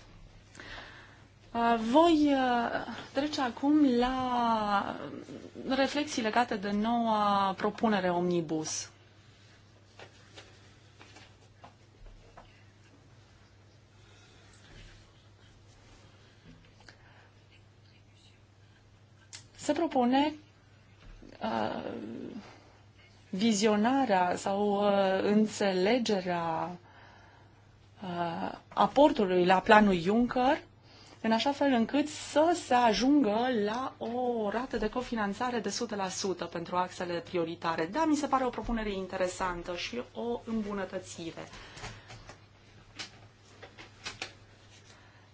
Voi trece acum la reflexii legate de noua propunere omnibus. Se propune uh, vizionarea sau uh, înțelegerea Uh, aportului la planul Juncker, în așa fel încât să se ajungă la o rată de cofinanțare de 100% pentru axele prioritare. Da, mi se pare o propunere interesantă și o îmbunătățire.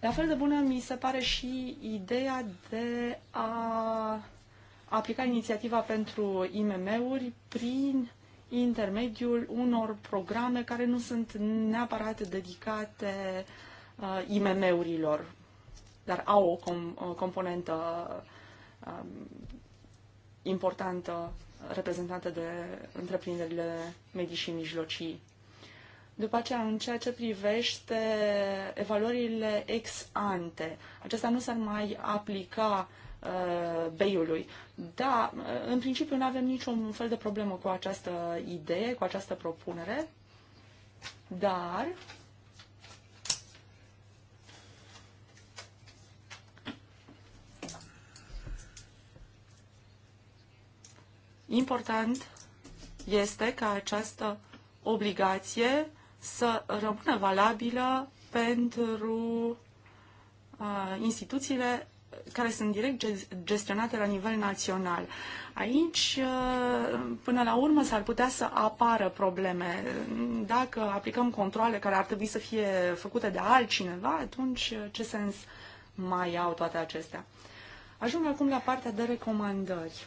La fel de bună mi se pare și ideea de a aplica inițiativa pentru IMM-uri prin intermediul unor programe care nu sunt neapărat dedicate uh, IMM-urilor, dar au o com- uh, componentă uh, importantă reprezentată de întreprinderile medii și mijlocii. După aceea, în ceea ce privește evaluările ex ante, acestea nu s-ar mai aplica uh, Uh, Beiului. Da, uh, în principiu nu avem niciun fel de problemă cu această idee, cu această propunere, dar important este ca această obligație să rămână valabilă pentru uh, instituțiile care sunt direct gestionate la nivel național. Aici, uh, până la urmă, s-ar putea să apară probleme. Dacă aplicăm controle care ar trebui să fie făcute de altcineva, atunci uh, ce sens mai au toate acestea? Ajung acum la partea de recomandări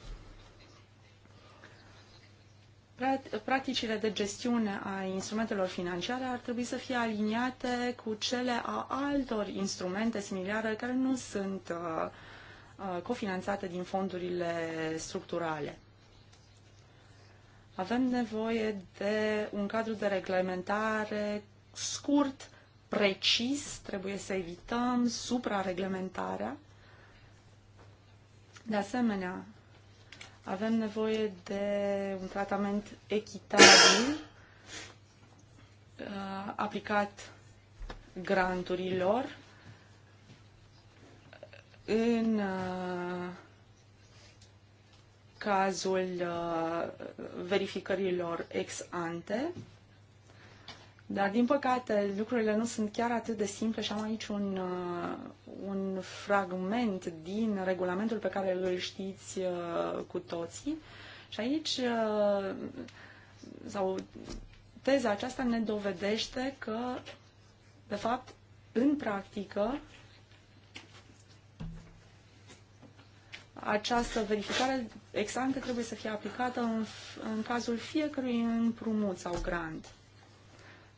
practicile de gestiune a instrumentelor financiare ar trebui să fie aliniate cu cele a altor instrumente similare care nu sunt uh, uh, cofinanțate din fondurile structurale. Avem nevoie de un cadru de reglementare scurt, precis, trebuie să evităm suprareglementarea. De asemenea, avem nevoie de un tratament echitabil uh, aplicat granturilor în uh, cazul uh, verificărilor ex ante dar, din păcate, lucrurile nu sunt chiar atât de simple și am aici un, uh, un fragment din regulamentul pe care îl știți uh, cu toții. Și aici, uh, sau teza aceasta ne dovedește că, de fapt, în practică, această verificare ex trebuie să fie aplicată în, în cazul fiecărui împrumut sau grant.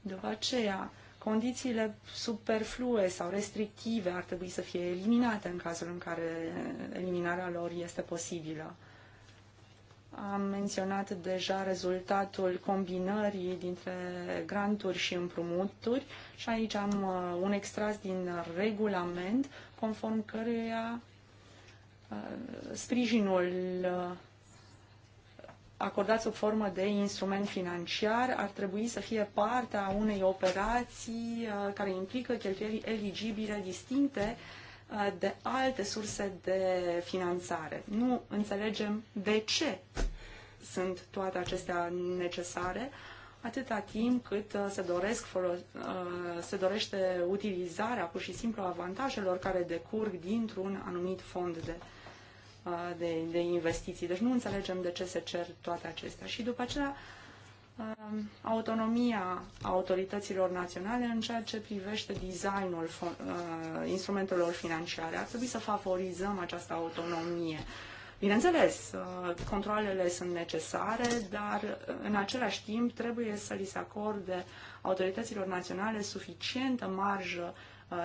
După aceea, condițiile superflue sau restrictive ar trebui să fie eliminate în cazul în care eliminarea lor este posibilă. Am menționat deja rezultatul combinării dintre granturi și împrumuturi și aici am uh, un extras din regulament conform căruia uh, sprijinul uh, acordat sub formă de instrument financiar ar trebui să fie parte a unei operații uh, care implică cheltuieli eligibile distincte uh, de alte surse de finanțare. Nu înțelegem de ce sunt toate acestea necesare atâta timp cât uh, se, doresc, se dorește utilizarea pur și simplu avantajelor care decurg dintr-un anumit fond de de, de investiții. Deci nu înțelegem de ce se cer toate acestea. Și după aceea, autonomia autorităților naționale în ceea ce privește designul instrumentelor financiare. Ar trebui să favorizăm această autonomie. Bineînțeles, controlele sunt necesare, dar în același timp trebuie să li se acorde autorităților naționale suficientă marjă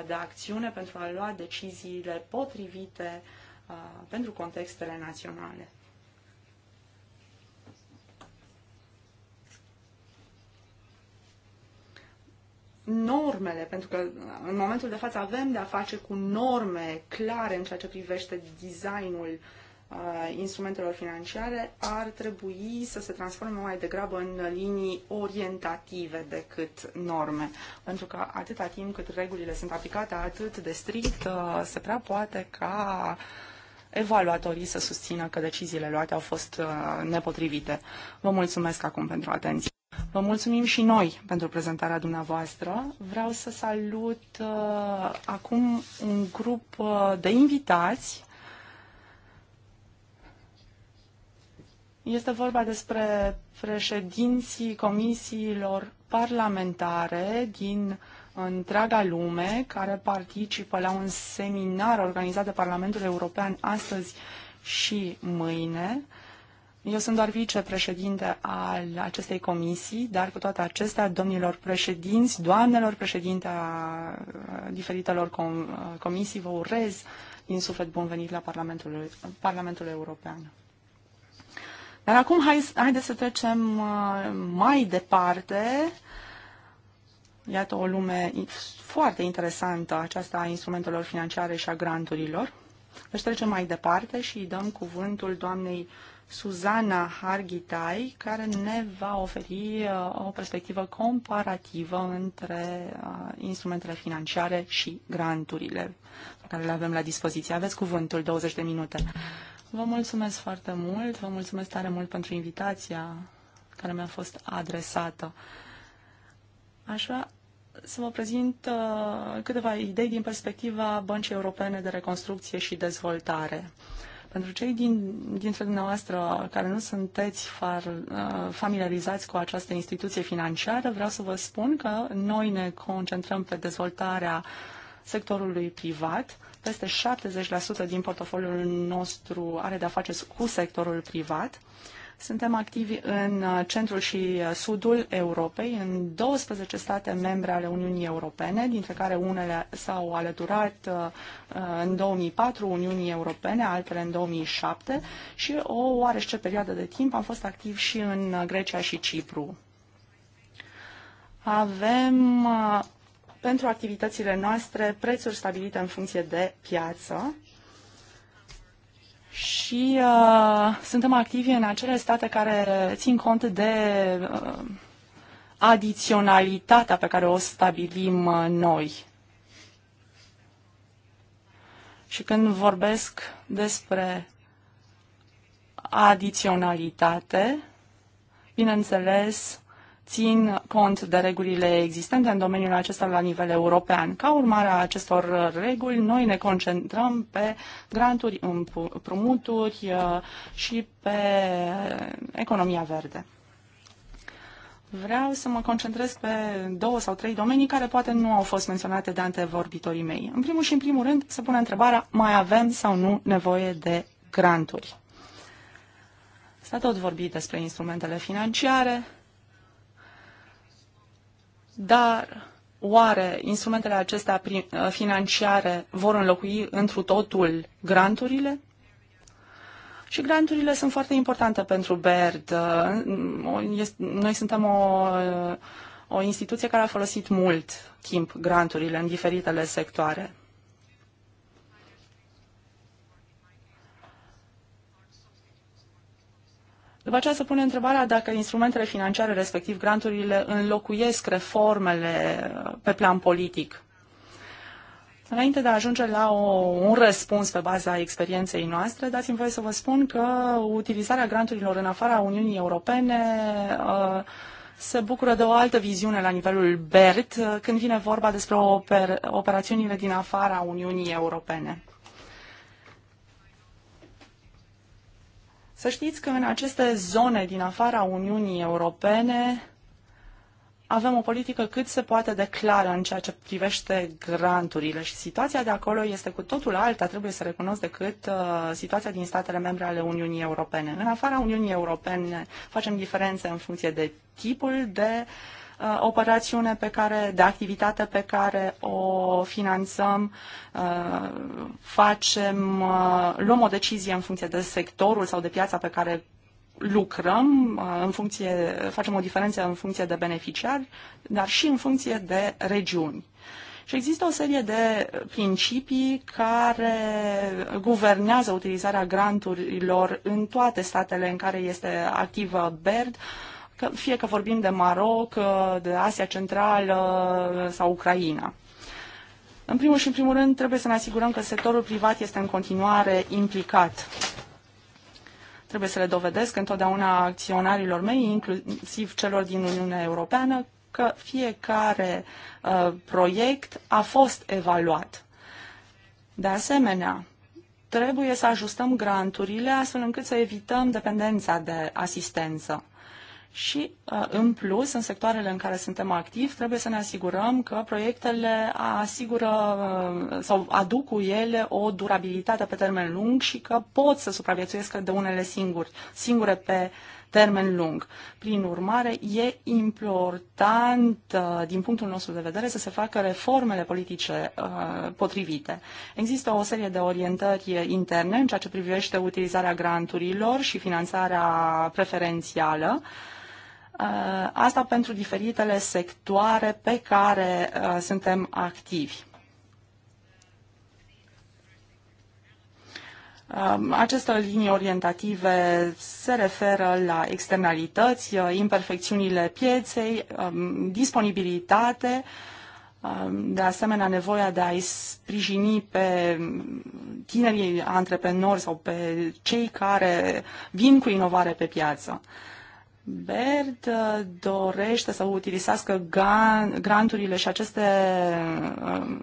de acțiune pentru a lua deciziile potrivite uh, pentru contextele naționale. normele, pentru că în momentul de față avem de a face cu norme clare în ceea ce privește designul uh, instrumentelor financiare, ar trebui să se transforme mai degrabă în linii orientative decât norme. Pentru că atâta timp cât regulile sunt aplicate atât de strict, uh, se prea poate ca uh, evaluatorii să susțină că deciziile luate au fost uh, nepotrivite. Vă mulțumesc acum pentru atenție. Vă mulțumim și noi pentru prezentarea dumneavoastră. Vreau să salut uh, acum un grup uh, de invitați. Este vorba despre președinții comisiilor parlamentare din uh, întreaga lume care participă la un seminar organizat de Parlamentul European astăzi și mâine. Eu sunt doar vicepreședinte al acestei comisii, dar cu toate acestea, domnilor președinți, doamnelor președinte a diferitelor com comisii, vă urez din suflet bun venit la Parlamentul, Parlamentul European. Dar acum hai, haideți să trecem mai departe Iată o lume foarte interesantă aceasta a instrumentelor financiare și a granturilor. Își deci trecem mai departe și îi dăm cuvântul doamnei Suzana Hargitai, care ne va oferi uh, o perspectivă comparativă între uh, instrumentele financiare și granturile pe care le avem la dispoziție. Aveți cuvântul 20 de minute. Vă mulțumesc foarte mult, vă mulțumesc tare mult pentru invitația care mi-a fost adresată. Aș vrea să vă prezint uh, câteva idei din perspectiva Băncii Europene de Reconstrucție și Dezvoltare. Pentru cei din, dintre dumneavoastră care nu sunteți far, uh, familiarizați cu această instituție financiară, vreau să vă spun că noi ne concentrăm pe dezvoltarea sectorului privat. Peste 70% din portofoliul nostru are de-a face cu sectorul privat. Uh, suntem activi în uh, centrul și uh, sudul Europei, în 12 state membre ale Uniunii Europene, dintre care unele s-au alăturat uh, în 2004 Uniunii Europene, altele în 2007 și o oarește perioadă de timp am fost activ și în Grecia și Cipru. Avem pentru activitățile noastre prețuri stabilite în funcție de piață și uh, suntem activi în acele state care țin cont de uh, adiționalitatea pe care o stabilim uh, noi. Și când vorbesc despre adiționalitate, bineînțeles, țin cont de regulile existente în domeniul acesta la nivel european. Ca urmare a acestor reguli, noi ne concentrăm pe granturi, împrumuturi uh, și pe economia verde. Vreau să mă concentrez pe două sau trei domenii care poate nu au fost menționate de antevorbitorii mei. În primul și în primul rând se pune întrebarea mai avem sau nu nevoie de granturi. S-a tot vorbit despre instrumentele financiare, dar oare instrumentele acestea uh, financiare vor înlocui întru totul granturile? Și granturile sunt foarte importante pentru BERD. Uh, noi suntem o, uh, o instituție care a folosit mult timp granturile în diferitele sectoare. După aceea se pune întrebarea dacă instrumentele financiare, respectiv granturile, înlocuiesc reformele uh, pe plan politic. Înainte de a ajunge la o, un răspuns pe baza experienței noastre, dați-mi voie să vă spun că utilizarea granturilor în afara Uniunii Europene uh, se bucură de o altă viziune la nivelul BERT uh, când vine vorba despre oper- operațiunile din afara Uniunii Europene. Să știți că în aceste zone din afara Uniunii Europene avem o politică cât se poate de clară în ceea ce privește granturile și situația de acolo este cu totul alta, trebuie să recunosc, decât uh, situația din statele membre ale Uniunii Europene. În afara Uniunii Europene facem diferențe în funcție de tipul de uh, Uh, operațiune pe care, de activitate pe care o finanțăm, uh, facem, uh, luăm o decizie în funcție de sectorul sau de piața pe care lucrăm, în funcție, facem o diferență în funcție de beneficiari, dar și în funcție de regiuni. Și există o serie de principii care guvernează utilizarea granturilor în toate statele în care este activă BERD, uh, că fie că vorbim de Maroc, uh, de Asia Centrală uh, sau Ucraina. În primul și în primul rând trebuie să ne asigurăm că sectorul privat este în continuare implicat. Trebuie să le dovedesc întotdeauna acționarilor mei, inclusiv celor din Uniunea Europeană, că fiecare uh, proiect a fost evaluat. De asemenea, trebuie să ajustăm granturile astfel încât să evităm dependența de asistență. Și, uh, în plus, în sectoarele în care suntem activi, trebuie să ne asigurăm că proiectele asigură uh, sau aduc cu ele o durabilitate pe termen lung și că pot să supraviețuiesc de unele singuri, singure pe termen lung. Prin urmare, e important, uh, din punctul nostru de vedere, să se facă reformele politice potrivite. Există o serie de orientări interne în ceea ce privește utilizarea granturilor și finanțarea preferențială. Uh, asta pentru diferitele sectoare pe care uh, suntem activi. Uh, aceste linii orientative se referă la externalități, imperfecțiunile pieței, um, disponibilitate, um, de asemenea nevoia de a-i sprijini pe tinerii antreprenori sau pe cei care vin cu inovare pe piață. Bert uh, dorește să utilizească granturile și aceste, uh,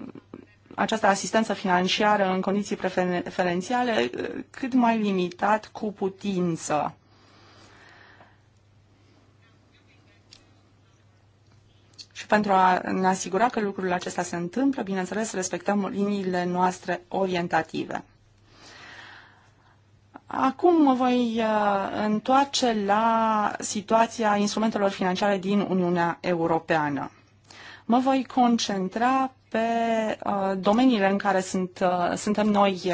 această asistență financiară în condiții preferențiale uh, cât mai limitat cu putință. Și pentru a ne asigura că lucrurile acestea se întâmplă, bineînțeles, respectăm liniile noastre orientative. Acum mă voi uh, întoarce la situația instrumentelor financiare din Uniunea Europeană. Mă voi concentra pe uh, domeniile în care sunt, uh, suntem noi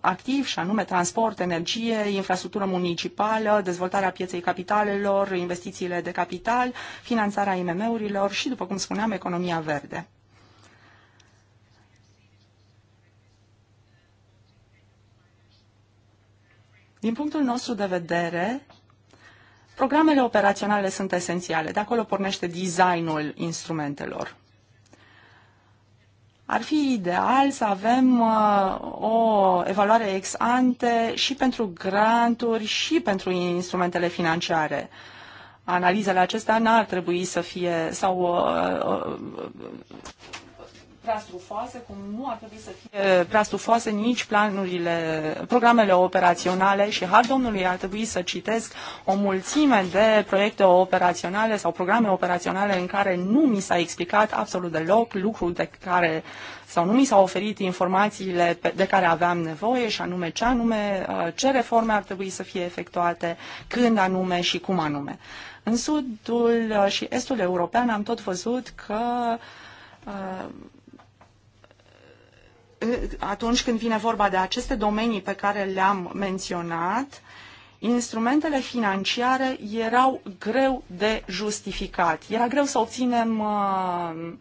activi, și anume transport, energie, infrastructură municipală, dezvoltarea pieței capitalelor, investițiile de capital, finanțarea IMM-urilor și, după cum spuneam, economia verde. Din punctul nostru de vedere, programele operaționale sunt esențiale. De acolo pornește designul instrumentelor. Ar fi ideal să avem uh, o evaluare ex ante și pentru granturi și pentru instrumentele financiare analizele acestea n-ar trebui să fie sau uh, uh, prea strufoase, cum nu ar trebui să fie eh, prea strufoase nici planurile, programele operaționale și har domnului ar trebui să citesc o mulțime de proiecte operaționale sau programe operaționale în care nu mi s-a explicat absolut deloc lucrul de care sau nu mi s-au oferit informațiile de care aveam nevoie și anume ce anume, eh, ce reforme ar trebui să fie efectuate, când anume și cum anume. În sudul eh, și estul european am tot văzut că uh, Eh, atunci când vine vorba de aceste domenii pe care le-am menționat, instrumentele financiare erau greu de justificat. Era greu să obținem uh,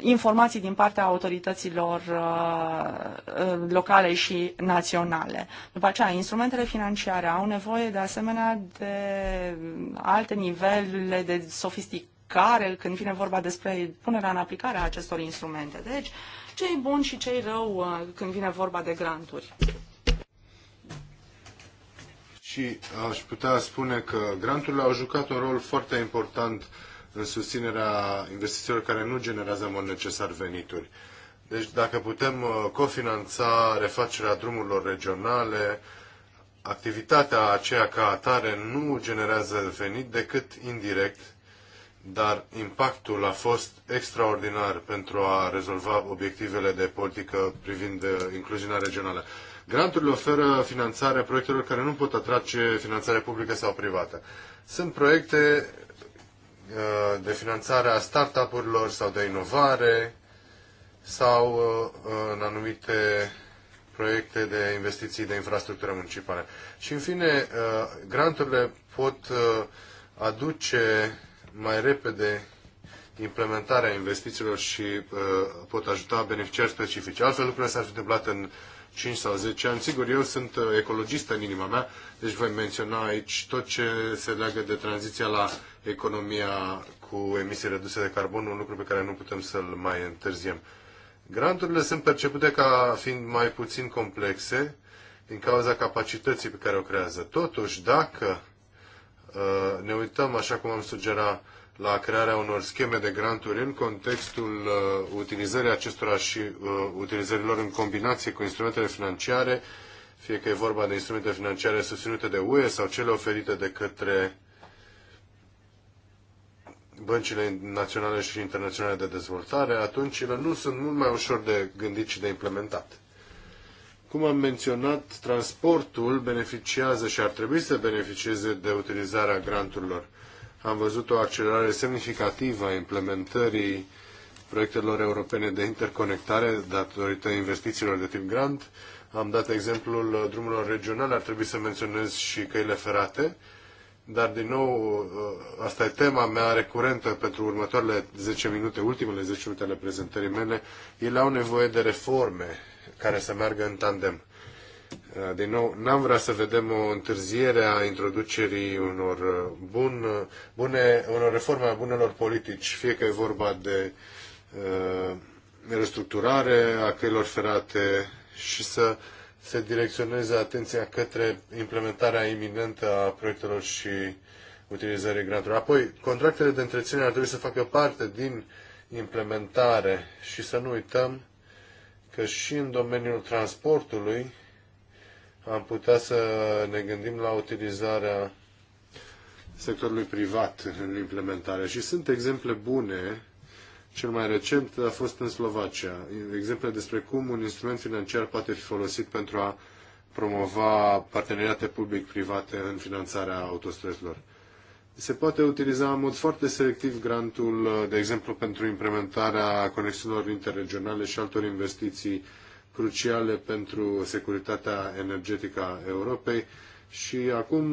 informații din partea autorităților uh, uh, locale și naționale. După aceea, instrumentele financiare au nevoie de asemenea de alte nivele de sofistic care, când vine vorba despre punerea în aplicare a acestor instrumente. Deci, ce e bun și ce e rău uh, când vine vorba de granturi. Și aș putea spune că granturile au jucat un rol foarte important în susținerea investițiilor care nu generează în mod necesar venituri. Deci dacă putem uh, cofinanța refacerea drumurilor regionale, activitatea aceea ca atare nu generează venit decât indirect dar impactul a fost extraordinar pentru a rezolva obiectivele de politică privind uh, incluziunea regională. Granturile oferă finanțare proiectelor care nu pot atrage finanțare publică sau privată. Sunt proiecte uh, de finanțare a startup-urilor sau de inovare sau uh, în anumite proiecte de investiții de infrastructură municipală. Și în fine, granturile pot aduce mai repede implementarea investițiilor și uh, pot ajuta beneficiari specifici. Altfel lucrurile s-ar fi întâmplat în 5 sau 10 ani. Sigur, eu sunt uh, ecologist în inima mea, deci voi menționa aici tot ce se leagă de tranziția la economia cu emisii reduse de carbon, un lucru pe care nu putem să-l mai întârziem. Granturile sunt percepute ca fiind mai puțin complexe din cauza capacității pe care o creează. Totuși, dacă Uh, ne uităm, așa cum am sugerat, la crearea unor scheme de granturi în contextul uh, utilizării acestora și uh, utilizărilor în combinație cu instrumentele financiare, fie că e vorba de instrumente financiare susținute de UE sau cele oferite de către băncile naționale și internaționale de dezvoltare, atunci ele nu sunt mult mai ușor de gândit și de implementat. Cum am menționat, transportul beneficiază și ar trebui să beneficieze de utilizarea granturilor. Am văzut o accelerare semnificativă a implementării proiectelor europene de interconectare datorită investițiilor de tip grant. Am dat exemplul drumurilor regionale, ar trebui să menționez și căile ferate, dar din nou asta e tema mea recurentă pentru următoarele 10 minute, ultimele 10 minute ale prezentării mele. Ele au nevoie de reforme care să meargă în tandem. Uh, din nou, n-am vrea să vedem o întârziere a introducerii unor, uh, bun, uh, bune, unor reforme a bunelor politici, fie că e vorba de uh, restructurare a căilor ferate și să se direcționeze atenția către implementarea iminentă a proiectelor și utilizării granturilor. Apoi, contractele de întreținere ar trebui să facă parte din implementare și să nu uităm că și în domeniul transportului am putea să ne gândim la utilizarea sectorului privat în implementare. Și sunt exemple bune. Cel mai recent a fost în Slovacia. Exemple despre cum un instrument financiar poate fi folosit pentru a promova parteneriate public-private în finanțarea autostrăzilor se poate utiliza în mod foarte selectiv grantul, de exemplu, pentru implementarea conexiunilor interregionale și altor investiții cruciale pentru securitatea energetică a Europei. Și acum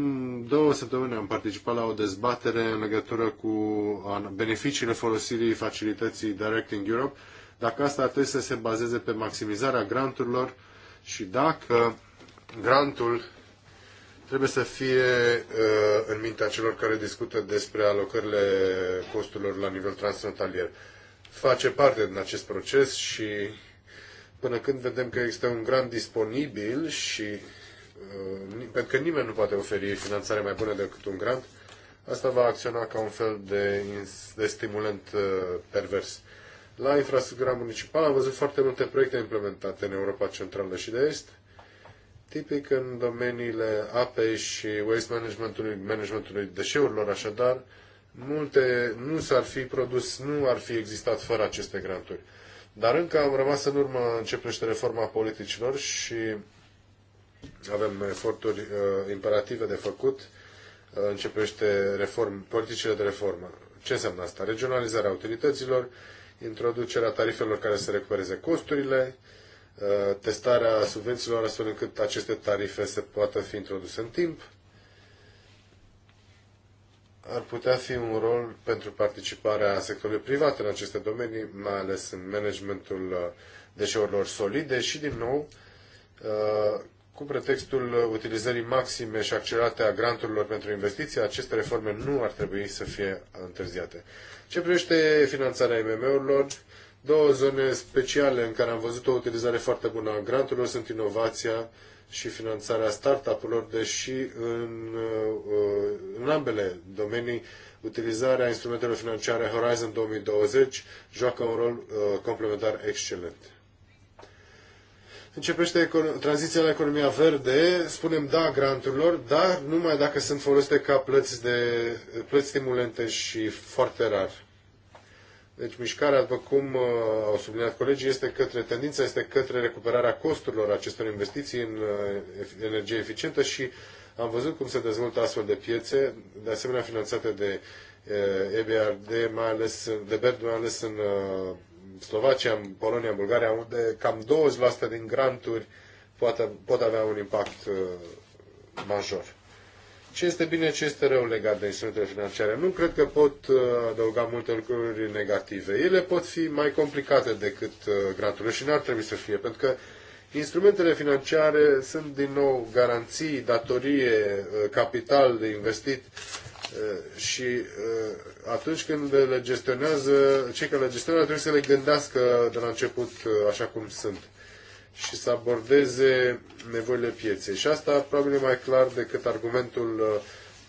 două săptămâni am participat la o dezbatere în legătură cu beneficiile folosirii facilității Directing Europe, dacă asta ar trebui să se bazeze pe maximizarea granturilor și dacă grantul trebuie să fie uh, în mintea celor care discută despre alocările costurilor la nivel transfrontalier. Face parte din acest proces și până când vedem că există un grant disponibil și uh, pentru că nimeni nu poate oferi finanțare mai bună decât un grant, asta va acționa ca un fel de, de stimulant uh, pervers. La infrastructura municipală am văzut foarte multe proiecte implementate în Europa Centrală și de Est, tipic în domeniile apei și waste managementului, managementului deșeurilor, așadar, multe nu s-ar fi produs, nu ar fi existat fără aceste granturi. Dar încă am rămas în urmă în ce privește reforma politicilor și avem eforturi uh, imperative de făcut uh, în ce privește reform, politicile de reformă. Ce înseamnă asta? Regionalizarea utilităților, introducerea tarifelor care să recupereze costurile, uh, Uh, testarea subvențiilor astfel încât aceste tarife să poată fi introduse în timp. Ar putea fi un rol pentru participarea sectorului privat în aceste domenii, mai ales în managementul uh, deșeurilor solide și, din nou, uh, cu pretextul utilizării maxime și accelerate a granturilor pentru investiții, aceste reforme nu ar trebui să fie întârziate. Ce privește finanțarea IMM-urilor, Două zone speciale în care am văzut o utilizare foarte bună a granturilor sunt inovația și finanțarea startup-urilor, deși în, uh, în ambele domenii utilizarea instrumentelor financiare Horizon 2020 joacă un rol uh, complementar excelent. Începește tranziția la economia verde, spunem da granturilor, dar numai dacă sunt folosite ca plăți, de, plăți stimulente și foarte rar. Deci mișcarea, după cum uh, au subliniat colegii, este către, tendința este către recuperarea costurilor acestor investiții în uh, energie eficientă și am văzut cum se dezvoltă astfel de piețe, de asemenea finanțate de uh, EBRD, mai ales de BERD, mai ales în Slovacia, în Polonia, în Bulgaria, unde cam 20% din granturi pot, pot avea un impact major ce este bine, ce este rău legat de instrumentele financiare. Nu cred că pot uh, adăuga multe lucruri negative. Ele pot fi mai complicate decât uh, granturile și n-ar trebui să fie, pentru că instrumentele financiare sunt din nou garanții, datorie, uh, capital de investit și atunci când le gestionează, cei care le gestionează trebuie să le gândească de la început așa cum sunt și să abordeze nevoile pieței. Și asta probabil e mai clar decât argumentul uh,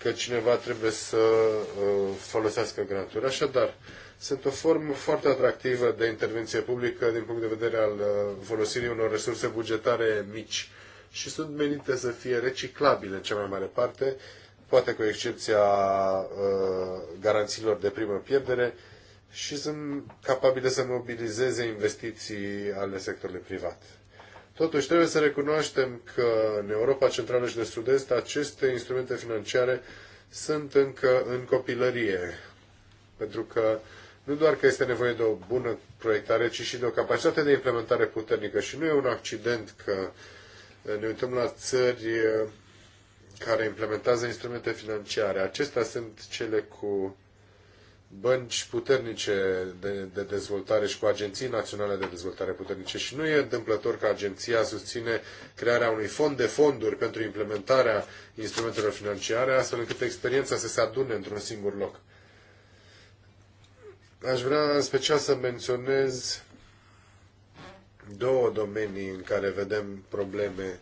că cineva trebuie să uh, folosească granturi. Așadar, sunt o formă foarte atractivă de intervenție publică din punct de vedere al uh, folosirii unor resurse bugetare mici și sunt menite să fie reciclabile în cea mai mare parte, poate cu excepția garanțiilor de primă pierdere, și sunt capabile să mobilizeze investiții ale sectorului privat. Totuși, trebuie să recunoaștem că în Europa Centrală și de Sud-Est aceste instrumente financiare sunt încă în copilărie, pentru că nu doar că este nevoie de o bună proiectare, ci și de o capacitate de implementare puternică. Și nu e un accident că ne uităm la țări eh, care implementează instrumente financiare. Acestea sunt cele cu bănci puternice de, de dezvoltare și cu agenții naționale de dezvoltare puternice. Și nu e întâmplător că agenția susține crearea unui fond de fonduri pentru implementarea instrumentelor financiare, astfel încât experiența să se adune într-un singur loc. Aș vrea în special să menționez două domenii în care vedem probleme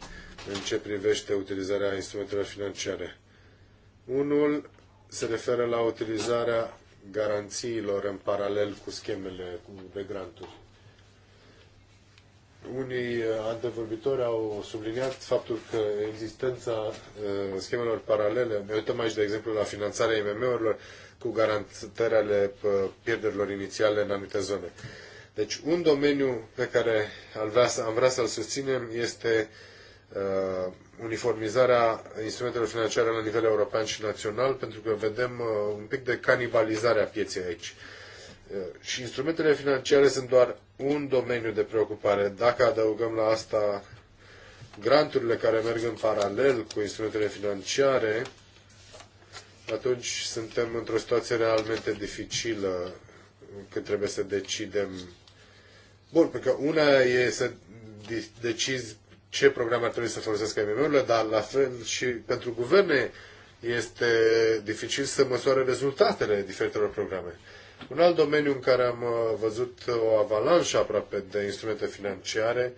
în ce privește utilizarea instrumentelor financiare. Unul se referă la utilizarea garanțiilor în paralel cu schemele de granturi. Unii uh, antevorbitori au subliniat faptul că existența uh, schemelor paralele, ne uităm aici de exemplu la finanțarea IMM-urilor cu ale uh, pierderilor inițiale în anumite zone. Deci un domeniu pe care am vrea să-l susținem este uniformizarea instrumentelor financiare la nivel european și național, pentru că vedem uh, un pic de canibalizare a pieței aici. Uh, și instrumentele financiare sunt doar un domeniu de preocupare. Dacă adăugăm la asta granturile care merg în paralel cu instrumentele financiare, atunci suntem într-o situație realmente dificilă când trebuie să decidem. Bun, pentru că una e să decizi ce programe ar trebui să folosească IMM-urile, dar la fel și pentru guverne este dificil să măsoare rezultatele diferitelor programe. Un alt domeniu în care am uh, văzut o avalanșă aproape de instrumente financiare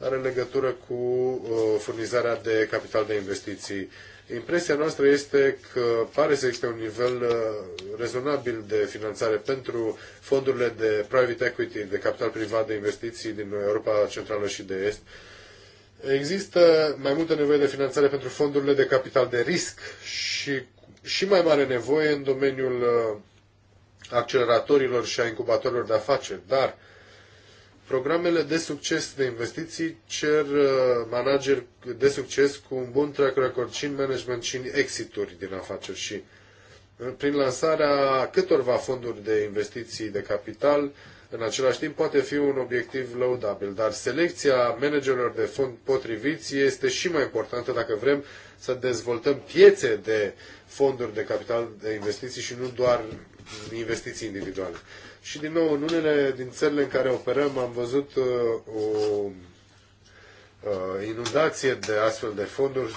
are legătură cu uh, furnizarea de capital de investiții. Impresia noastră este că pare să existe un nivel uh, rezonabil de finanțare pentru fondurile de private equity, de capital privat de investiții din Europa Centrală și de Est, Există mai multă nevoie de finanțare pentru fondurile de capital de risc și, și mai mare nevoie în domeniul uh, acceleratorilor și a incubatorilor de afaceri, dar programele de succes de investiții cer uh, manageri de succes cu un bun track record și în management și în exituri din afaceri și uh, prin lansarea câtorva fonduri de investiții de capital, în același timp poate fi un obiectiv lăudabil, dar selecția managerilor de fond potriviți este și mai importantă dacă vrem să dezvoltăm piețe de fonduri de capital de investiții și nu doar investiții individuale. Și din nou, în unele din țările în care operăm am văzut uh, o uh, inundație de astfel de fonduri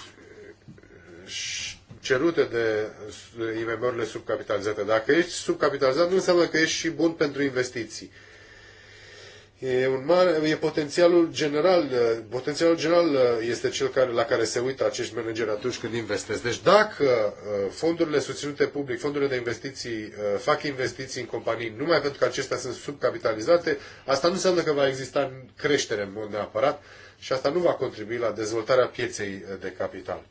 cerute de IMM-urile subcapitalizate. Dacă ești subcapitalizat, nu înseamnă că ești și bun pentru investiții. E, un mare, e potențialul general, potențialul general este cel care, la care se uită acești manageri atunci când investesc. Deci dacă fondurile susținute public, fondurile de investiții fac investiții în companii numai pentru că acestea sunt subcapitalizate, asta nu înseamnă că va exista creștere în mod neapărat și asta nu va contribui la dezvoltarea pieței de capital.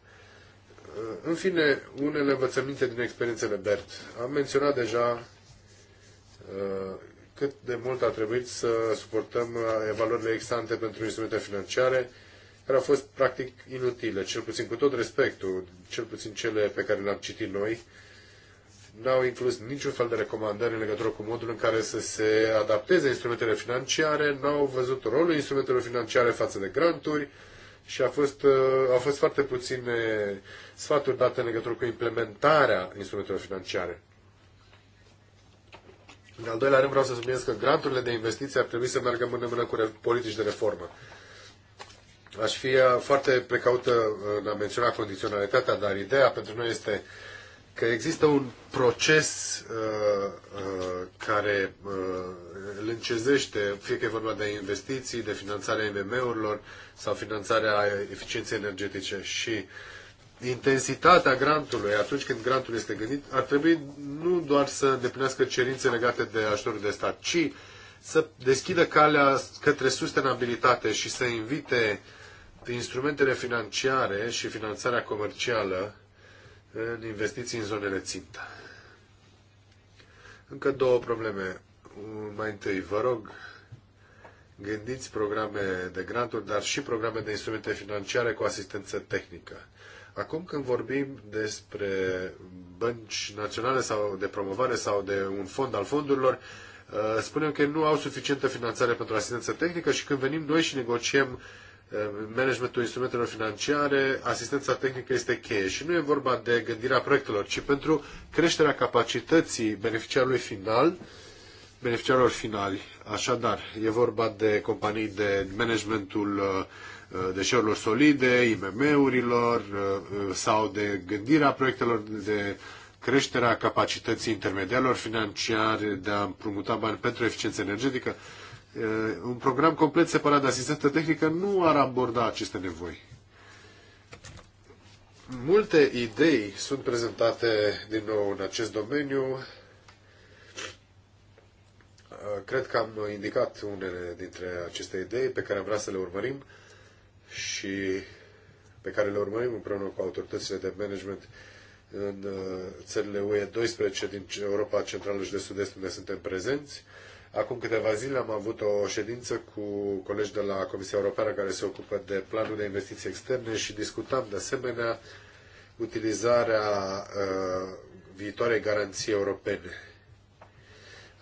În fine, unele învățăminte din experiențele BERT. Am menționat deja cât de mult a trebuit să suportăm evaluările exante pentru instrumente financiare, care au fost practic inutile, cel puțin cu tot respectul, cel puțin cele pe care le-am citit noi, n-au inclus niciun fel de recomandări în legătură cu modul în care să se adapteze instrumentele financiare, n-au văzut rolul instrumentelor financiare față de granturi și a fost, uh, au fost foarte puține sfaturi date în legătură cu implementarea instrumentelor financiare. În al doilea rând vreau să subliniez că granturile de investiții ar trebui să meargă mână mână cu politici de reformă. Aș fi uh, foarte precaută uh, în a menționa condiționalitatea, dar ideea pentru noi este că există un proces uh, uh, care uh, îl încezește, fie că e vorba de investiții, de finanțarea IMM-urilor sau finanțarea eficienței energetice și uh, intensitatea grantului, atunci când grantul este gândit, ar trebui nu doar să îndeplinească cerințe legate de ajutorul de stat, ci să deschidă calea către sustenabilitate și să invite instrumentele financiare și finanțarea comercială în investiții în zonele țintă. Încă două probleme. Mai întâi, vă rog, gândiți programe de granturi, dar și programe de instrumente financiare cu asistență tehnică Acum când vorbim despre bănci naționale sau de promovare sau de un fond al fondurilor, uh, spunem că nu au suficientă finanțare pentru asistență tehnică și când venim noi și negociem uh, managementul instrumentelor financiare, asistența tehnică este cheie și nu e vorba de gândirea proiectelor, ci pentru creșterea capacității beneficiarului final, beneficiarilor finali. Așadar, e vorba de companii de managementul uh, Uh, deșeurilor solide, IMM-urilor uh, uh, sau de gândirea proiectelor de creșterea capacității intermediarilor financiare de a împrumuta bani pentru eficiență energetică. Un program complet separat de asistență tehnică nu ar aborda aceste nevoi. Multe idei sunt prezentate din nou în acest domeniu. Cred că am indicat unele dintre aceste idei pe care am vrea să le urmărim și pe care le urmărim împreună cu autoritățile de management în uh, țările UE 12 din Europa Centrală și de Sud-Est unde suntem prezenți. Acum câteva zile am avut o ședință cu colegi de la Comisia Europeană care se ocupă de planul de investiții externe și discutam de asemenea utilizarea uh, viitoarei garanții europene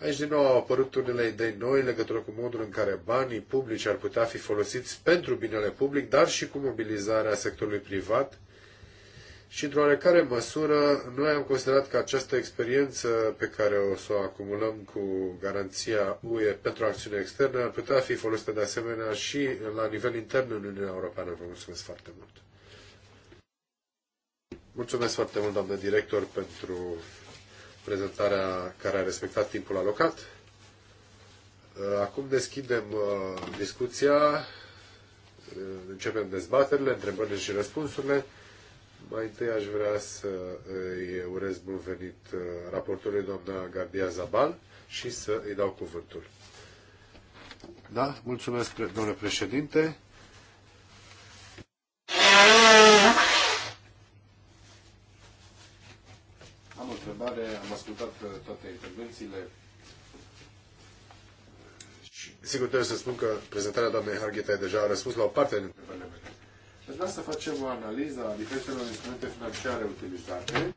Aici din nou au apărut unele idei noi în legătură cu modul în care banii publici ar putea fi folosiți pentru binele public, dar și cu mobilizarea sectorului privat. Și într-o oarecare măsură, noi am considerat că această experiență pe care o să o acumulăm cu garanția UE pentru acțiune externă ar putea fi folosită de asemenea și la nivel intern în Uniunea Europeană. Vă mulțumesc foarte mult! Mulțumesc foarte mult, doamnă director, pentru prezentarea care a respectat timpul alocat. Uh, acum deschidem uh, discuția, uh, începem dezbaterile, întrebările și răspunsurile. Mai întâi aș vrea să îi urez bun venit raportului doamna Gardia Zabal și să îi dau cuvântul. Da, mulțumesc, domnule președinte. întrebare. Am ascultat uh, toate intervențiile. Și, sigur, trebuie să spun că prezentarea doamnei Harghita deja a răspuns la o parte din întrebările mele. Aș vrea să facem o analiză a diferitelor instrumente financiare utilizate.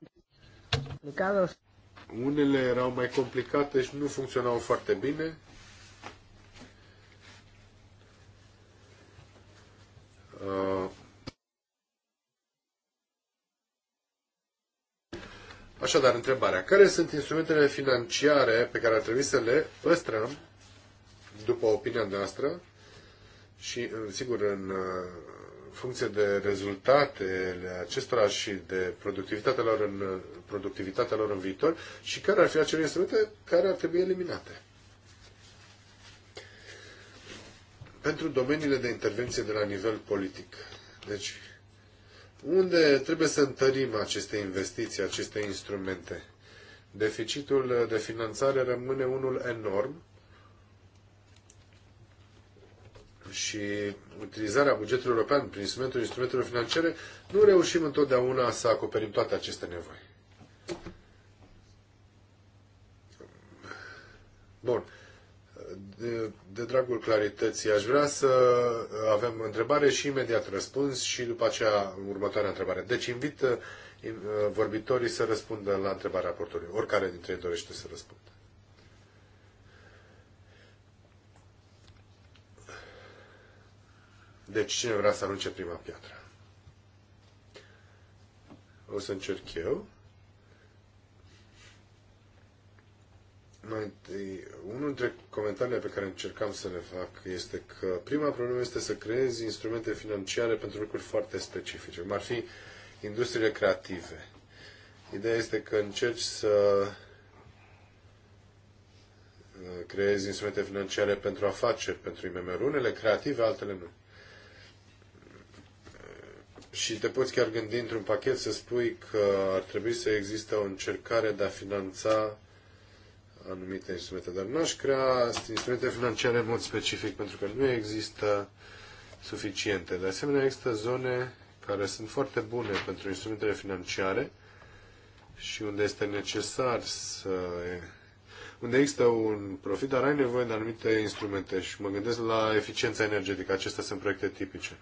Unele erau mai complicate și nu funcționau foarte bine. Uh, Așadar, întrebarea. Care sunt instrumentele financiare pe care ar trebui să le păstrăm, după opinia noastră, și, sigur, în uh, funcție de rezultatele acestora și de productivitatea lor în, uh, productivitatea lor în viitor și care ar fi acele instrumente care ar trebui eliminate. Pentru domeniile de intervenție de la nivel politic. Deci, unde trebuie să întărim aceste investiții, aceste instrumente. Deficitul de finanțare rămâne unul enorm și utilizarea bugetului european prin instrumentul instrumentelor financiare, nu reușim întotdeauna să acoperim toate aceste nevoi. Bun de, dragul clarității, aș vrea să avem întrebare și imediat răspuns și după aceea următoarea întrebare. Deci invit uh, uh, vorbitorii să răspundă la întrebarea raportului. Oricare dintre ei dorește să răspundă. Deci cine vrea să arunce prima piatră? O să încerc eu. Mai întâi, unul dintre comentariile pe care încercam să le fac este că prima problemă este să creezi instrumente financiare pentru lucruri foarte specifice, cum ar fi industriile creative. Ideea este că încerci să uh, creezi instrumente financiare pentru afaceri, pentru IMM-uri, unele creative, altele nu. Uh, și te poți chiar gândi într-un pachet să spui că ar trebui să existe o încercare de a finanța anumite instrumente, dar n-aș crea instrumente financiare în mod specific, pentru că nu există suficiente. De asemenea, există zone care sunt foarte bune pentru instrumentele financiare și unde este necesar să... unde există un profit, dar ai nevoie de anumite instrumente și mă gândesc la eficiența energetică. Acestea sunt proiecte tipice.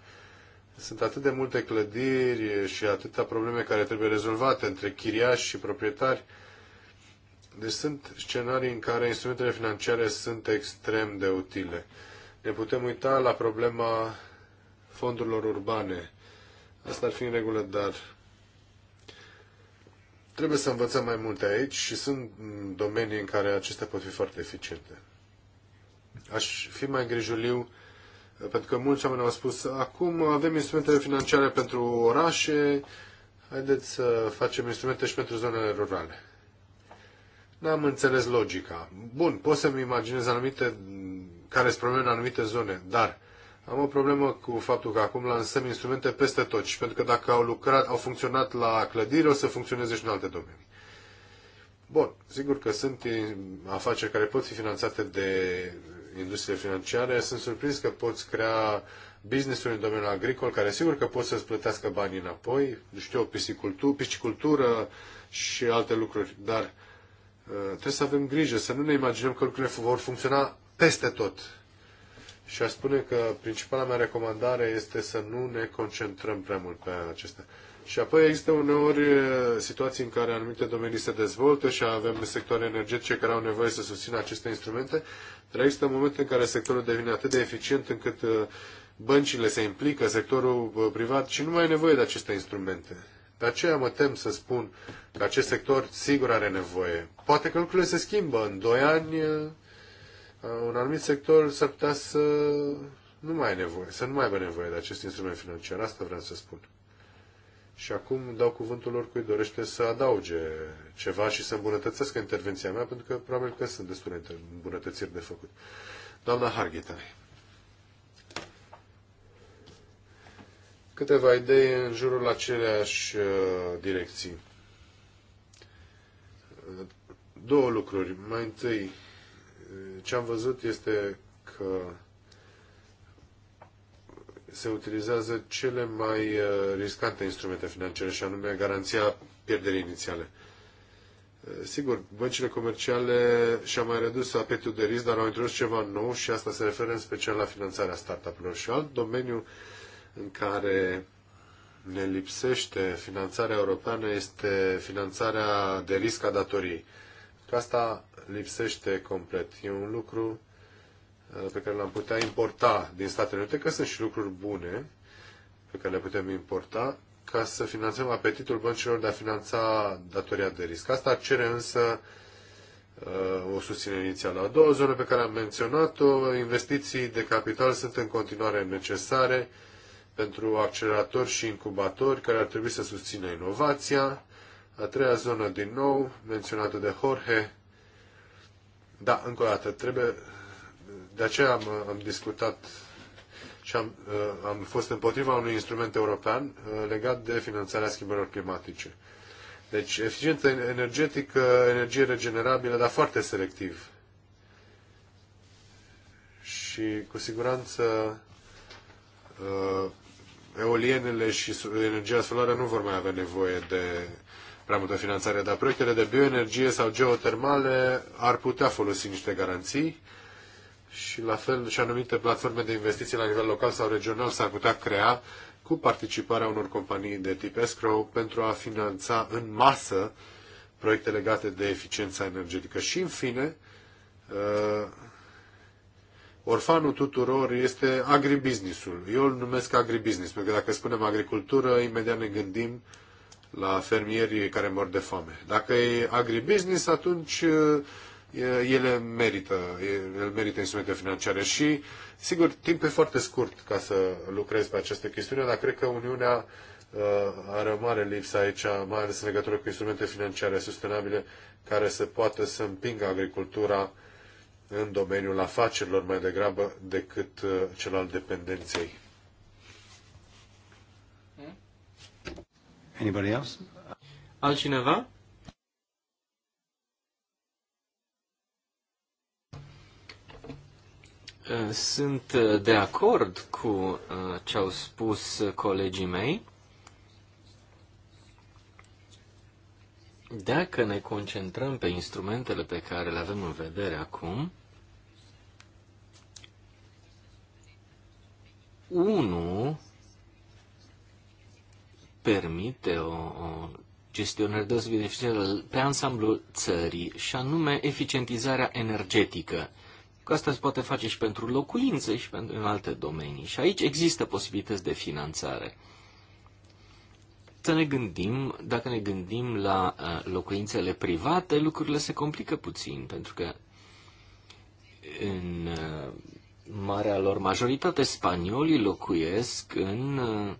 Sunt atât de multe clădiri și atâtea probleme care trebuie rezolvate între chiriași și proprietari, deci sunt scenarii în care instrumentele financiare sunt extrem de utile. Ne putem uita la problema fondurilor urbane. Asta ar fi în regulă, dar trebuie să învățăm mai multe aici și sunt domenii în care acestea pot fi foarte eficiente. Aș fi mai grijuliu pentru că mulți oameni au spus acum avem instrumentele financiare pentru orașe, haideți să facem instrumente și pentru zonele rurale n-am înțeles logica. Bun, pot să-mi imaginez anumite, care sunt probleme în anumite zone, dar am o problemă cu faptul că acum lansăm instrumente peste tot și pentru că dacă au lucrat, au funcționat la clădiri, o să funcționeze și în alte domenii. Bun, sigur că sunt afaceri care pot fi finanțate de industrie financiare. Sunt surprins că poți crea business-uri în domeniul agricol, care sigur că pot să-ți plătească banii înapoi, știu, piscicultură, piscicultură și alte lucruri, dar Trebuie să avem grijă, să nu ne imaginăm că lucrurile vor funcționa peste tot. Și aș spune că principala mea recomandare este să nu ne concentrăm prea mult pe acestea. Și apoi există uneori situații în care anumite domenii se dezvoltă și avem sectoare energetice care au nevoie să susțină aceste instrumente, dar există momente în care sectorul devine atât de eficient încât băncile se implică, sectorul privat și nu mai e nevoie de aceste instrumente. De aceea mă tem să spun că acest sector sigur are nevoie. Poate că lucrurile se schimbă. În doi ani eh, un anumit sector s-ar putea să nu mai ai nevoie, să nu mai aibă nevoie de acest instrument financiar. Asta vreau să spun. Și acum dau cuvântul oricui dorește să adauge ceva și să îmbunătățească intervenția mea, pentru că probabil că sunt destule îmbunătățiri de făcut. Doamna Harghitane. câteva idei în jurul aceleași uh, direcții. Două lucruri. Mai întâi, uh, ce am văzut este că se utilizează cele mai uh, riscante instrumente financiare, și anume garanția pierderii inițiale. Sigur, băncile comerciale și-au mai redus apetul de risc, dar au introdus ceva nou și asta se referă în special la finanțarea startup-urilor. Și alt domeniu în care ne lipsește finanțarea europeană este finanțarea de risc a datorii. Că asta lipsește complet. E un lucru uh, pe care l-am putea importa din Statele Unite, că sunt și lucruri bune pe care le putem importa, ca să finanțăm apetitul băncilor de a finanța datoria de risc. Asta cere însă uh, o susținere inițială. A doua zonă pe care am menționat-o, investiții de capital sunt în continuare necesare pentru acceleratori și incubatori care ar trebui să susțină inovația. A treia zonă, din nou, menționată de Jorge. Da, încă o dată, trebuie... De aceea am, am discutat și am, uh, am fost împotriva unui instrument european uh, legat de finanțarea schimbărilor climatice. Deci, eficiență energetică, energie regenerabilă, dar foarte selectiv. Și, cu siguranță, uh, eolienele și energia solară nu vor mai avea nevoie de prea multă finanțare, dar proiectele de bioenergie sau geotermale ar putea folosi niște garanții și la fel și anumite platforme de investiții la nivel local sau regional s-ar putea crea cu participarea unor companii de tip escrow pentru a finanța în masă proiecte legate de eficiența energetică. Și în fine, uh, orfanul tuturor este agribusinessul. Eu îl numesc agribusiness, pentru că dacă spunem agricultură, imediat ne gândim la fermierii care mor de foame. Dacă e agribusiness, atunci ele merită, ele merită instrumente financiare și, sigur, timp e foarte scurt ca să lucrez pe această chestiune, dar cred că Uniunea uh, are mare lipsă aici, mai ales în legătură cu instrumente financiare sustenabile care să poată să împingă agricultura în domeniul afacerilor mai degrabă decât uh, cel al dependenței. Anybody else? Altcineva? Uh, sunt uh, de acord cu ce au spus colegii mei. Dacă ne concentrăm pe instrumentele pe care le avem în vedere acum, unul permite o, o gestionare de eficientă pe ansamblul țării, și anume eficientizarea energetică. Că asta se poate face și pentru locuințe și pentru în alte domenii. Și aici există posibilități de finanțare să ne gândim, dacă ne gândim la uh, locuințele private, lucrurile se complică puțin, pentru că în uh, marea lor majoritate spaniolii locuiesc în uh,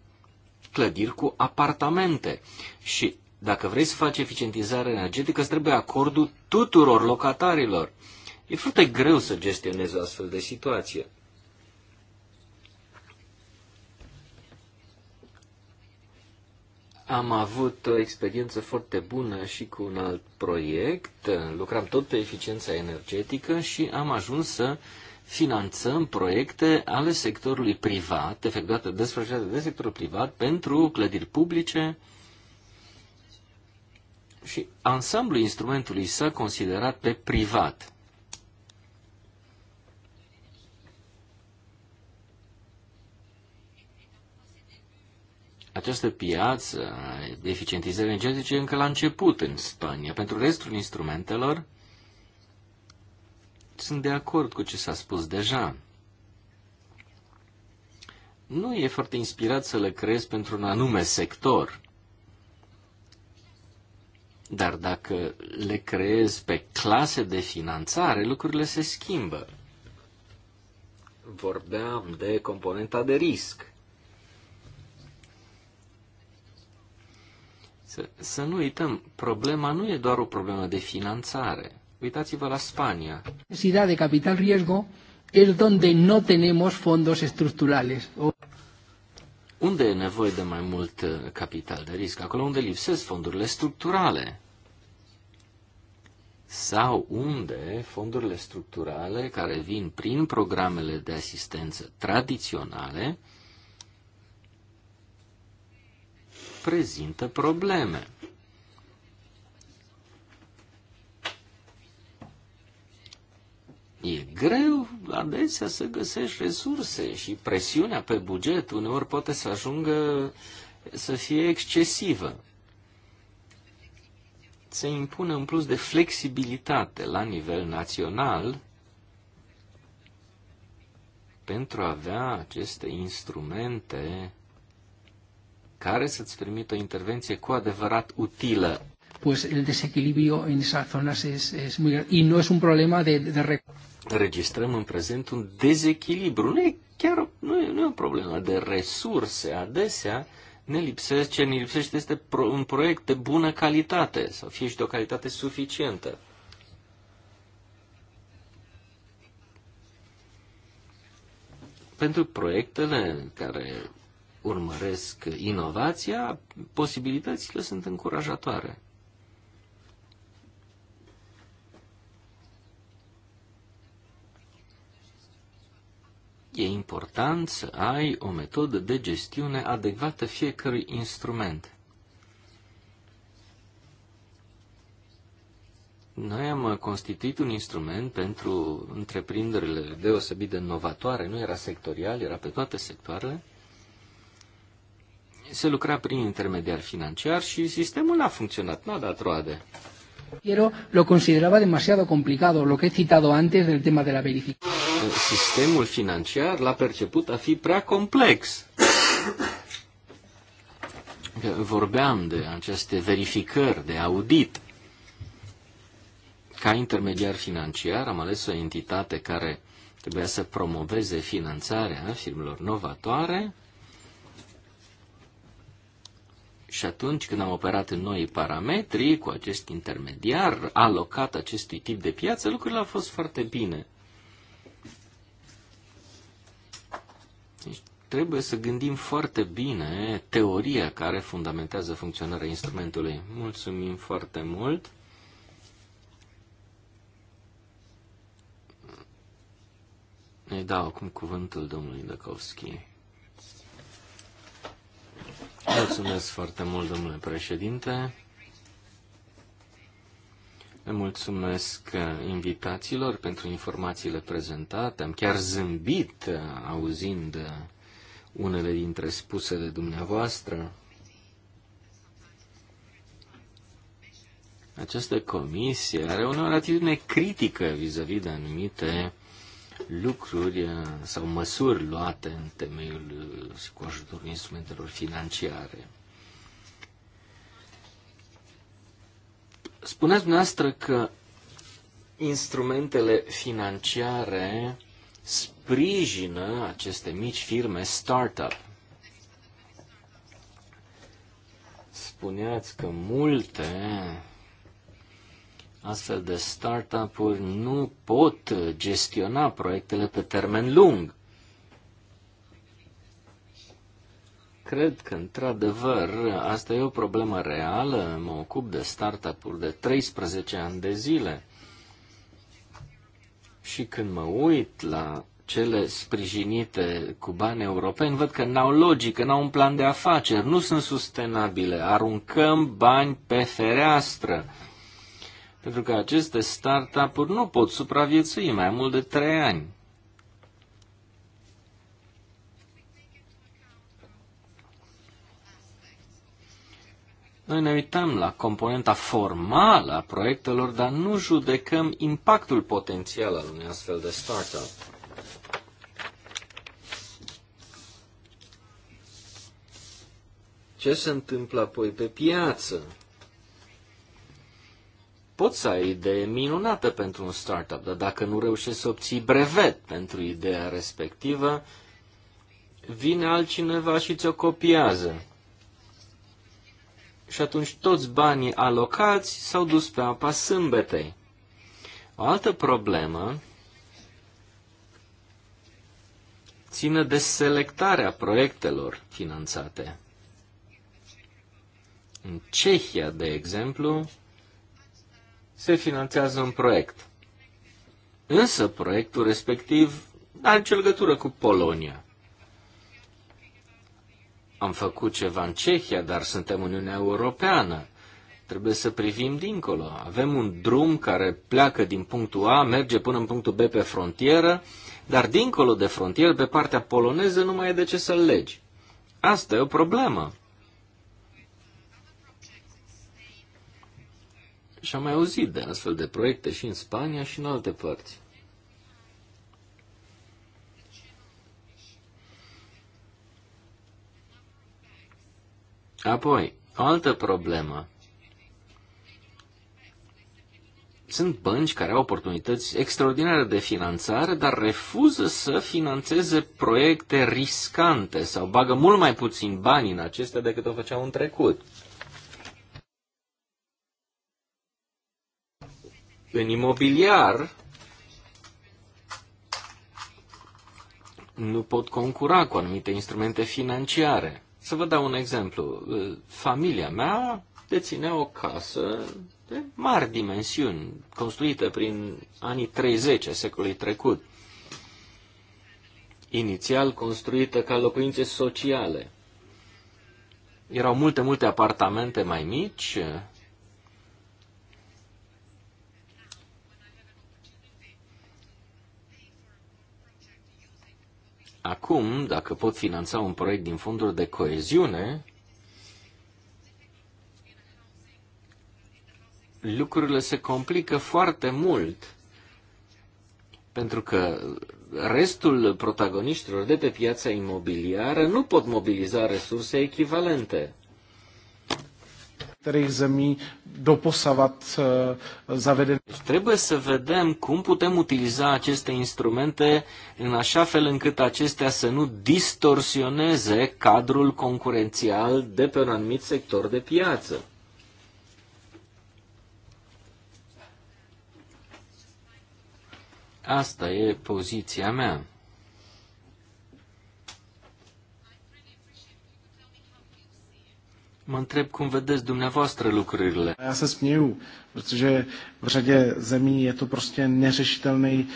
clădiri cu apartamente și dacă vrei să faci eficientizare energetică, îți trebuie acordul tuturor locatarilor. E foarte greu să gestionezi o astfel de situație. Am avut o experiență foarte bună și cu un alt proiect, lucram tot pe eficiența energetică și am ajuns să finanțăm proiecte ale sectorului privat, efectuate, desfășurate de sectorul privat, pentru clădiri publice și ansamblul instrumentului s-a considerat pe privat. această piață a eficientizării energetice încă la început în Spania. Pentru restul instrumentelor, sunt de acord cu ce s-a spus deja. Nu e foarte inspirat să le creezi pentru un anume sector. Dar dacă le creezi pe clase de finanțare, lucrurile se schimbă. Vorbeam de componenta de risc. Să, să nu uităm, problema nu e doar o problemă de finanțare. Uitați-vă la Spania. Necesidad de capital riesgo es donde no tenemos fondos estructurales. Unde e nevoie de mai mult uh, capital de risc? Acolo unde lipsesc fondurile structurale. Sau unde fondurile structurale care vin prin programele de asistență tradiționale prezintă probleme. E greu adesea să găsești resurse și presiunea pe buget uneori poate să ajungă să fie excesivă. Se impune în plus de flexibilitate la nivel național pentru a avea aceste instrumente care să-ți permită o intervenție cu adevărat utilă. Pues el desequilibrio en esas zonas es, es muy grande. Y no es un problema de, de... Registrăm în prezent un dezechilibru. Nu e chiar nu e, nu e o problemă de resurse. Adesea ne lipsește, ce ne lipsește este pro, un proiect de bună calitate sau fie și de o calitate suficientă. Pentru proiectele care urmăresc inovația, posibilitățile sunt încurajatoare. E important să ai o metodă de gestiune adecvată fiecărui instrument. Noi am constituit un instrument pentru întreprinderile deosebit de novatoare, nu era sectorial, era pe toate sectoarele se lucra prin intermediar financiar și sistemul a funcționat n-a dat roade. Lo consideraba demasiado complicado, lo que he citado antes del tema de la verificación. Sistemul financiar l-a perceput a fi prea complex. Vorbeam de aceste verificări, de audit. Ca intermediar financiar am ales o entitate care trebuia să promoveze finanțarea firmelor novatoare, Și atunci când am operat în noi parametri cu acest intermediar alocat acestui tip de piață, lucrurile au fost foarte bine. Deci trebuie să gândim foarte bine teoria care fundamentează funcționarea instrumentului. Mulțumim foarte mult! Ne dau acum cuvântul domnului Dăcovski. Mulțumesc foarte mult, domnule președinte. Le mulțumesc invitațiilor pentru informațiile prezentate. Am chiar zâmbit auzind unele dintre spusele dumneavoastră. Această comisie are o atitudine critică vis-a-vis -vis de anumite lucruri eh, sau măsuri luate în temeiul eh, și cu ajutorul instrumentelor financiare. Spuneați dumneavoastră că instrumentele financiare sprijină aceste mici firme startup. Spuneați că multe astfel de startup-uri nu pot gestiona proiectele pe termen lung. Cred că, într-adevăr, asta e o problemă reală. Mă ocup de startup-uri de 13 ani de zile. Și când mă uit la cele sprijinite cu bani europeni, văd că n-au logică, n-au un plan de afaceri, nu sunt sustenabile, aruncăm bani pe fereastră pentru că aceste startup-uri nu pot supraviețui mai mult de trei ani. Noi ne uităm la componenta formală a proiectelor, dar nu judecăm impactul potențial al unui astfel de startup. Ce se întâmplă apoi pe piață? Poți să ai idee minunată pentru un startup, dar dacă nu reușești să obții brevet pentru ideea respectivă, vine altcineva și ți-o copiază. Și atunci toți banii alocați s-au dus pe apa sâmbetei. O altă problemă ține de selectarea proiectelor finanțate. În Cehia, de exemplu, se finanțează un proiect. Însă proiectul respectiv are nicio legătură cu Polonia. Am făcut ceva în Cehia, dar suntem Uniunea Europeană. Trebuie să privim dincolo. Avem un drum care pleacă din punctul A, merge până în punctul B pe frontieră, dar dincolo de frontieră, pe partea poloneză, nu mai e de ce să-l legi. Asta e o problemă. Și am mai auzit de astfel de proiecte și în Spania și în alte părți. Apoi, o altă problemă. Sunt bănci care au oportunități extraordinare de finanțare, dar refuză să financeze proiecte riscante sau bagă mult mai puțin bani în acestea decât o făceau în trecut. În imobiliar nu pot concura cu anumite instrumente financiare. Să vă dau un exemplu. Familia mea deține o casă de mari dimensiuni, construită prin anii 30 a secolului trecut. Inițial construită ca locuințe sociale. Erau multe, multe apartamente mai mici, Acum, dacă pot finanța un proiect din fonduri de coeziune, lucrurile se complică foarte mult, pentru că restul protagoniștilor de pe piața imobiliară nu pot mobiliza resurse echivalente zemí doposavat eh, deci trebuie să vedem cum putem utiliza aceste instrumente în așa fel încât acestea să nu distorsioneze cadrul concurențial de pe un anumit sector de piață. Asta e poziția mea. Mă întreb cum vedeți dumneavoastră lucrurile. Já se směju, protože v řadě zemí je to prostě neřešitelný.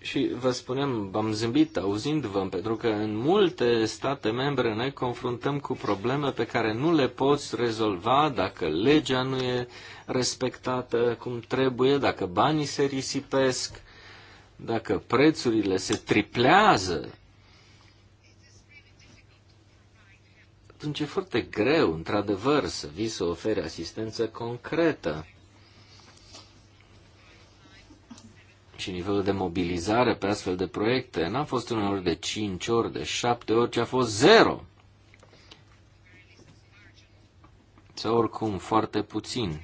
Și vă spunem, v-am zâmbit auzindu-vă, pentru că în multe state membre ne confruntăm cu probleme pe care nu le poți rezolva dacă legea nu e respectată cum trebuie, dacă banii se risipesc, dacă prețurile se triplează atunci e foarte greu, într-adevăr, să vii să oferi asistență concretă. Și nivelul de mobilizare pe astfel de proiecte n-a fost uneori de 5 ori, de 7 ori, ci a fost zero. Sau oricum foarte puțin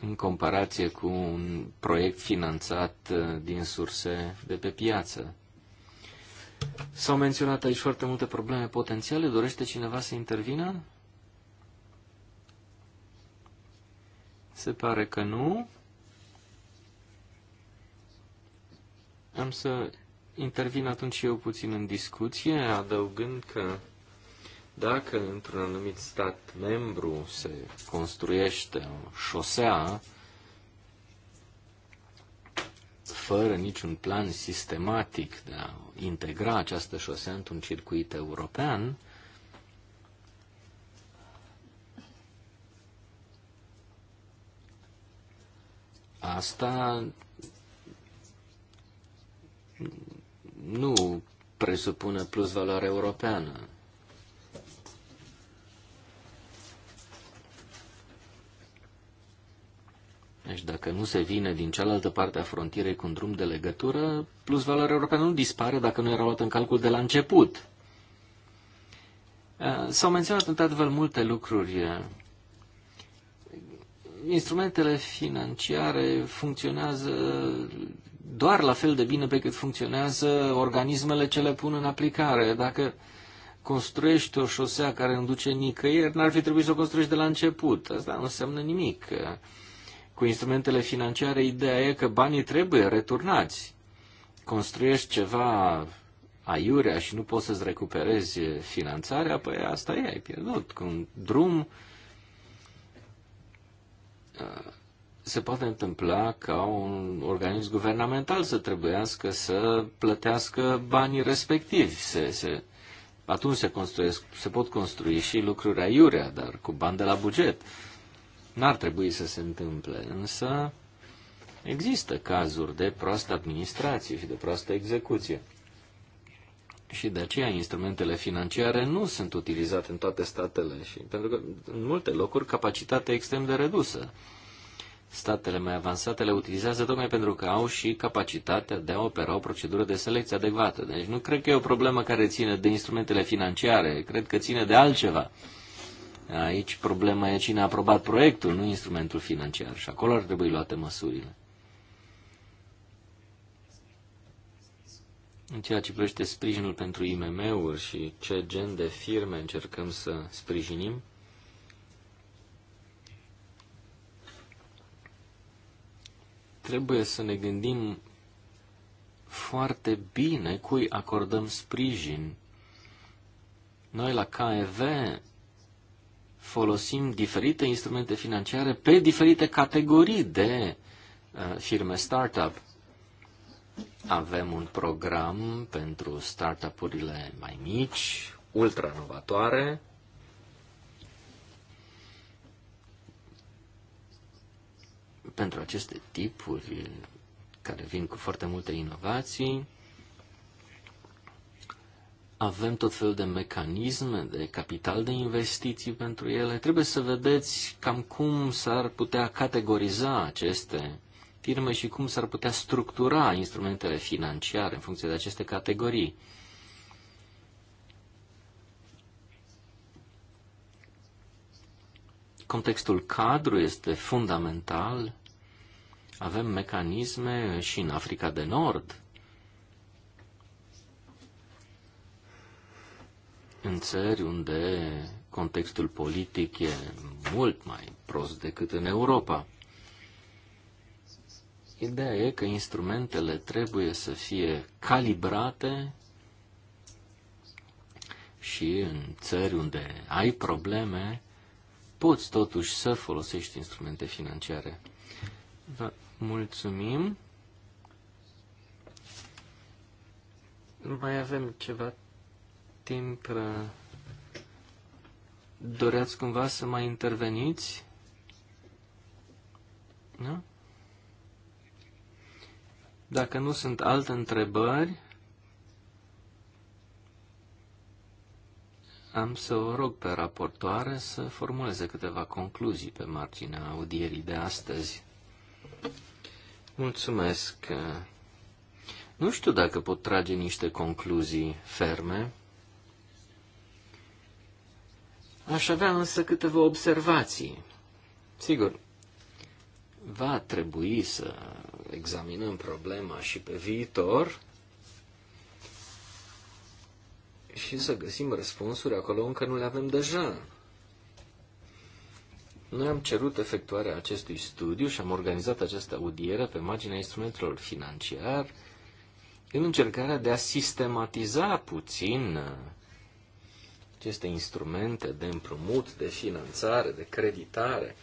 în comparație cu un proiect finanțat uh, din surse de pe piață. S-au menționat aici foarte multe probleme potențiale. Dorește cineva să intervină? Se pare că nu. Am să intervin atunci eu puțin în discuție, adăugând că dacă într-un anumit stat membru se construiește o șosea fără niciun plan sistematic de a integra această șosea într-un circuit european, asta nu presupune plus valoare europeană. Deci dacă nu se vine din cealaltă parte a frontierei cu un drum de legătură, plus valoarea europeană nu dispare dacă nu era luată în calcul de la început. Uh, s-au menționat într-adevăr multe lucruri. Instrumentele financiare funcționează doar la fel de bine pe cât funcționează organismele ce le pun în aplicare. Dacă construiești o șosea care nu duce nicăieri, n-ar fi trebuit să o construiești de la început. Asta nu înseamnă nimic. Cu instrumentele financiare, ideea e că banii trebuie returnați. Construiești ceva aiurea și nu poți să-ți recuperezi finanțarea, păi asta e, ai pierdut. Cu un drum uh, se poate întâmpla ca un organism guvernamental să trebuiască să plătească banii respectivi. Se, se, atunci se, construiesc, se pot construi și lucruri aiurea, dar cu bani de la buget. Uh, N-ar trebui să se întâmple, însă există cazuri de proastă administrație și de proastă execuție. Și de aceea instrumentele financiare nu sunt utilizate în toate statele și pentru că în multe locuri capacitatea extrem de redusă. Statele mai avansate le utilizează tocmai pentru că au și capacitatea de a opera o procedură de selecție adecvată. Deci nu cred că e o problemă care ține de instrumentele financiare, cred că ține de altceva. Aici problema e cine a aprobat proiectul, nu instrumentul financiar și acolo ar trebui luate măsurile. În ceea ce privește sprijinul pentru IMM-uri și ce gen de firme încercăm să sprijinim, trebuie să ne gândim foarte bine cui acordăm sprijin. Noi la KEV folosim diferite instrumente financiare pe diferite categorii de uh, firme startup. Avem un program pentru startup-urile mai mici, ultra-novatoare, pentru aceste tipuri care vin cu foarte multe inovații. Avem tot felul de mecanisme de capital de investiții pentru ele. Trebuie să vedeți cam cum s-ar putea categoriza aceste firme și cum s-ar putea structura instrumentele financiare în funcție de aceste categorii. Contextul cadru este fundamental. Avem mecanisme și în Africa de Nord în țări unde contextul politic e mult mai prost decât în Europa. Ideea e că instrumentele trebuie să fie calibrate și în țări unde ai probleme, poți totuși să folosești instrumente financiare. Vă mulțumim. Mai avem ceva timp. Uh, doreați cumva să mai interveniți? Nu? Dacă nu sunt alte întrebări, am să o rog pe raportoare să formuleze câteva concluzii pe marginea audierii de astăzi. Mulțumesc. Nu știu dacă pot trage niște concluzii ferme. Aș avea însă câteva observații. Sigur, va trebui să examinăm problema și pe viitor și să găsim răspunsuri acolo încă nu le avem deja. Noi am cerut efectuarea acestui studiu și am organizat această audiere pe marginea instrumentelor financiar în încercarea de a sistematiza puțin aceste instrumente de împrumut, de finanțare, de creditare,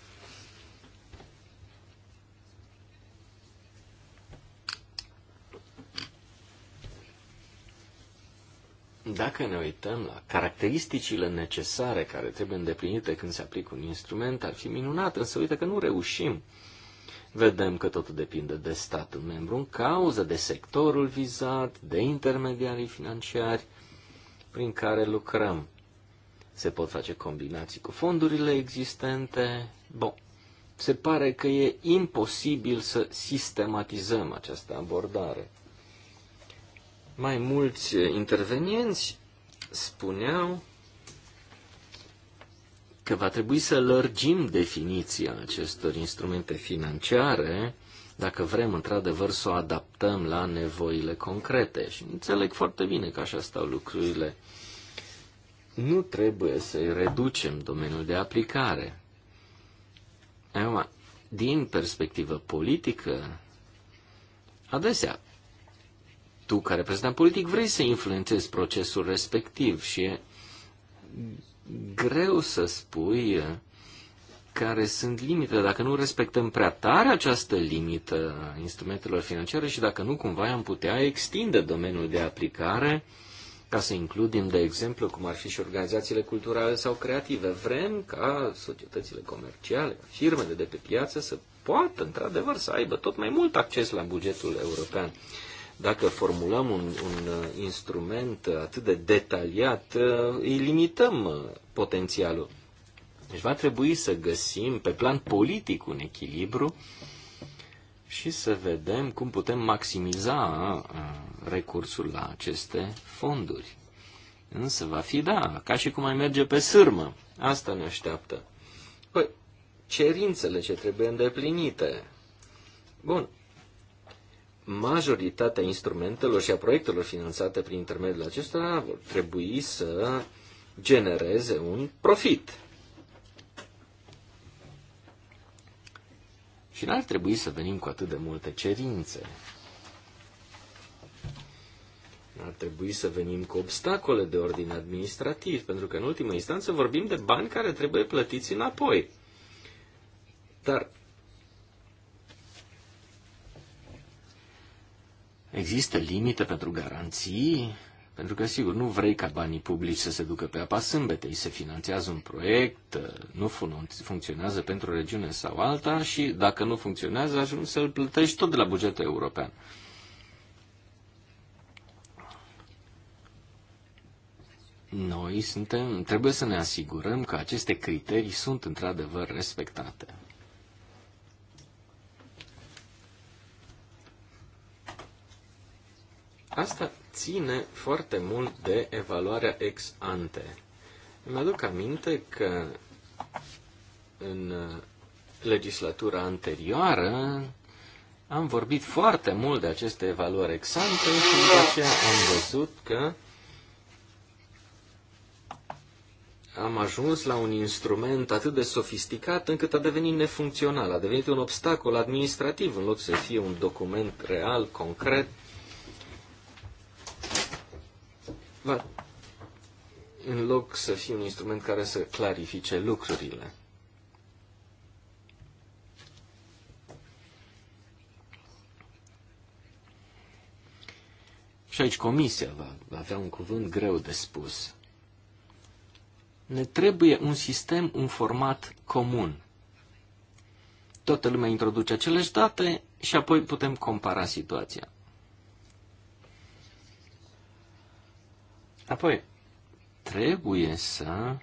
Dacă ne uităm la caracteristicile necesare care trebuie îndeplinite când se aplică un instrument, ar fi minunat, însă uite că nu reușim. Vedem că totul depinde de statul membru în cauză, de sectorul vizat, de intermediarii financiari prin care lucrăm se pot face combinații cu fondurile existente. Bun. Se pare că e imposibil să sistematizăm această abordare. Mai mulți intervenienți spuneau că va trebui să lărgim definiția acestor instrumente financiare dacă vrem într-adevăr să o adaptăm la nevoile concrete. Și înțeleg foarte bine că așa stau lucrurile nu trebuie să-i reducem domeniul de aplicare. Acum, din perspectivă politică, adesea, tu ca reprezentant politic vrei să influențezi procesul respectiv și e greu să spui care sunt limitele. Dacă nu respectăm prea tare această limită a instrumentelor financiare și dacă nu cumva am putea extinde domeniul de aplicare uh, ca să includem, de exemplu, cum ar fi și organizațiile culturale sau creative. Vrem ca societățile comerciale, firmele de pe piață să poată, într-adevăr, să aibă tot mai mult acces la bugetul european. Dacă formulăm un, un uh, instrument atât de detaliat, uh, îi limităm uh, potențialul. Deci va trebui să găsim pe plan politic un echilibru uh, și să vedem cum putem maximiza uh, recursul la aceste fonduri. Însă va fi, da, ca și cum ai merge pe sârmă. Asta ne așteaptă. Păi, cerințele ce trebuie îndeplinite. Bun. Majoritatea instrumentelor și a proiectelor finanțate prin intermediul acestora vor trebui să genereze un profit. Și n-ar trebui să venim cu atât de multe cerințe. Ar trebui să venim cu obstacole de ordin administrativ, pentru că în ultimă instanță vorbim de bani care trebuie plătiți înapoi. Dar există limite pentru garanții? Pentru că, sigur, nu vrei ca banii publici să se ducă pe apa sâmbetei, se finanțează un proiect, nu fun funcționează pentru o regiune sau alta și, dacă nu funcționează, ajungi să-l plătești tot de la bugetul european. Noi suntem, trebuie să ne asigurăm că aceste criterii sunt într-adevăr respectate. Asta ține foarte mult de evaluarea ex ante. Îmi aduc aminte că în uh, legislatura anterioară am vorbit foarte mult de aceste evaluări ex ante și de aceea am văzut că am ajuns la un instrument atât de sofisticat încât a devenit nefuncțional, a devenit un obstacol administrativ în loc să fie un document real, concret, va, da. în loc să fie un instrument care să clarifice lucrurile. Și aici comisia va, va avea un cuvânt greu de spus. Ne trebuie un sistem, un format comun. Toată lumea introduce aceleași date și apoi putem compara situația. Apoi, trebuie să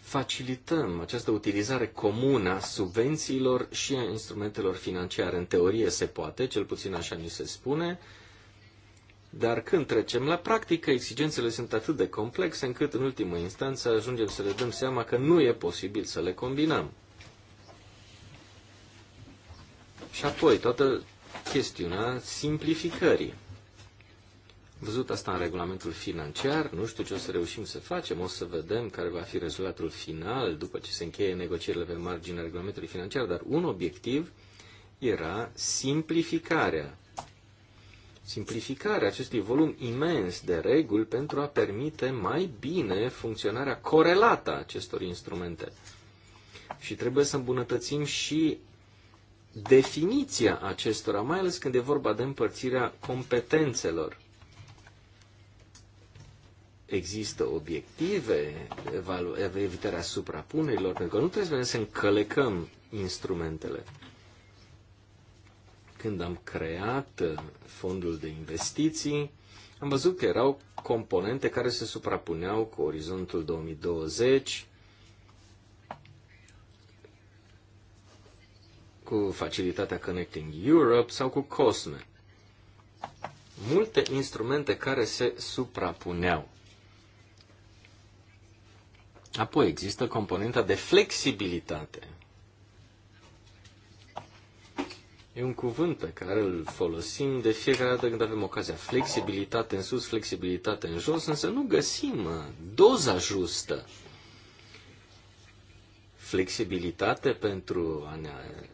facilităm această utilizare comună a subvențiilor și a instrumentelor financiare. În teorie se poate, cel puțin așa ni se spune, dar când trecem la practică, exigențele sunt atât de complexe încât, în ultimă instanță, ajungem să le dăm seama că nu e posibil să le combinăm. Și apoi, toată chestiunea simplificării văzut asta în regulamentul financiar, nu știu ce o să reușim să facem, o să vedem care va fi rezultatul final după ce se încheie negocierile pe marginea regulamentului financiar, dar un obiectiv era simplificarea. Simplificarea acestui volum imens de reguli pentru a permite mai bine funcționarea corelată a acestor instrumente. Și trebuie să îmbunătățim și definiția acestora, mai ales când e vorba de împărțirea competențelor există obiective, evitarea suprapunerilor, pentru că nu trebuie să încălecăm instrumentele. Când am creat uh, fondul de investiții, am văzut că erau componente care se suprapuneau cu orizontul 2020, cu facilitatea Connecting Europe sau cu COSME. Multe instrumente care se suprapuneau. Apoi există componenta de flexibilitate. E un cuvânt pe care îl folosim de fiecare dată când avem ocazia. Flexibilitate în sus, flexibilitate în jos, însă nu găsim uh, doza justă. Flexibilitate pentru a ne uh,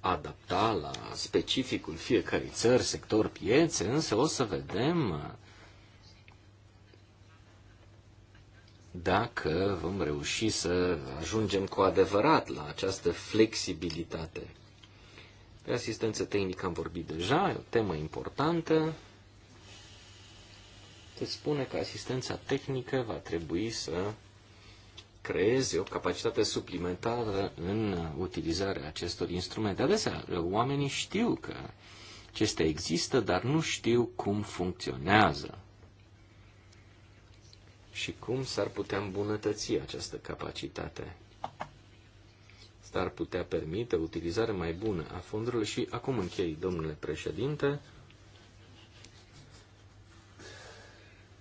adapta la specificul fiecărei țări, sector, piețe, însă o să vedem uh, dacă vom reuși să ajungem cu adevărat la această flexibilitate. Pe asistență tehnică am vorbit deja, e o temă importantă. Se spune că asistența tehnică va trebui să creeze o capacitate suplimentară în utilizarea acestor instrumente. Adesea, oamenii știu că acestea există, dar nu știu cum funcționează și cum s-ar putea îmbunătăți această capacitate. s ar putea permite utilizare mai bună a fondurilor și acum închei, domnule președinte,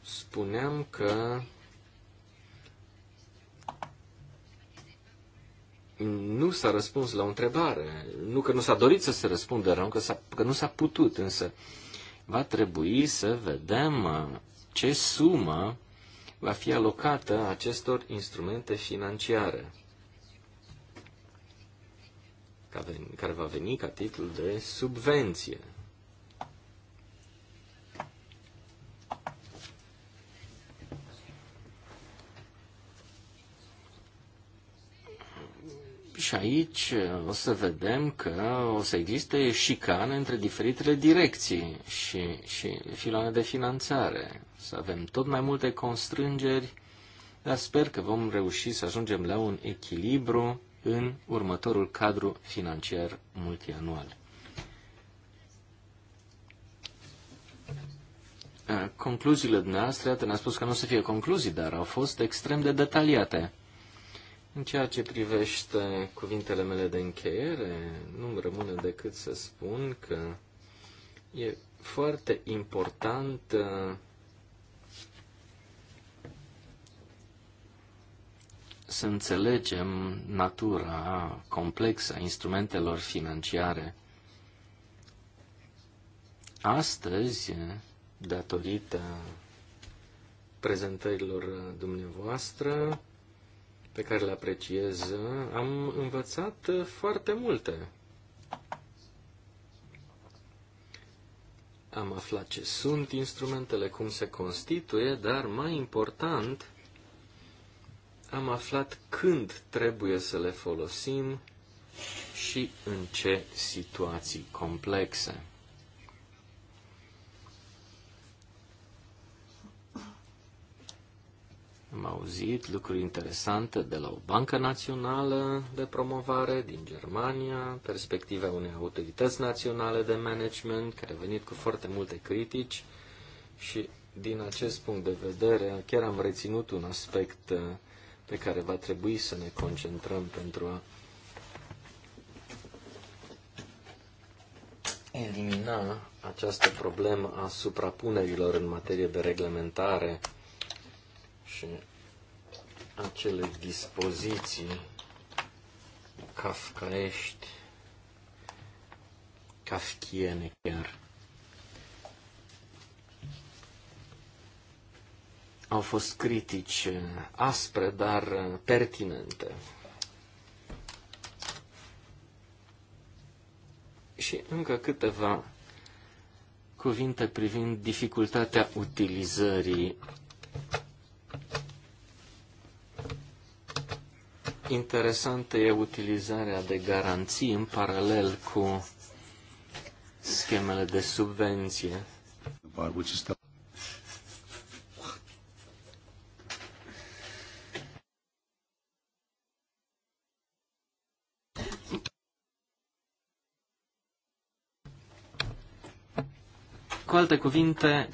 spuneam că nu s-a răspuns la o întrebare. Nu că nu s-a dorit să se răspundă, rău, că, s-a, că nu s-a putut, însă va trebui să vedem uh, ce sumă va fi alocată acestor instrumente financiare, care va veni ca titlul de subvenție. Și aici uh, o să vedem că o să existe șicane între diferitele direcții și, și filoane de finanțare. Să avem tot mai multe constrângeri, dar sper că vom reuși să ajungem la un echilibru în următorul cadru financiar multianual. Uh, concluziile dumneavoastră, iată, ne-a spus că nu o să fie concluzii, dar au fost extrem de detaliate. În ceea ce privește cuvintele mele de încheiere, nu-mi rămâne decât să spun că e foarte important uh, să înțelegem natura complexă a instrumentelor financiare. Astăzi, datorită prezentărilor dumneavoastră, pe care le apreciez, am învățat foarte multe. Am aflat ce sunt instrumentele, cum se constituie, dar mai important, am aflat când trebuie să le folosim și în ce situații complexe. Am auzit lucruri interesante de la o bancă națională de promovare din Germania, perspectiva unei autorități naționale de management, care a venit cu foarte multe critici și din acest punct de vedere chiar am reținut un aspect uh, pe care va trebui să ne concentrăm pentru a elimina această problemă a suprapunerilor în materie de reglementare face acele dispoziții kafkaești, kafkiene chiar. Au fost critici aspre, dar pertinente. Și încă câteva cuvinte privind dificultatea utilizării interesantă e utilizarea de garanții în paralel cu schemele de subvenție. Cu alte cuvinte,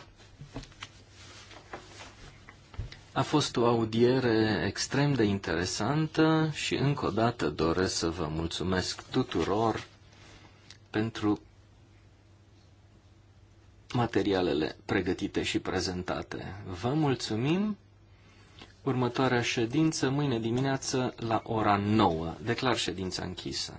A fost o audiere extrem de interesantă și încă o dată doresc să vă mulțumesc tuturor pentru materialele pregătite și prezentate. Vă mulțumim! Următoarea ședință mâine dimineață la ora 9. Declar ședința închisă.